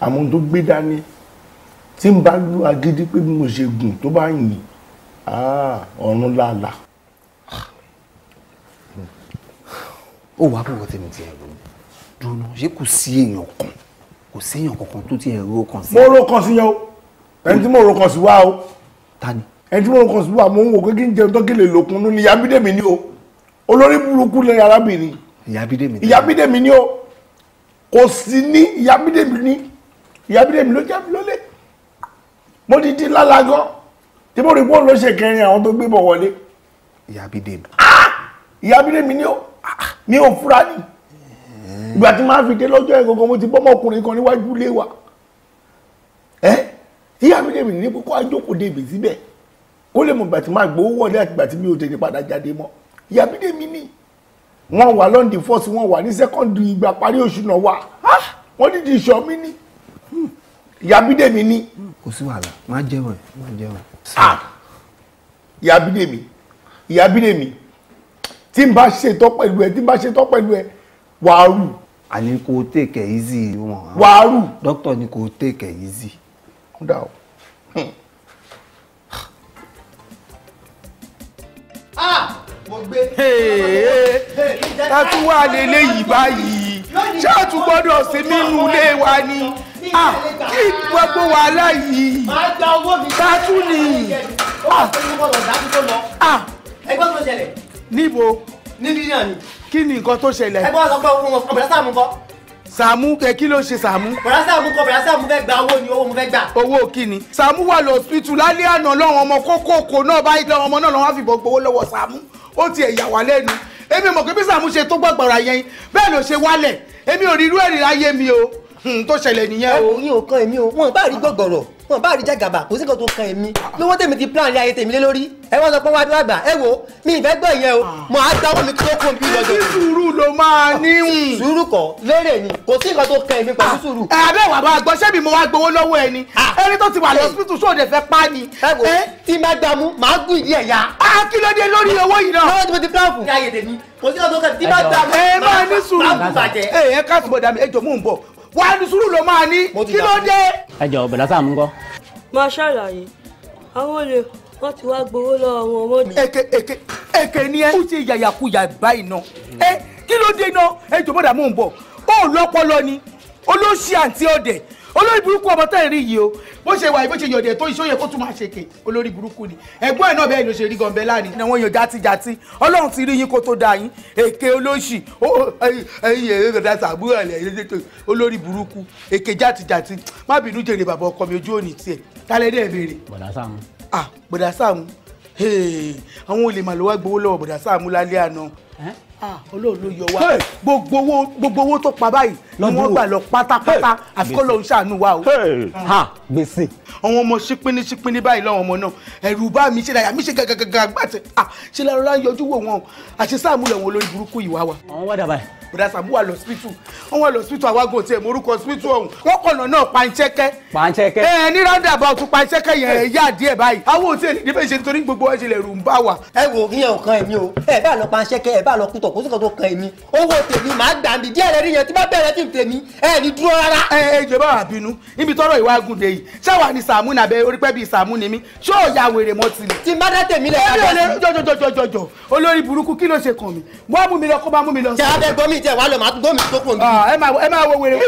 àmọ́ tó gbé dání tí ń bá lu agídí pé bí mo ṣe gùn tó bá yìn ọ̀run làlà. ó wàá bọ̀ wọ́n tẹ̀mí tiẹ̀ lónìí dùnú ṣé kò sí èèyàn kan kò séèyàn kankan tó ti ẹ̀rọ kan sí. mo ro sí yẹn o ẹni tí mo ro kan sí wa o ẹni tí mo ro kan sí wa mo ń wò pé kí n jẹun tó kí lè lòkun nínú ìyá bídèmí ni o olórí burúkú lè arábìnrin ìyá bídèmí ni o kò sí ní ìyá bídèmí ni ìyá bídèmí ló jẹ́ lólè mo ti di lálágán tí mo rí bóun ló kẹrin àwọn tó gbé bọ̀ wọlé. ìyá bídèmí. Ah! ni o ah! mi ò fura ni ìgbà tí máa fi dé lọ́jọ́ yẹn gangan mo ti bọ́mọkùnrin kan níwájú ilé wa ẹ tí àmìlẹ́mì ní kókó àjókòó dèbè síbẹ̀ kó lè mọ̀ ìgbà tí máa gbowó wọlé àti ìgbà tí mi ò tètè padà jáde mọ́ ìyàbídèmí ni wọ́n wà lọ́ndì fọ́ọ̀sì wọ́n wà ní sẹ́kọ́ndì ìgbà parí oṣù náà wà ah! wọ́n dídì ìṣọ́ mi ni ìyàbídèmí ni. kò sí wàhálà má jẹ́wọ̀ má jẹ́wọ̀. Ah! ìyàbídèmí ìyàbídèmí tí n bá ṣetán pẹ̀lú ẹ tí n bá ṣetán pẹ̀lú ẹ wàárù. àní kò take it easy wọn. wàárù. dókítà ni kò take it easy. kúndà o. Ah! mo gbé. ká tún wà lélẹ́yìí báyìí ṣé àtún gbọ́dọ̀ sí nínú ilé wa ni ah! kí gbogbo wàhálà yìí ká tún ni. Ah! ẹgbẹ́ mi ló ṣẹlẹ̀. níbo. ní níyàn ni kí ni nǹkan tó ṣẹlẹ̀. ẹgbẹ́ ọ̀sán pé ọ̀bẹ̀rẹ̀ Sàámú kọ́. Sàámú kẹ kí ló ṣe Sàámú. bọ̀dá Sàámú kọ bọ̀dá Sàámú fẹ́ gba owó ni owó mo fẹ́ gbà. owó kíni. Sàámú wà lọ hospital lálẹ́ àná lọ́wọ́n ọmọ kókòkò náà báyìí lọ́wọ́n ọmọ náà lọ́wọ́n àfìbọn gbowó lọ́wọ́ Sàámú ó tiẹ̀ yà wá lẹ́nu èmi mọ̀ pé bí Sàámú ṣe tó gbàgbọ́ra yẹn bẹ́ẹ̀ ló mi o hmm, tó ṣẹlẹ̀ nìyẹn o. ẹ̀yin ò wọn bá rí jàgàbà kò sí nǹkan tó kan èmi lówó tèmi ti plan ilé ayé tèmi lé lórí ẹ wá sọ pé wáá dúrà gbà ẹ wo mi ìfẹ́ gbọ́ ìyẹn o ah. mo á gba owó mi kúrò fún mi lọ́jọ́. kí sùúrù ló máa níhùn. Ah, sùúrù kọ lérè ni kò sí nǹkan tó kan èmi pẹ̀lú ah. sùúrù. ẹ eh, abẹ́ wà máa gbọ́ sẹ́mi mo wá gbowó lọ́wọ́ ẹni ẹni tó ti wà lọ́sibítù sóò dẹ̀ fẹ́ pa ni. ẹ wo eh? tí má gbà mú màá gún ìdí ẹ̀ ya. a kí ló dé lórí owó yìí náà. lọ́wọ́ tí mo ti plan fún. kí ayé tèmi kò sí nǹkan tó kan tí má gbà mú. ẹ máa ní sùúrù. Eh, ẹ ẹ ká wà á ní sùúrù ló máa ní kí ló dé. ẹ jọ̀ọ́ bẹ̀rẹ̀ sáà mú kọ́. máa ṣàlàyé àwọn olè wọn ti wá gbowó lọ́wọ́ wọn wọn ni. èké èké èké ni ẹ ó ṣe yàyàkuyà báyìí náà ẹ kí ló dé náà ẹ jọ̀bọ̀dà mò ń bọ̀ ó lọ́pọlọ ni olóṣì àǹtí ọ̀dẹ̀ olórí burúkú ọmọ tẹ́ ẹ̀ rí yìí o bó ṣe wà bó ṣe yọ̀dẹ̀ tó iṣẹ́ yẹ kó tún máa ṣe olórí burúkú ni ẹ̀gbọ́n ẹ̀ náà bẹ́ẹ̀ ló ṣe rí gan-an bẹ́ẹ̀ láàrin. ẹ̀nà wọn yàn ọlọ́run ti rí yín kó tó da yín èké olóṣì ẹ̀yìn ẹ̀yìn ẹ̀dá sàbúrò ẹ̀ olórí burúkú èké játijàti má bínú jèrè bàbá ọkọ mi ojú òní tiẹ̀ tálẹ́ dẹ́ béèrè. bọ̀dá Sàámú. ah bọ̀dá Sàámú àwọn olè màlúwà gbowó lọ́wọ́ bọ̀dá Sàámú lálẹ́ àná olóòlù ah, ló yọ wá gbogbo owó gbogbo owó tó pa báyìí ni wọ́n gbà lọ pátápátá àfikọ́ lọ́hún ṣàánú wa o. gbèsè. àwọn ọmọ ṣípínní ṣípínní báyìí lọ́wọ́ ọmọ náà ẹ̀rù bá mi ṣe dáyà mi ṣe gàgàgàgà gbàtẹ́ ah, ṣe lára ọlá yọjú wò wọn o àṣẹ sáàmù lẹ̀ wọn olórí burúkú yìí wá wa. àwọn wá dàbà yìí. bùdá sàmú wà lọ sípítù wọn wà lọ sípítù àwágò tiẹ̀ morúkọ sípítù ọ̀hún wọn kọ̀nà náà pàǹṣẹ́kẹ́. pàǹṣẹ́kẹ́. ẹ ní rounda about pàǹṣẹ́kẹ́ yẹn yá díẹ̀ báyìí àwọn òtí ẹ̀ níbẹ̀ ṣe nítorí gbogbo ẹ̀ ṣe lẹ̀ rù ń bá wa. ẹ wo ìyẹn ò kan ẹ̀mí o ẹ bá lọ pàǹṣẹ́kẹ́ ẹ bá lọ kútọ̀ kò sí kan tó kan èmi owó tèmi màá gbà mí díẹ̀ lẹ́rí yẹn tí bá bẹ̀rẹ̀ tí tèmi ẹ ní dúró rárá. ẹ ẹ jọba wà bínú níbi tọrọ ìwà agùndè yìí ṣáwa ni sàmú nàbẹ orípẹ́ bíi sàmú ni mí ṣé ò ya wèrè mọ́ tìrì. tí má dá tèmi lẹ̀ ká dá sí. jọjọjọjọjọ olórí burúkú kí ló ṣe kàn mí wọ́n mú mi lọ kó bá mú mi lọ. jẹ́ abẹ́ gbọ́ mi jẹ́ wàá lọ màá gbọ́ mi tó kùn mí. Ah, ẹ máa wo wèrè mi bí.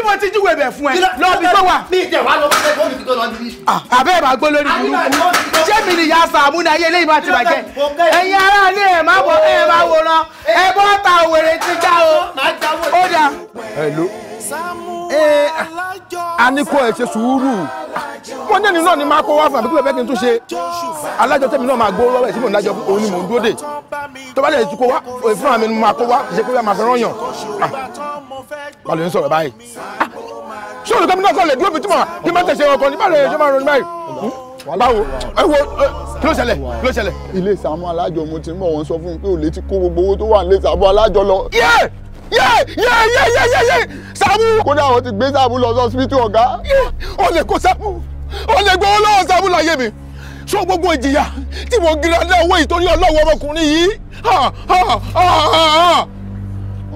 àbẹ́ ah, ti bàtà òwèrè ti já o ó dà. hello ee eh, a ní ṣe sùúrù wọ́n ní ẹni náà ni máa kó wá fún àbíkú bẹ́ẹ̀ kí n tún ṣe alájọ tẹ́mi náà máa gbó lọ́wọ́ ẹ̀ tí mò ń dájọ́ òun ni mò ń dúró dè tó bá dẹ̀ ti kó wá fúnra mi ni máa kó wá kì í ṣe pé máa fẹ́ràn yàn ah, balùwẹ̀ ń sọ̀rọ̀ báyìí ah, ṣé olùkọ́ mi náà kọ́ lè dúró mi tí mo wà má tẹ̀sẹ̀ ọkọ̀ nígbà rẹ̀ ṣé máa ronú báyìí báwo ẹ wo kí ló ṣẹlẹ̀ kí ló ṣẹlẹ̀. ilé Sàámú Alájọ mo ti ń bọ̀ wọ́n sọ fún mi pé ò lè ti kó gbogbo owó tó wà nílé Sàámú Alájọ lọ. yé yé yé yé yé yé yé Sàámú. kódà àwọn ti gbé Sàámú lọ sọ́sibítù ọ̀gá. ó lè kó Sàámú ó lè gbowó lọ́wọ́ Sàámú láyé mi ṣó gbogbo ìjìyà tí mo gira lé owó ìtòrí ọlọ́wọ́ ọmọkùnrin yìí.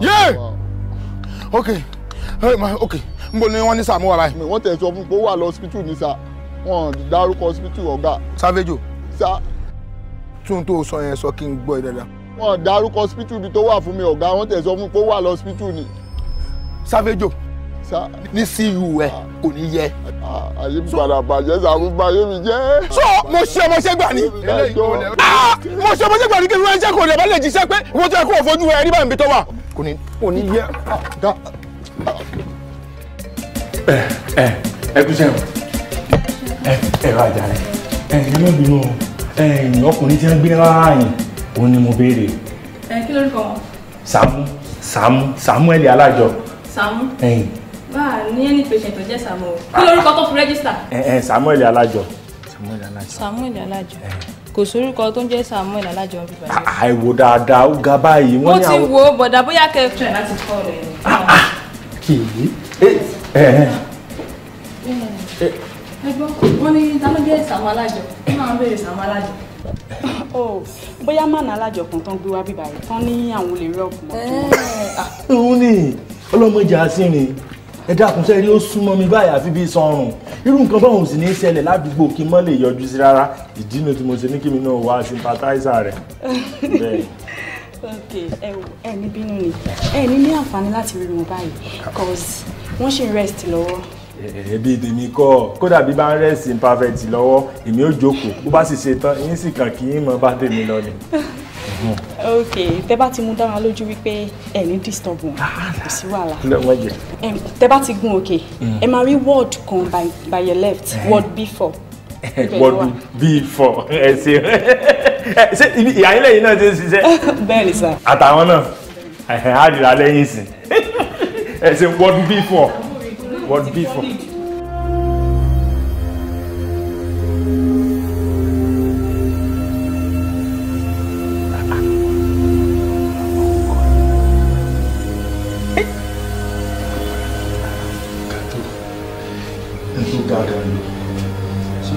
yé ok ok n bò ní wọn ní Sàámú wa báyìí. wọ́n tẹ̀ sọ fún pé ó wà lọ́sibítù ní sáà wọn dárúkọ hospital ọ̀gá. savageò. sa. tún tó sọ yẹn sọ kí n gbọ́ ẹ dáadáa. wọn dárúkọ hospital ibi tó wà fún mi ọ̀gá wọn tẹ̀ sọ fún mi pé ó wà lọ hospital ni. savageò. sa. ní cu ẹ kò ní yẹ. àyè mi padà bàjẹ́ sàmú báyé mi jẹ́. sọ mo ṣe ọmọ ṣe gbà ní. Ah, mo ṣe ọmọ ṣe gbà ní kí n ránṣẹ́ kò lè bá lè jíṣẹ́ pé mo tẹ́ kó o fojú ẹ rí báyìí mi ẹ ẹ eh, eh, ẹ kú sẹ́wọ̀n ẹ ẹ wá jàre ẹ ẹ má bínú o ọkùnrin tí wọ́n gbé láàyè òun ni mo béèrè. ẹ kí ló ń kọ wọn. Sàámú Sàámú Sàmúẹ́lì Alájọ. Sàámú. báà ní ẹni patient tó jẹ́ Sàámú o kí lórúkọ tó fi rẹ́gísítà. ẹ ẹ Sàmúẹ́lì Alájọ. Sàmúẹ́lì Alájọ. Sàmúẹ́lì Alájọ kò sórúkọ tó ń jẹ́ Samuel alájọ ń bíbá yìí. àìwò dáadáa ó ga báyìí. mo ti wo bọ̀dà bóyá kẹ́kẹ́ láti fọ́ rẹ̀. kì í ẹ̀gbọ́n wọn ní dálógẹ́ ìsàwọn alájọ ẹ máa ń béèrè ìsàwọn alájọ. o oh, bóyá màánà alájọ kan tán gbé wá bíbá yìí tán ní àwọn olè rọ́ọ̀kù mọ́. Eh. Ah, òun ni ọlọ́mọjà àṣìrìn ẹ dákun sẹ́rí ó súnmọ́ mi báyìí àfi bíi sọrùn irú nǹkan báwọn ò sì ní í ṣẹlẹ̀ ládùúgbò kí mọ́ lè yọjú sí rárá ìdínà tí mo ṣe ní kí mi náà wá sympathizer rẹ̀ okay ẹ wò ẹ ní bínú ni ẹ ní ní àǹfààní láti rí wọn báyìí cause wọ́n ṣì rest lọ́wọ́ ẹbí eh, tèmi kọ́ kódà bí bá ń rẹ́sì perfect lọ́wọ́ èmi ò jókòó bó bá sì ṣe tán yín sì kàn kí yín mọ bá tèmi lọ ni. ok tẹ bá ti mú dára lójú wípé ẹ ní disturb wọn kò sí wàhálà tẹ bá ti gun òkè hmm. ẹ máa rí word kan by, by your left hmm. word before eh, wọ́n before? fọ ẹ ṣe eh, ṣe ibi ìyáyín lẹ́yìn náà ti ń ṣiṣẹ́. bẹ́ẹ̀ni sá. àtàwọn náà àdìrà lẹ́yìn sí ẹ ṣe wọ́n bí fọ what before.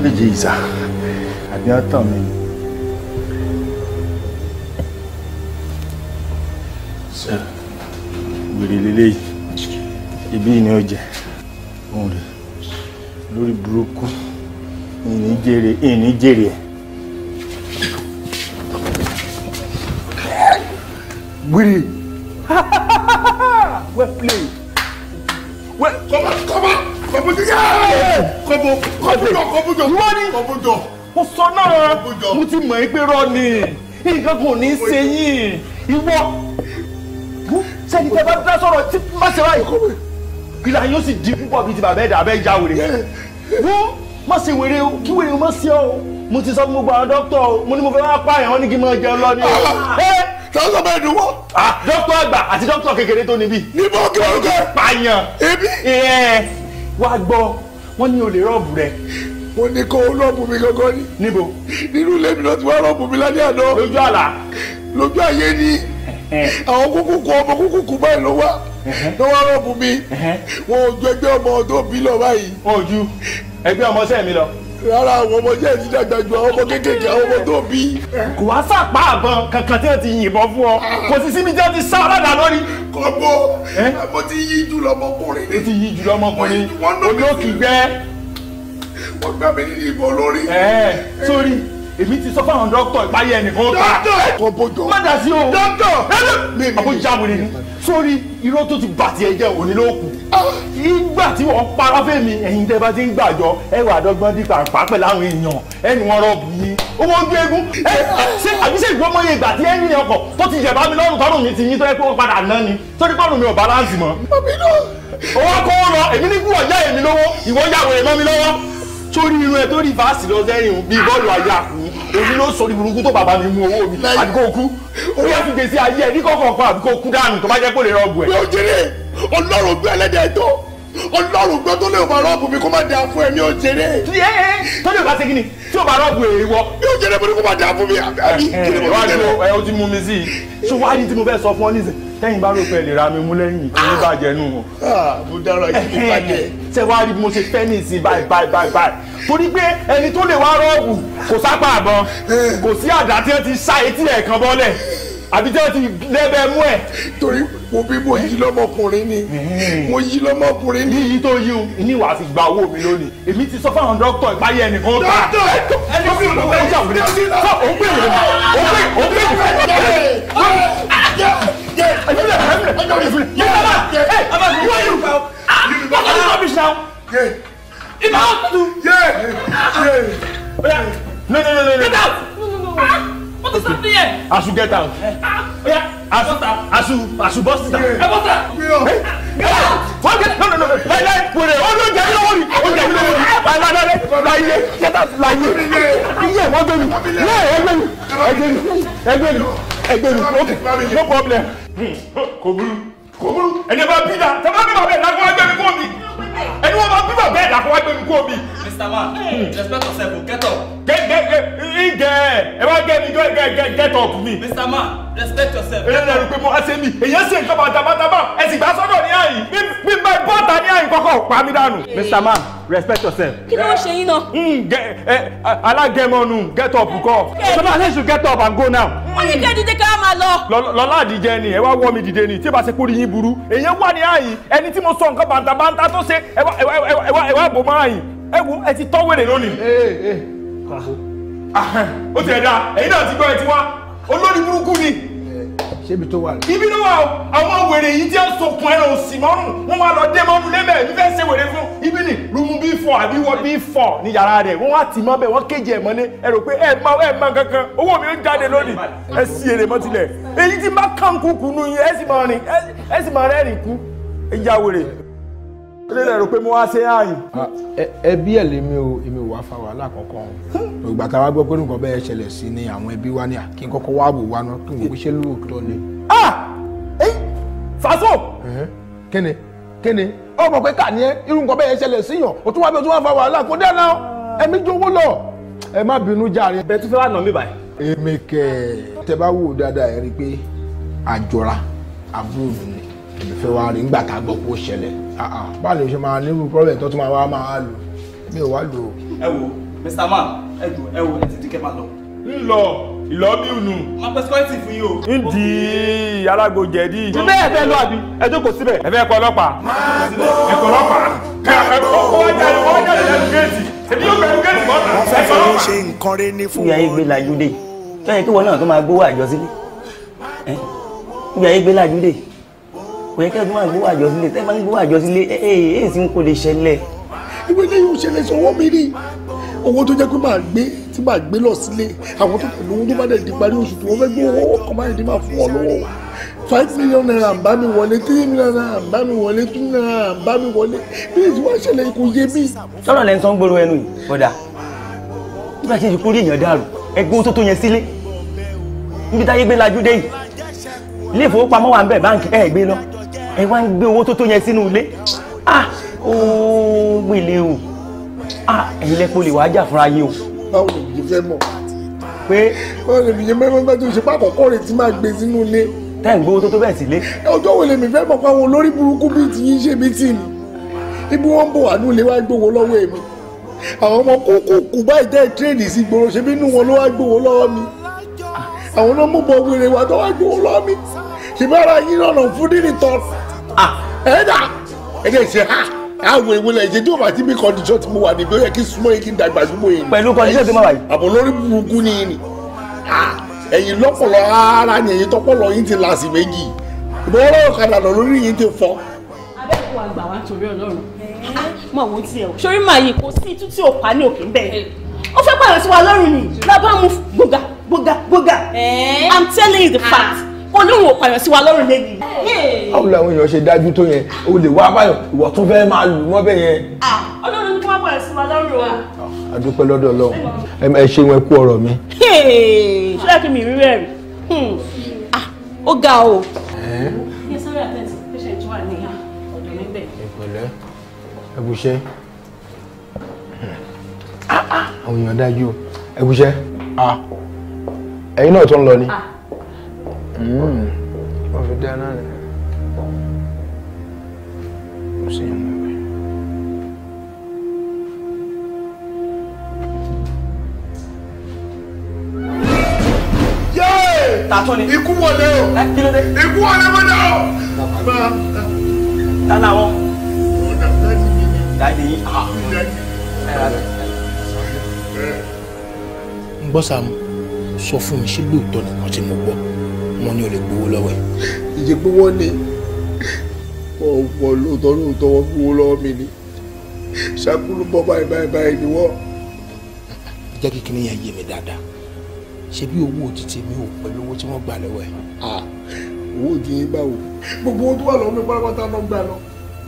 méje ìsà àbí àtàn mi. wèrè lélẹ́yìí ibi ni ó jẹ́ òun rè lórí burúkú ìní jèrè ìní jèrè ẹ̀. wíri well played well kọ́mọ kọ́mọ kọ́mọjọ kọ́mọ kọ́mọjọ kọ́mọjọ kọ́mọjọ. mo sọ náà mo ti mọ̀ ẹ́ pé rọ ni nǹkan kò ní í ṣe yín ìwọ sẹ́ni tẹ́ bá dá sọ̀rọ̀ tí má ṣe báyìí ìlà yóò sì di púpọ̀ bíi ti bàbá ẹ̀dá abẹ́ ìjà wèrè wọ́n má ṣe wèrè o kí wèrè o má ṣe o mo ti sọ fún gbogbo àwọn dókítà o mo ní mo fẹ́ wá pààyàn wọn ní kí n máa jẹun lọ ni o. Ah, sọ́sọ́ bẹ́ẹ̀ ni wọ́n. Ah, dókítà àgbà àti dókítà kékeré tó níbí. níbo kí wọ́n kẹ́. pààyàn ebi. wá gbọ́ wọ́n ní olè rọ́ọ̀bù rẹ̀ mo ní kó rọ́ọ̀bù mi gangan ni. níbo. nínú ilé mi náà ti wá rọ́ọ̀bù mi lálẹ́ àná. lójú àlá. lójú àyè ni àwọn kúkú kú ọmọ kúkú kú báyìí ló tó wá rọ̀bù mi wọn ò ju ẹgbẹ́ ọmọ tó bí lọ báyìí. wọn ò ju ẹgbẹ́ ọmọ sẹ́ẹ̀ mi lọ. rárá àwọn ọmọ jẹ́ ti dàgbà ju àwọn ọmọ kéékèèké àwọn ọmọ tó bí. kò wá sàpá àbọn kankan tí wọn ti yìnbọn fún ọ kò sì síbi tí wọn ti sá ọlọ́dà lórí. kọ́bọ mo ti yí jù lọmọkùnrin. o ti yí jù lọmọkùnrin olókìgbẹ́. wọ́n gbà mí nínú ìbọn lórí. ẹ sórí èmi ti sọ fáwọn dókítà ìpáyé ẹnìkan ó ta. dókítà kò bójú. má dà sí o. dókítà. àbójá mo ni sórí irọ́ tó ti bàtì ẹ jẹ́ òní ló kù ìgbà tí wọ́n para fẹ́ mi ẹ̀yin tẹ́ bá ti ń gbàjọ ẹ wà dọ́gbọ́n dí pàǹpá èèyàn ẹni wọn rọ́ọ̀bù yín owó ń gbé egun ṣé àbí ṣe ìgbọ́mọ iye ìgbà tí ẹni ọkọ̀ tó ti jẹ̀bá mi lọ́rùn tọ́rùn mi ti yín tó yẹ kó padà ná ni sórí pọ́nrún mi ò báláǹsì mọ́. owó kó lọ èmi lọ èmi ló sọ ní burúkú tó bàbá mi mú owó mi àbí kú owó ẹ fi gbèsè ayé ẹ ní kọ̀ọ̀kan pa àbí kú dànù tó bá jẹ́ pé lè rọ̀gùn ẹ̀. pé ó jèrè ọlọ́run gbé ẹlẹ́dẹ̀ẹ́ ọlọ́run gbọ́ tó lè wà rọ́ọ̀bù mi kó má dáa fún ẹ̀mí òjèrè. tó lè wá segin ni tí o bá rọ́ọ̀bù èrè wọ. yóò jẹrẹ bó ni kó má dáa fún mi àbí kí ni eh, mo fi jẹrẹ. ẹ o ti mú mi sí i ṣé wàá ní tí mo fẹ́ sọ fún ọ nísìn tẹ́yìn bá rò pé lè ra mi mú lẹ́yìn kí bàjẹ́ nù ah, mo dára yìí kí eh, eh, bàjẹ́. ṣé wàá rí bí mo ṣe fẹ́ ní ìsìn báyìí báyìí báyìí báyìí torí pé ẹni tó lè wá rọ́ọ̀bù kò sápá àbọn kò sí àdá tí wọ́n ti ṣá etí ẹ̀ kan bọ́lẹ̀ àbí tí wọ́n ti lẹ́bẹ̀ mú ẹ̀. torí mo bí mo yí lọ́mọkùnrin ni mo yí lọ́mọkùnrin ni. yíyí tó yí o ní wàá fi gba owó mi lónìí èmi ti sọ fáwọn dókítà ìpáyé ẹnìkan ta. dókítà ẹni tí mo fẹ́ jà wọlé sọ ò ń gbèrè mi ò ń gbèrè ò ń gbèrè. Ibi awo tutu. No no no no no. Get out. No no no. Ah. What is happening here? Asu, get out. Eh, ah, oh yeah. Asu, Asu, Asu, bust it out. Hey, bust it. Get out. Forget. No, no, no. Lai, lai, wait. Oh no, jẹ mi lọ́wọ́ ni. O jẹ mi lọ́wọ́ ni. Lai, lai, lai, lai, lai, get out, lai. Iye, wọ́n gbé mi. Lai, ẹgbẹ́ mi, ẹgbẹ́ Okay, no problem. Hmm. Kò burú, kò burú. Ẹni bá bí da, tẹ bá bí bàbá ẹ̀ lágbó ẹgbẹ́ mi kò mi ẹni wọn bá bí bàbá ẹ̀dá kó wá gbé mi kó oh, mi. Mr. Man respect yourself o get up. get? ẹ get gẹ́ Get, get, get get up me, Mr. Man respect yourself. ẹ lẹ́nu pé mo á ṣe mi èyí ṣe nǹkan bàtàbàtàbà ẹ sì gbà sọ́dọ̀ ní àyè bí bá bọ́ọ̀tà ní àyè kọ́kọ́ pa mí dànù. Mr. Man respect yourself. kí ló ń ṣe yín náà. Hmm, alágẹmọnu get up kọ sọlá aláìsù get up and go now. wọ́n ní kẹ́ dídé ká máa lọ. lọ́lá àdìjẹ ni ẹ wá wọ́ mi dìde ni tí ẹ bá ṣe kórìí yín burú èyí wà ní àyè ẹni tí mo sọ nǹkan bàtàbàtà tó ṣe ẹ wá bò mọ́ àyè ẹ wo ẹ ti tọ́wèrè lónìí. Eh, eh. Ah, eh. Ah, ó ti ẹ̀ dá ẹ̀yin náà ti gbọ́ ẹ ti wá olórí burúkú ni. ṣébi tó wà rẹ. ibi ló wà o àwọn wèrè yìí tí a sokun ẹran òsì mọ́rùn wọn máa lọ dé mọ́nú lébẹ̀ mi fẹ́ ṣe wèrè fún ibi ni Rumu bí fọ àbí wọ bí fọ ní yàrá rẹ wọn wá tì mọ́ bẹ́ẹ̀ wọ́n kéje ẹ̀ mọ́lé ẹ rò pé ẹ má ẹ má kankan owó mi ń jáde lónìí ẹ sì èrè mọ́ tilẹ̀ èyí tí má kàn kúkú nù yín ẹ sì máa rìn ẹ sì máa rẹ́rìn kú ẹ yá wèrè ilé rẹ̀ rò pé mo wá ṣe àyìn. Ah, ẹbí ẹ̀ lèmi o èmi ò wá fa wàhálà kankan o ìgbà tá a wá gbọ́ pé nǹkan bẹ́ẹ̀ ṣẹlẹ̀ sí ni àwọn ẹbí wa ní kí n kọ́kọ́ wá wò wá náà kí n wò ṣe lóòótọ́ ni. Ah! Eh? faso. kíni kíni ó mọ̀ pé kà ní ẹ irú nǹkan bẹ́ẹ̀ ṣẹlẹ̀ síyàn o tún wá bí o tún wá fa wàhálà kò dé náà ẹ̀mí jọ̀wọ́ lọ ẹ má bínú jàre. bẹ́ẹ̀ tún fẹ́ wà nà mí báyìí. èmi kẹ tẹ bá wò dáadáa ẹ rí i pé àjọra Ah báà lè ṣe máa nírú problem tó tún máa wá máa lò mi ò wá lò ó. ẹ wo mr man ẹ jù ẹ wo ẹ ti di kẹ́ máa lọ. ń lọ ìlọ́bí ònù. máa pẹ́ sọ́ọ́tì fún yín o. ń di alágo jẹ̀dí. ṣé bẹ́ẹ̀ fẹ́ lọ àbí ẹ jókòó síbẹ̀. ẹ fẹ́ kọ́ ọlọ́pàá. ẹ kọ́ ọlọ́pàá. ẹ kọ́ ọwọ́ jáde lẹ́nu géètì. èmi yóò bẹ̀rù géètì mọ́ta. wọ́n fẹ́ fẹ́ ṣe nǹkan rẹ ní fún wọn. ìyá yìí gbé lajú dé. kẹ́yìn kí wọn náà tó máa gbówó àjọ sílé. ìyá yìí gbé lajú dé kò yẹ kẹ́kọ̀ọ́ máa gbówó àjọ sílé tẹ́ bá ń gbówó àjọ sílé ẹ̀ ẹ̀ ẹ̀ sì ń kó lè ṣẹlẹ̀. ìwé lẹ́yìn ò ṣẹlẹ̀ sọ wọ́n mi rí owó tó jẹ́ pé máa gbé tí máa gbé lọ sílé àwọn tó tẹ̀lé owó tó bá dẹ̀ di parí oṣù tí wọ́n fẹ́ gbé owó kan máa dì máa fún ọ lọ́wọ́ five million naira ń bá mi wọlé three million naira ń bá mi wọlé two naira ń bá mi wọlé bí èsì wá ṣẹlẹ̀ kò yé mi. sọ́nà lẹ́nu sọ ń gbòòrò ẹnu yìí bọ́dà nígbà tí ìkórè èèyàn dàrú ẹgbẹ́ owó tó tó yẹn sílé níbi táyé gbé lajú dé yìí ilé ìfowópamọ́ wà ń bẹ̀ báńkì ẹ̀ gbé náà ẹ wá ń gbé owó tó tó yẹn sínú ilé ah ooo gbèlè o ah ẹ̀yin lẹ́kọ́ lè wá jà fúnra yín o. báwo ni mo fẹ́ mọ̀ pé. báwo ni mo fẹ́ mọ̀ pé tó ṣe pàkọ́ kọ́rin tí máa gbé sínú ilé. tẹ́ ń gbé owó tó tó bẹ́ẹ̀ sílé. ọjọ́ wo lèmi fẹ́ mọ̀ pé àwọn olórí burúkú bíi ti yín ṣe mí tì ní ibi wọn bò wà nílé wá gbowó lọ́wọ́ èmi àwọn ọmọ kókó kù báyìí tẹ́ tírèdì sí gbòòrò ṣe bínú wọn ló wá gbowó lọ́wọ́ mi àwọn ọmọ mú bọ̀ wèrè wà tó wá gbowó lọ́wọ́ mi ṣùgbọ́n ara yín lọ́nà fún dínì tọ́sí. Ah, eh, ẹ̀dá ha àwọn ha lẹ̀ tí o bá ti bí kọ́ndíṣọ́ tí mo wà níbi ó yẹ kí súnmọ́ yìí kí n dàgbà yìí. pẹ̀lú kọ́ndíṣọ́ yìí. lórí burúkú ni yìí ni ẹ̀yin lọ́pọ̀lọ́ ara ni ẹ̀yin tọ́pọ̀lọ́ yìí ti làásì méjì ìbọ̀wọ́lọ́ ọ̀kadà lọ lórí yìí ti fọ́. abẹ́kọ̀ọ́ àgbà wa torí ọlọ́run mọ̀ wọ́n ti ẹ̀ màá yìí kò sí olóhùn ò pààyàn sí wa lọ́rùn lẹ́yìn. báwo làwọn èèyàn ṣe dájú tó yẹn o lè wá báyọ̀ ìwọ tún fẹ́ máa lù mọ́ bẹ́ẹ̀ yẹn. ọlọ́run ní kí wọ́n pààyàn sí wa lọ́rùn wa. a dúpẹ́ lọ́dọ̀ ọlọ́run ẹ ṣe wọn kú ọ̀rọ̀ mi. ṣọlá kí mi rí rẹ̀ rí hmm. ó ga o. ẹ̀bùṣẹ́ ah, ah, àwọn èèyàn dájú ẹ̀bùṣẹ́ ah, ẹ̀yin náà tó ń lọ ni. Ah ọ̀fi dẹ́ náà ni ó sì yàn wọ́n bẹ́ẹ̀. tàtún ni. ikú wọlé o. ẹ kí ló dé. ikú wọlé mọ́tò o. dáná wọn. dáadé yìí. ń gbọ́ sọ fún mi ṣé lóòótọ́ nìkan tí mo gbọ́ wọ́n ní o lè gbowó lọ́wọ́ ẹ̀. ìyẹ pé wọ́n ní ọ̀pọ̀ lóòótọ́ lóòótọ́ wọ́n gbowó lọ́wọ́ mi ni ṣàkúlù bọ́ báyìí báyìí báyìí ni wọ́n. jẹ́ kí kinní yẹn yé mi dáadáa ṣé bí owó òtítì mi ò pẹ̀lú owó tí wọ́n gbà lọ́wọ́ ẹ̀. owó òtí yín báwo gbogbo owó tó wà lọ́wọ́ mi pátápátá lọ gbà lọ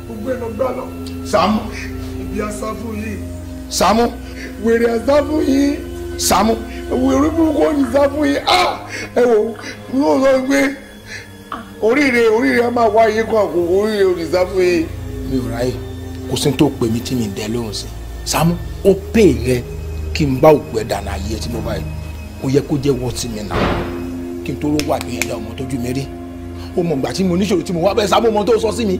gbogbo ẹ̀ lọ gbà lọ. Sàámú. ibi asáfù yìí. Sàámú. wèrè asáfù yìí. Sàámú. wèrè burúkú ò ní sáfù yìí. ẹ wò yóò sọ pé oríire oríire a máa wáyé kan àkókò oríire òrìṣà fún yín. mi ò ráyè kò sí tó pè mí tí mi dẹ lóhùn sí Sàámú ó pè rẹ kí n bá òpè dànù ayé tí mo bá yẹ kó yẹ kó jẹ wọ́ọ̀tì mi nà kí n tó ló wà bíi ọmọ tójú mi rí ó mo níṣòro tí mo wá ọmọ tó sọ sí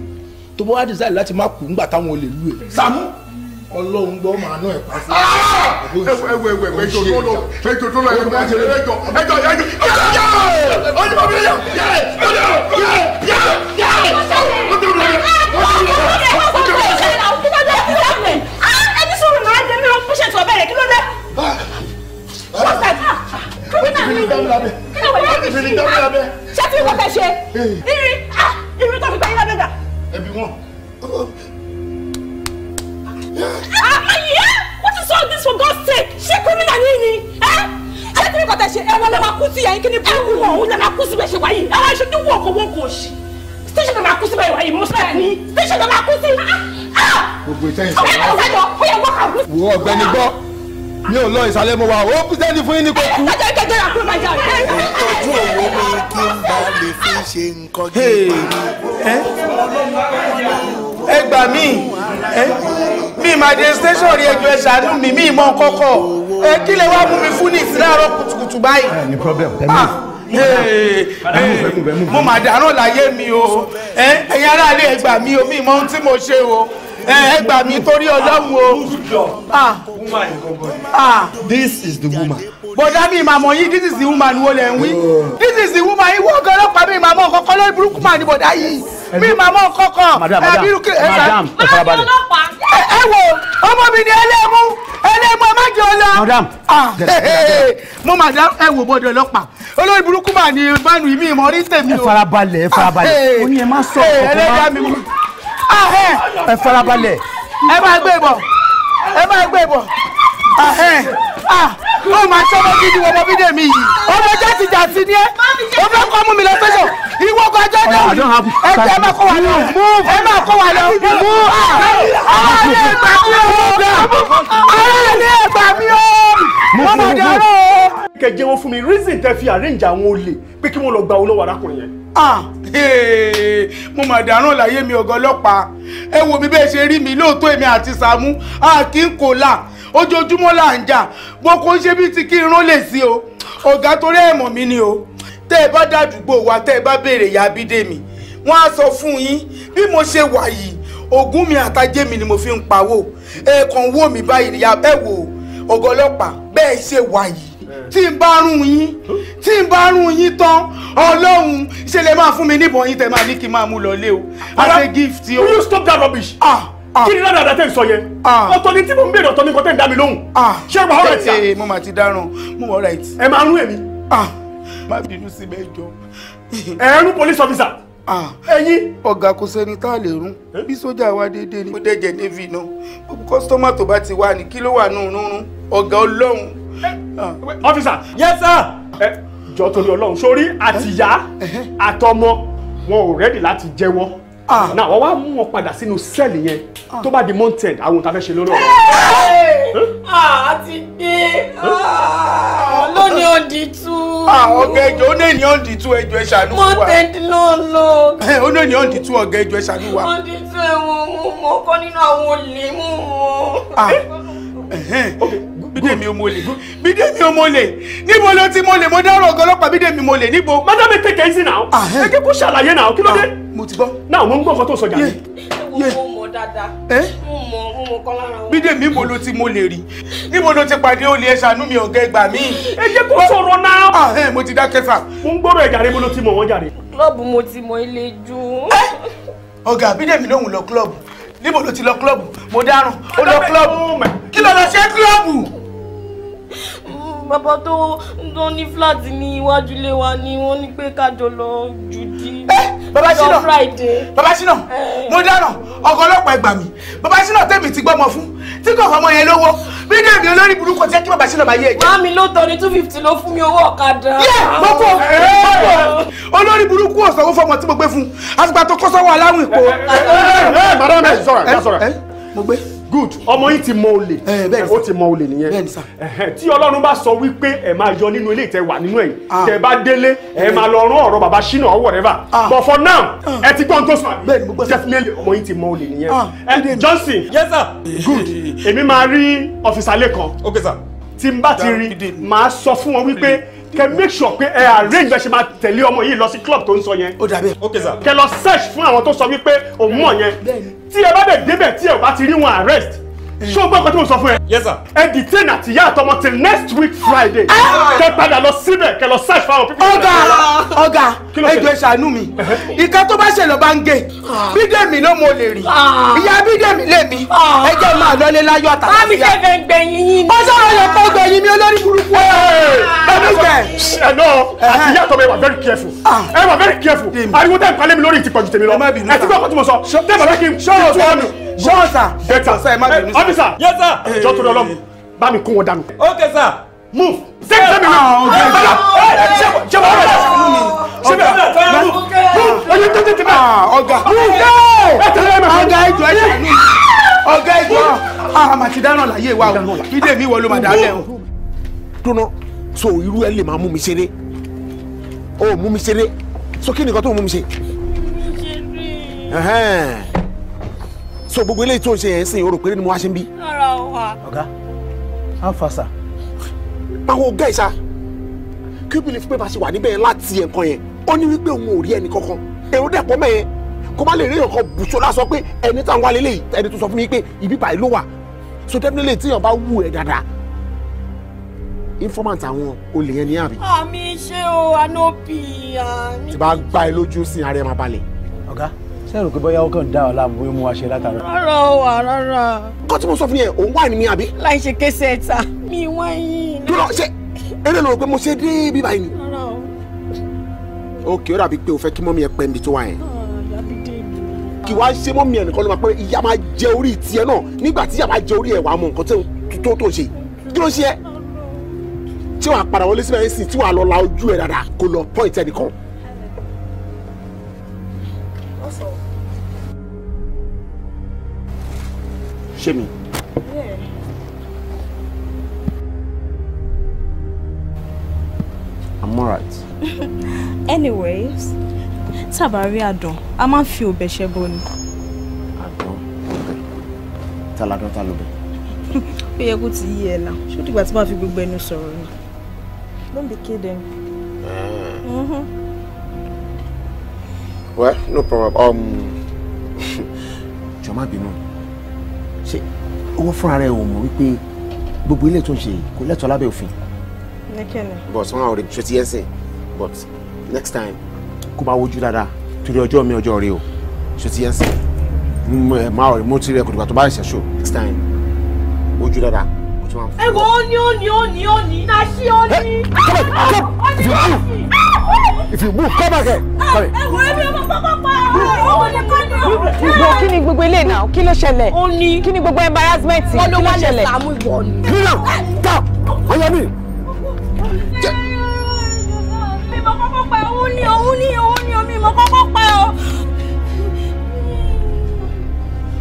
ọlọ́run gbọ́ màá náà ẹ̀ pa sí. ẹwẹ ẹwẹ ẹwẹ ètò tó lọ ètò tó lọ ẹjọ ẹjọ ẹjọ ẹjọ ẹjọ ọjọ mi yẹ yẹ ọjọ yẹ yẹ yẹ ọjọ mi yẹ ọjọ mi yẹ. ẹni sọ̀rọ̀ náà jẹ́ mi ọ̀pọ̀ ṣètò ọbẹ̀ rẹ̀ kí ló dé. kírímìnà mi kírímìnà mi ṣé tí wọ́n fẹ́ ṣe irin irin tó fi lè ṣé gómìnà ní ni ṣé kí ni kò tẹ ṣe ẹwọn lọ máa kú sí yẹn kí ni báwo wọn òun lọ máa kú sí bẹ ṣe wáyé àwọn aṣojú wọn kò wọn kò ṣí station máa kú sí bẹ wáyé musa ni station máa kú sí. gbogbo ìtẹ́yìn sọ̀rọ̀ wo ọ̀gbẹ́ni gbọ́ mi ò lọ ìsàlẹ̀ mo wà ó písẹ́ẹ̀lì fún yín ní kókú. ọjọ́ ìkẹjọ́ yà kúrò máa jà rẹ̀. ìtọ́jú òun ni kí n bá lè fi ṣe nǹkan gidi. ẹ gbà mí mi ma de station rí ẹjọ́ ẹ ṣàánú mi mi mọ kọ́kọ́ ẹ kí lè wá mú mi fún ní ìsìláàrọ̀ kùtùkùtù báyìí. ẹ ní problem ah, ẹ mú mo mà dáràn láyé mi o ẹ̀yin aráàlú ẹ gbà o mi mọ ohun tí mo ṣe o ẹ gbà torí Ọlọ́run o. Ah, ah, this is the woman. bọ̀dá mi màmọ́ yín this is the woman wo lẹ̀ ń wí oh. this is the woman yín wọ́n gan ọlọ́pàá mi màmọ́ kọ́kọ́ lórí burúkú mà ní bọ̀dá yìí bí màmá kọ́kọ́ àbírúkì ẹ̀sà. ẹ wo ọmọ mi ni ẹlẹ́mú ẹlẹ́mú ọmọ jẹ ọlá. Ah, mo madam ẹ wo bọ́dọ̀ ọlọ́pàá olórí burúkú mà ní bánu ìmí ìmọ̀ tèmi o. ẹ farabalẹ̀ ẹ farabalẹ̀ ó ah, ní ẹ má sọ ọ̀kọ̀ọ̀kan má ah, ẹ farabalẹ̀. ẹ máa gbé bọ̀ ẹ máa gbé bọ̀ kó máa ṣọmọ gidi wọmọ bídè mi yìí ọmọ jáde jáde ni ẹ o fẹ́ kọ́ mú mi lọ sẹ́sọ̀ ìwọ kọ́ jẹ́ náà ẹ jẹ́ ẹ máa kó wa lọ ẹ máa kó wa lọ mú ààrẹ ah. ẹgbà mi ó ààrẹ ẹgbà mi ó ọmọdé ọ̀rọ̀ o. kẹjẹ wo fún mi reason tẹ fi arrange àwọn olè pé kí wọn lọ gba olówó arákùnrin yẹn. ah mo mà dáràn láyé mi ọ̀gá ọlọ́pàá ẹ wo mi bẹ́ẹ̀ ṣe rí mi lóòótọ́ èmi àti Sàámú a kì í kò là ojoojúmọ́ là ń jà bó kó ṣe bí ti kí irun lè sí o ọ̀gá torí ẹ̀ mọ̀ ni o tẹ́ ẹ bá dàdúgbò wa tẹ́ ẹ bá béèrè ya Bídèmí wọ́n á sọ fún yín bí mo ṣe wà yìí ogún mi àtàjẹ́ mi ni mo fi ń pawó ẹ kàn wò báyìí ya ẹ wò ọ̀gá ọlọ́pàá bẹ́ẹ̀ ṣe wà yìí tí n bá rún yín tí n bá rún yín tán ọlọ́run ṣe lè máa fún mi níbọn yín tẹ̀ máa ní kí n máa mú lọ lé o as a gift o. will you stop that rubbish. ah Ah. kí ni ládàá tẹ́ ń sọ yẹn ah. ọ̀tọ̀ ni tí mo ń bèrè ọ̀tọ̀ ni nǹkan tẹ́ ń dá mi lóhùn ah. ṣé wàá ọ̀rẹ́ tí a. mo máa ti dáràn mo wọ̀ ọ̀rẹ́ tí. ẹ máa rún èmi. má bínú sí mẹ́jọ. ẹ rún police officer. ẹ̀yin. ọ̀gá kò sẹ́ni tá a lè rún eh? bí sójà wa déédéé ni. mo dẹ́jẹ̀ navy náà gbogbo kọ́sítọ́mà tó bá ti wà ní kí ló wà nù rúnrún ọ̀gá ọlọ́run. Eh, officer yes sir. ẹ eh, jọ torí ọlọ́run sórí àtìyá àtọmọ wọn ò rẹ́dì láti jẹ́wọ́ Ah. náà wọ́n wá mú wọn padà sínú sẹ́ẹ̀lì yẹn ah. tó bá di mountain àwọn òǹtafẹ́ ṣe lórí ọ̀rọ̀. Ah, a ti dé lónìí ó di tú. ọ̀gá ẹjọ́ ó ní ènìyàn ó di tú ẹjọ́ ẹ ṣàánú wa. mountain ló lọ. Eh, ó ní ènìyàn ó di tú ọ̀gá ẹjọ́ ẹ ṣàánú wa. ó di tú ẹ̀wọ̀n mú mọ́ kọ́ nínú àwọn olè mú wọn eh, eh, bídèmí omole bídèmí omole níbo ló ti mole mo dárò ọgọlọpàá bídèmí mole níbo. madame take easy now ẹ kí kú ṣàlàyé now kí ló dé mo ti gbọ́. náà mo ń gbọ́ nǹkan tó sọ jàre. yé mo mọ dáadáa. mo mọ mo mọ kan lára wọn. bídè mi mo lo ti mo lè rí níbo ló ti pàdé olè ẹ ṣàánú mi ọ̀gá ẹgbàá mi. ẹ jẹ́ kó sọ̀rọ̀ náà. ah ẹ mo ti dá kẹfà. mo ń gbọ́dọ̀ ẹ̀ jàre mo ló ti mọ̀ wọ́n jàre. klọ́ọ̀bù mo ti mọ ilé jù. ọ̀gá bídè mi lóhùn lọ klọ́ọ̀bù níbo ló ti lọ klọ́ọ̀bù mo dáràn ó lọ klọ́ọ̀bù kí ló lọ ṣe klọ́ọ̀bù bàbá tó tó ní fúláàtì ní iwájú ilé wa ni wọ́n ní pé kájọ lọ jù dí. Eh, bàbá ṣínà bàbá ṣínà eh. mo dáná ọkọ ọlọ́pàá ẹgbà mi bàbá ṣínà tèmi ti gbọ́mọ fún tí kò fọmọ yẹn lówó bí dèbí olórí burúkú tí kí bàbá ṣínà máa yé ẹjẹ. mami ló tọ two fifty ló fún mi owó ọ̀kadà. yẹ mọ́kò mọ́kò olórí burúkú ọ̀sán ó fọmọ tí mo gbé fún àtìgbà tó kọ́ sọ́wọ́ aláwìn kò. Eh, madam ẹ sọ̀rọ̀ ẹ sọ̀rọ̀ mo gbé good ọmọ yìí ti mọ olè eh, ó ti mọ olè nìyẹn tí ọlọ́run bá sọ wípé ẹ máa yọ nínú ilé ìtẹ́ wà nínú ẹ̀yìn ah. tẹ́ bá délé ẹ eh. máa lọ rán ọ̀rọ̀ bàbá ṣínà or whatever ah. but for now ah. ẹ ti gbọ́n tó sọ definitely ọmọ yìí ti mọ olè nìyẹn eh, Johnson yes sir good èmi máa rí ọ̀fíìsà lẹ́kan tí n bá ti rí màá sọ fún wọn wípé. Can make sure pé ẹ arrange bẹ ṣe máa tẹ̀lé ọmọ yìí lọ sí club tó ń sọ yẹn. ó dàbí ok sir. kẹ lọ search fún àwọn tó sọ wípé òun mọ̀ yẹn tí ẹ bá dẹ̀ débẹ̀ tí ẹ bá ti rí wọn arrest Mm. ṣé o gbọ́ nǹkan tí mo sọ fún ẹ. yes sir. ẹ detain àtìyá àtọmọ till next week friday. Ah! kẹ padà lọ síbẹ̀ kẹ lọ search fáwọn pípẹ́. ọ̀gá ah! ọ̀gá ẹjọ́ ìṣàánú mi ìka tó bá ṣẹlẹ̀ bá ń gé ah! bídèmí náà mo lè rí ìyá bídèmí lè mí ẹjọ́ máa lọlé láyọ̀ àtàlàfíà. mami ṣe fẹ́ gbẹ̀yìn yín. ó sọ̀rọ̀ yẹn kó gbẹ̀yìn mi olórí burúkú ẹ lọ àtìyá àtọmọ ẹ very careful ẹ wà very careful ariwo tẹ́ ń palẹ́ mi lórí ìtìpọ̀jù tèmi lọ ẹ ti gbọ́ ọkọ tí mo sọ tẹ́ bàbá kí n tú ọ̀nù jọ sà. ẹ sà ọsà ẹ má bínú. ọfíìsà yẹ sà. jọ tó lọ lọ bá mi kún wọn dànù. ok sà. move. ṣé ṣé mi náà. ṣé bọ̀ ṣé bọ̀ ọ̀rọ̀ ṣé mi náà tọ́ ya mú. oye tó tètè bá. ọ̀gá ọ̀gá ẹjọ́ ẹ ṣàánú ọ̀gá ẹjọ́ àmàtìdáràn ah, láyé wa o kí dé mi wọ ló má dà á lẹ o. dúnà so irú ẹ lè máa mú mi ṣeré ó mú mi ṣeré so kí nìkan tó mú mi ṣe so gbogbo eléyìí tó ń ṣe yẹn sìn o rò pé ni mo wá ṣe ń bí. rárá o wa. ọ̀gá á fà sà. báwo gẹ́ ìṣá kí o believe pé bá ṣe wà níbẹ̀ láti ẹ̀kan yẹn ó ní wípé òun ò rí ẹnì kankan èrò dẹ̀ pọ́ mẹ́yẹn kó má lè rí ẹ̀kan bùṣọ lásọ pé ẹni tá à ń wá lélẹ̀ ẹni tó sọ fún mi pé ibi báyìí ló wà so definitely tíyàn bá wù ẹ́ dáadáa informant àwọn olè yẹn ní àbí. àmì iṣẹ́ o anobi àmì. tí bá gbá ẹ lójú sí ara ẹ máa balẹ̀. ọ̀gá sẹ́rù pé bóyá ó kàn dá ọ̀la àbúrò mú wa ṣe látara. rárá o wà rárá. nǹkan tí mo sọ fún yẹn òun wà ní mi àbí. láì ṣe kése ẹ̀ta mi wá yín. dúró ṣe eré lọ pé mo ṣe dé bíbá yìí ni. rárá o. ok ó dàbí pé o fẹ́ kí mọ́mí ẹ pẹ́ mi tó wà yẹn. Ah, kì wá ṣe mọ́mí ẹ nìkan ló máa pẹ́ ìyá máa jẹ orí tiẹ̀ náà nígbà tí ìyá máa jẹ orí ẹ̀ wàá mọ nǹkan tó tó ṣe kí ló ṣe ẹ tí wàá padà wọlé síbẹ̀ yẹn sì tí wàá lọ la ojú ẹ̀ dáadáa kò lọ pọ́ìntì ẹnìkan ṣé mi. I'm alright. Anyway, tábàárí àdán, a máa ń fi ọbẹ̀ ṣẹbọ ni. Àdán ọbẹ̀ ta ládán ta lọ́bẹ̀. Ó yẹ kó ti yí ẹ la, ṣó dìgbà tí màá fi gbogbo ẹnu sọ̀rọ̀ ni. Don't be kidding. Mm. mm Well, no problem. Um, jọ̀ọ́ má bínú owó fúnra rẹ̀ ò mọ̀ wípé gbogbo ilé tó ń ṣe kò lẹ́tọ̀ọ́ lábẹ́ òfin. nìkẹ́ni. but wọn àwọn ọ̀rẹ́ ti ẹsẹ̀ but next time kó máa wojú dáadáa torí ọjọ́ mi ọjọ́ rẹ o ṣe ti ẹsẹ̀ eh, máa ọ̀rẹ́ mo ti rẹ kòtùkà tó bá ṣẹ̀ ṣò next time wojú dáadáa kò tó máa fún un. ẹ̀wọ̀n ó ní ó ní ó ní ó ní eh, náà ṣí ah, ó ní. ó ní ó If you move, come back here. Sorry. Mo kí ni gbogbo ilé náà? Kí ló ṣẹlẹ̀? Ó ní. Kí ni gbogbo embarrassment? Kí ló ṣẹlẹ̀? Nínà tap ọyọ mi. Mímọ kọ́kọ́ pa òun ní òun ní òun ní omi ìmọ̀ kọ́kọ́ pa ọ.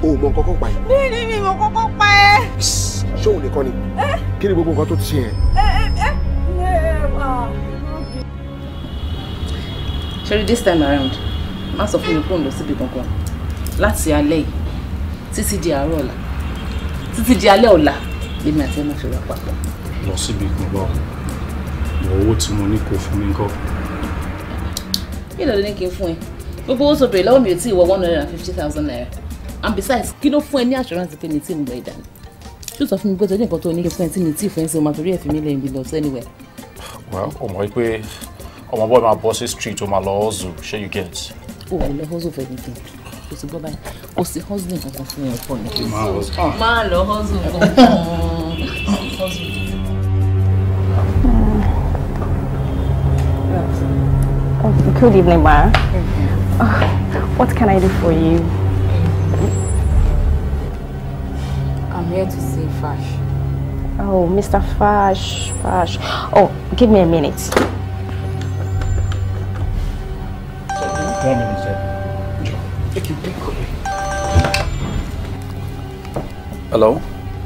O mọ kọ́kọ́ pa ẹ. Bí ni mi mọ kọ́kọ́ pa ẹ? Ṣé òun nìkan ni? Kí ni gbogbo nǹkan tó ti ṣe yẹn? ṣeré this time around má sọ fún mi kó n lọ síbi kankan láti alẹ́ yìí títí di àárọ̀ ọ̀la títí di alẹ́ ọ̀la lèmi àti ẹ̀ máa fi wà papọ̀. lọ síbi gbọ̀ngàn mọ owó tí mo ní kó fún mi kọ́. kí ló ní kí n fún ẹ gbogbo owó tó bèrè lọ́wọ́ mi ò tí ì wọ one hundred and fifty thousand naira and besides kí ló fún ẹ ní assurance pé mi tí mo gbọ́ ìdáná yóò sọ fún mi pé tó ní nǹkan tó ní kí fún ẹ tí mi tí ì fún ẹ sí o máa torí ẹ̀ fi mí lẹ́yìn bí lọ sí anywhere. wà á kò mọ̀ pé Oh my boy my boss's treat or my law Show oh, you get. Oh, ò lè hustle for anything kò sí gbọ́ báyìí kò sí hustling kankan fún yẹn pọ̀ ní. máa lọ Good evening, ma. Oh, what can I do for you? I'm here to see Fash. Oh, Mr. Fash, Fash. Oh, give me a minute. like you pick on me. Hello?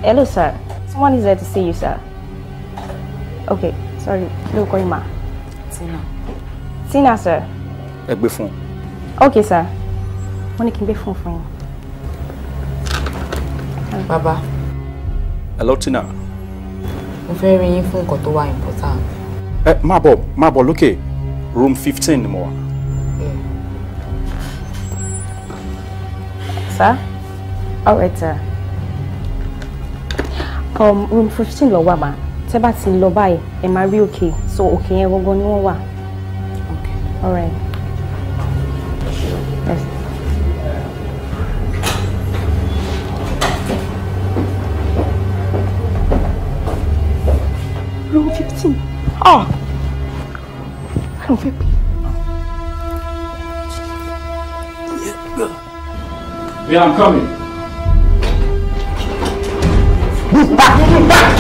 Hello, sir. Someone is there to see you, sir. Okay, sorry. No, Koima. Tina. Tina, sir. Ẹ gbé fún. Okay, sir. Mo ní kí n gbé fún fún Hello, Tina. Mo fẹ́ rí yín fún nǹkan tó important. Eh, máa bọ̀ Look here, room fifteen more. sir. All right, sir. Um, room 15 ló wà mà. Tẹ́ bá ti lọ báyìí, ẹ máa So okay, yẹn go ni wọ́n Okay. All right. Room 15. Ah. I don't feel Yeah, I'm coming. Move back! Move back!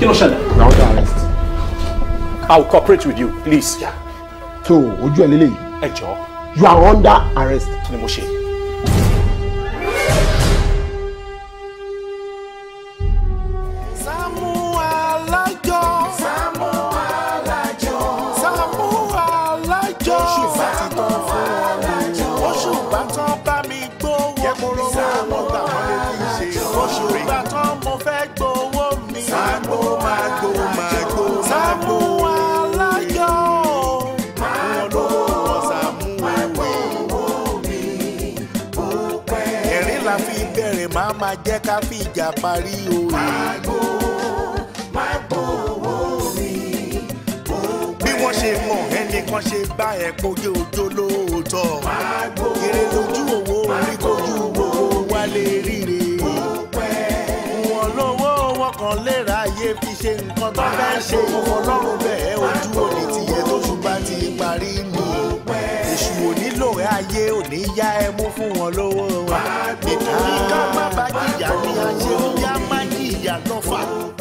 Kí ló ṣẹlẹ̀? Now the arrest. I'll cooperate with you, please. Yeah. So, ojú ẹ̀ lélẹ́yìí. You are under arrest. Kí ni mo ká fìjà parí o. Magbo Magbo owó mi. Bí wọ́n ṣe mọ̀ ẹnìkan ṣe bá ẹ̀ kojú ojó lóòótọ́. Magbo Èrè lójú òwò orí kojú owó wálé ríre. Wọ́n lówó wọn kàn lè ráyè fi ṣe nǹkan tó fẹ́ ṣe. Ọlọ́run bẹ̀ẹ́ ojú òní tìyẹ tó ṣùgbọ́n ti parí nù nílò ayé òní yá ẹ mú fún wọn lówó wọn. nítorí ká má bá jìyà ní àṣẹ ó yá má jìyà lọ́fà.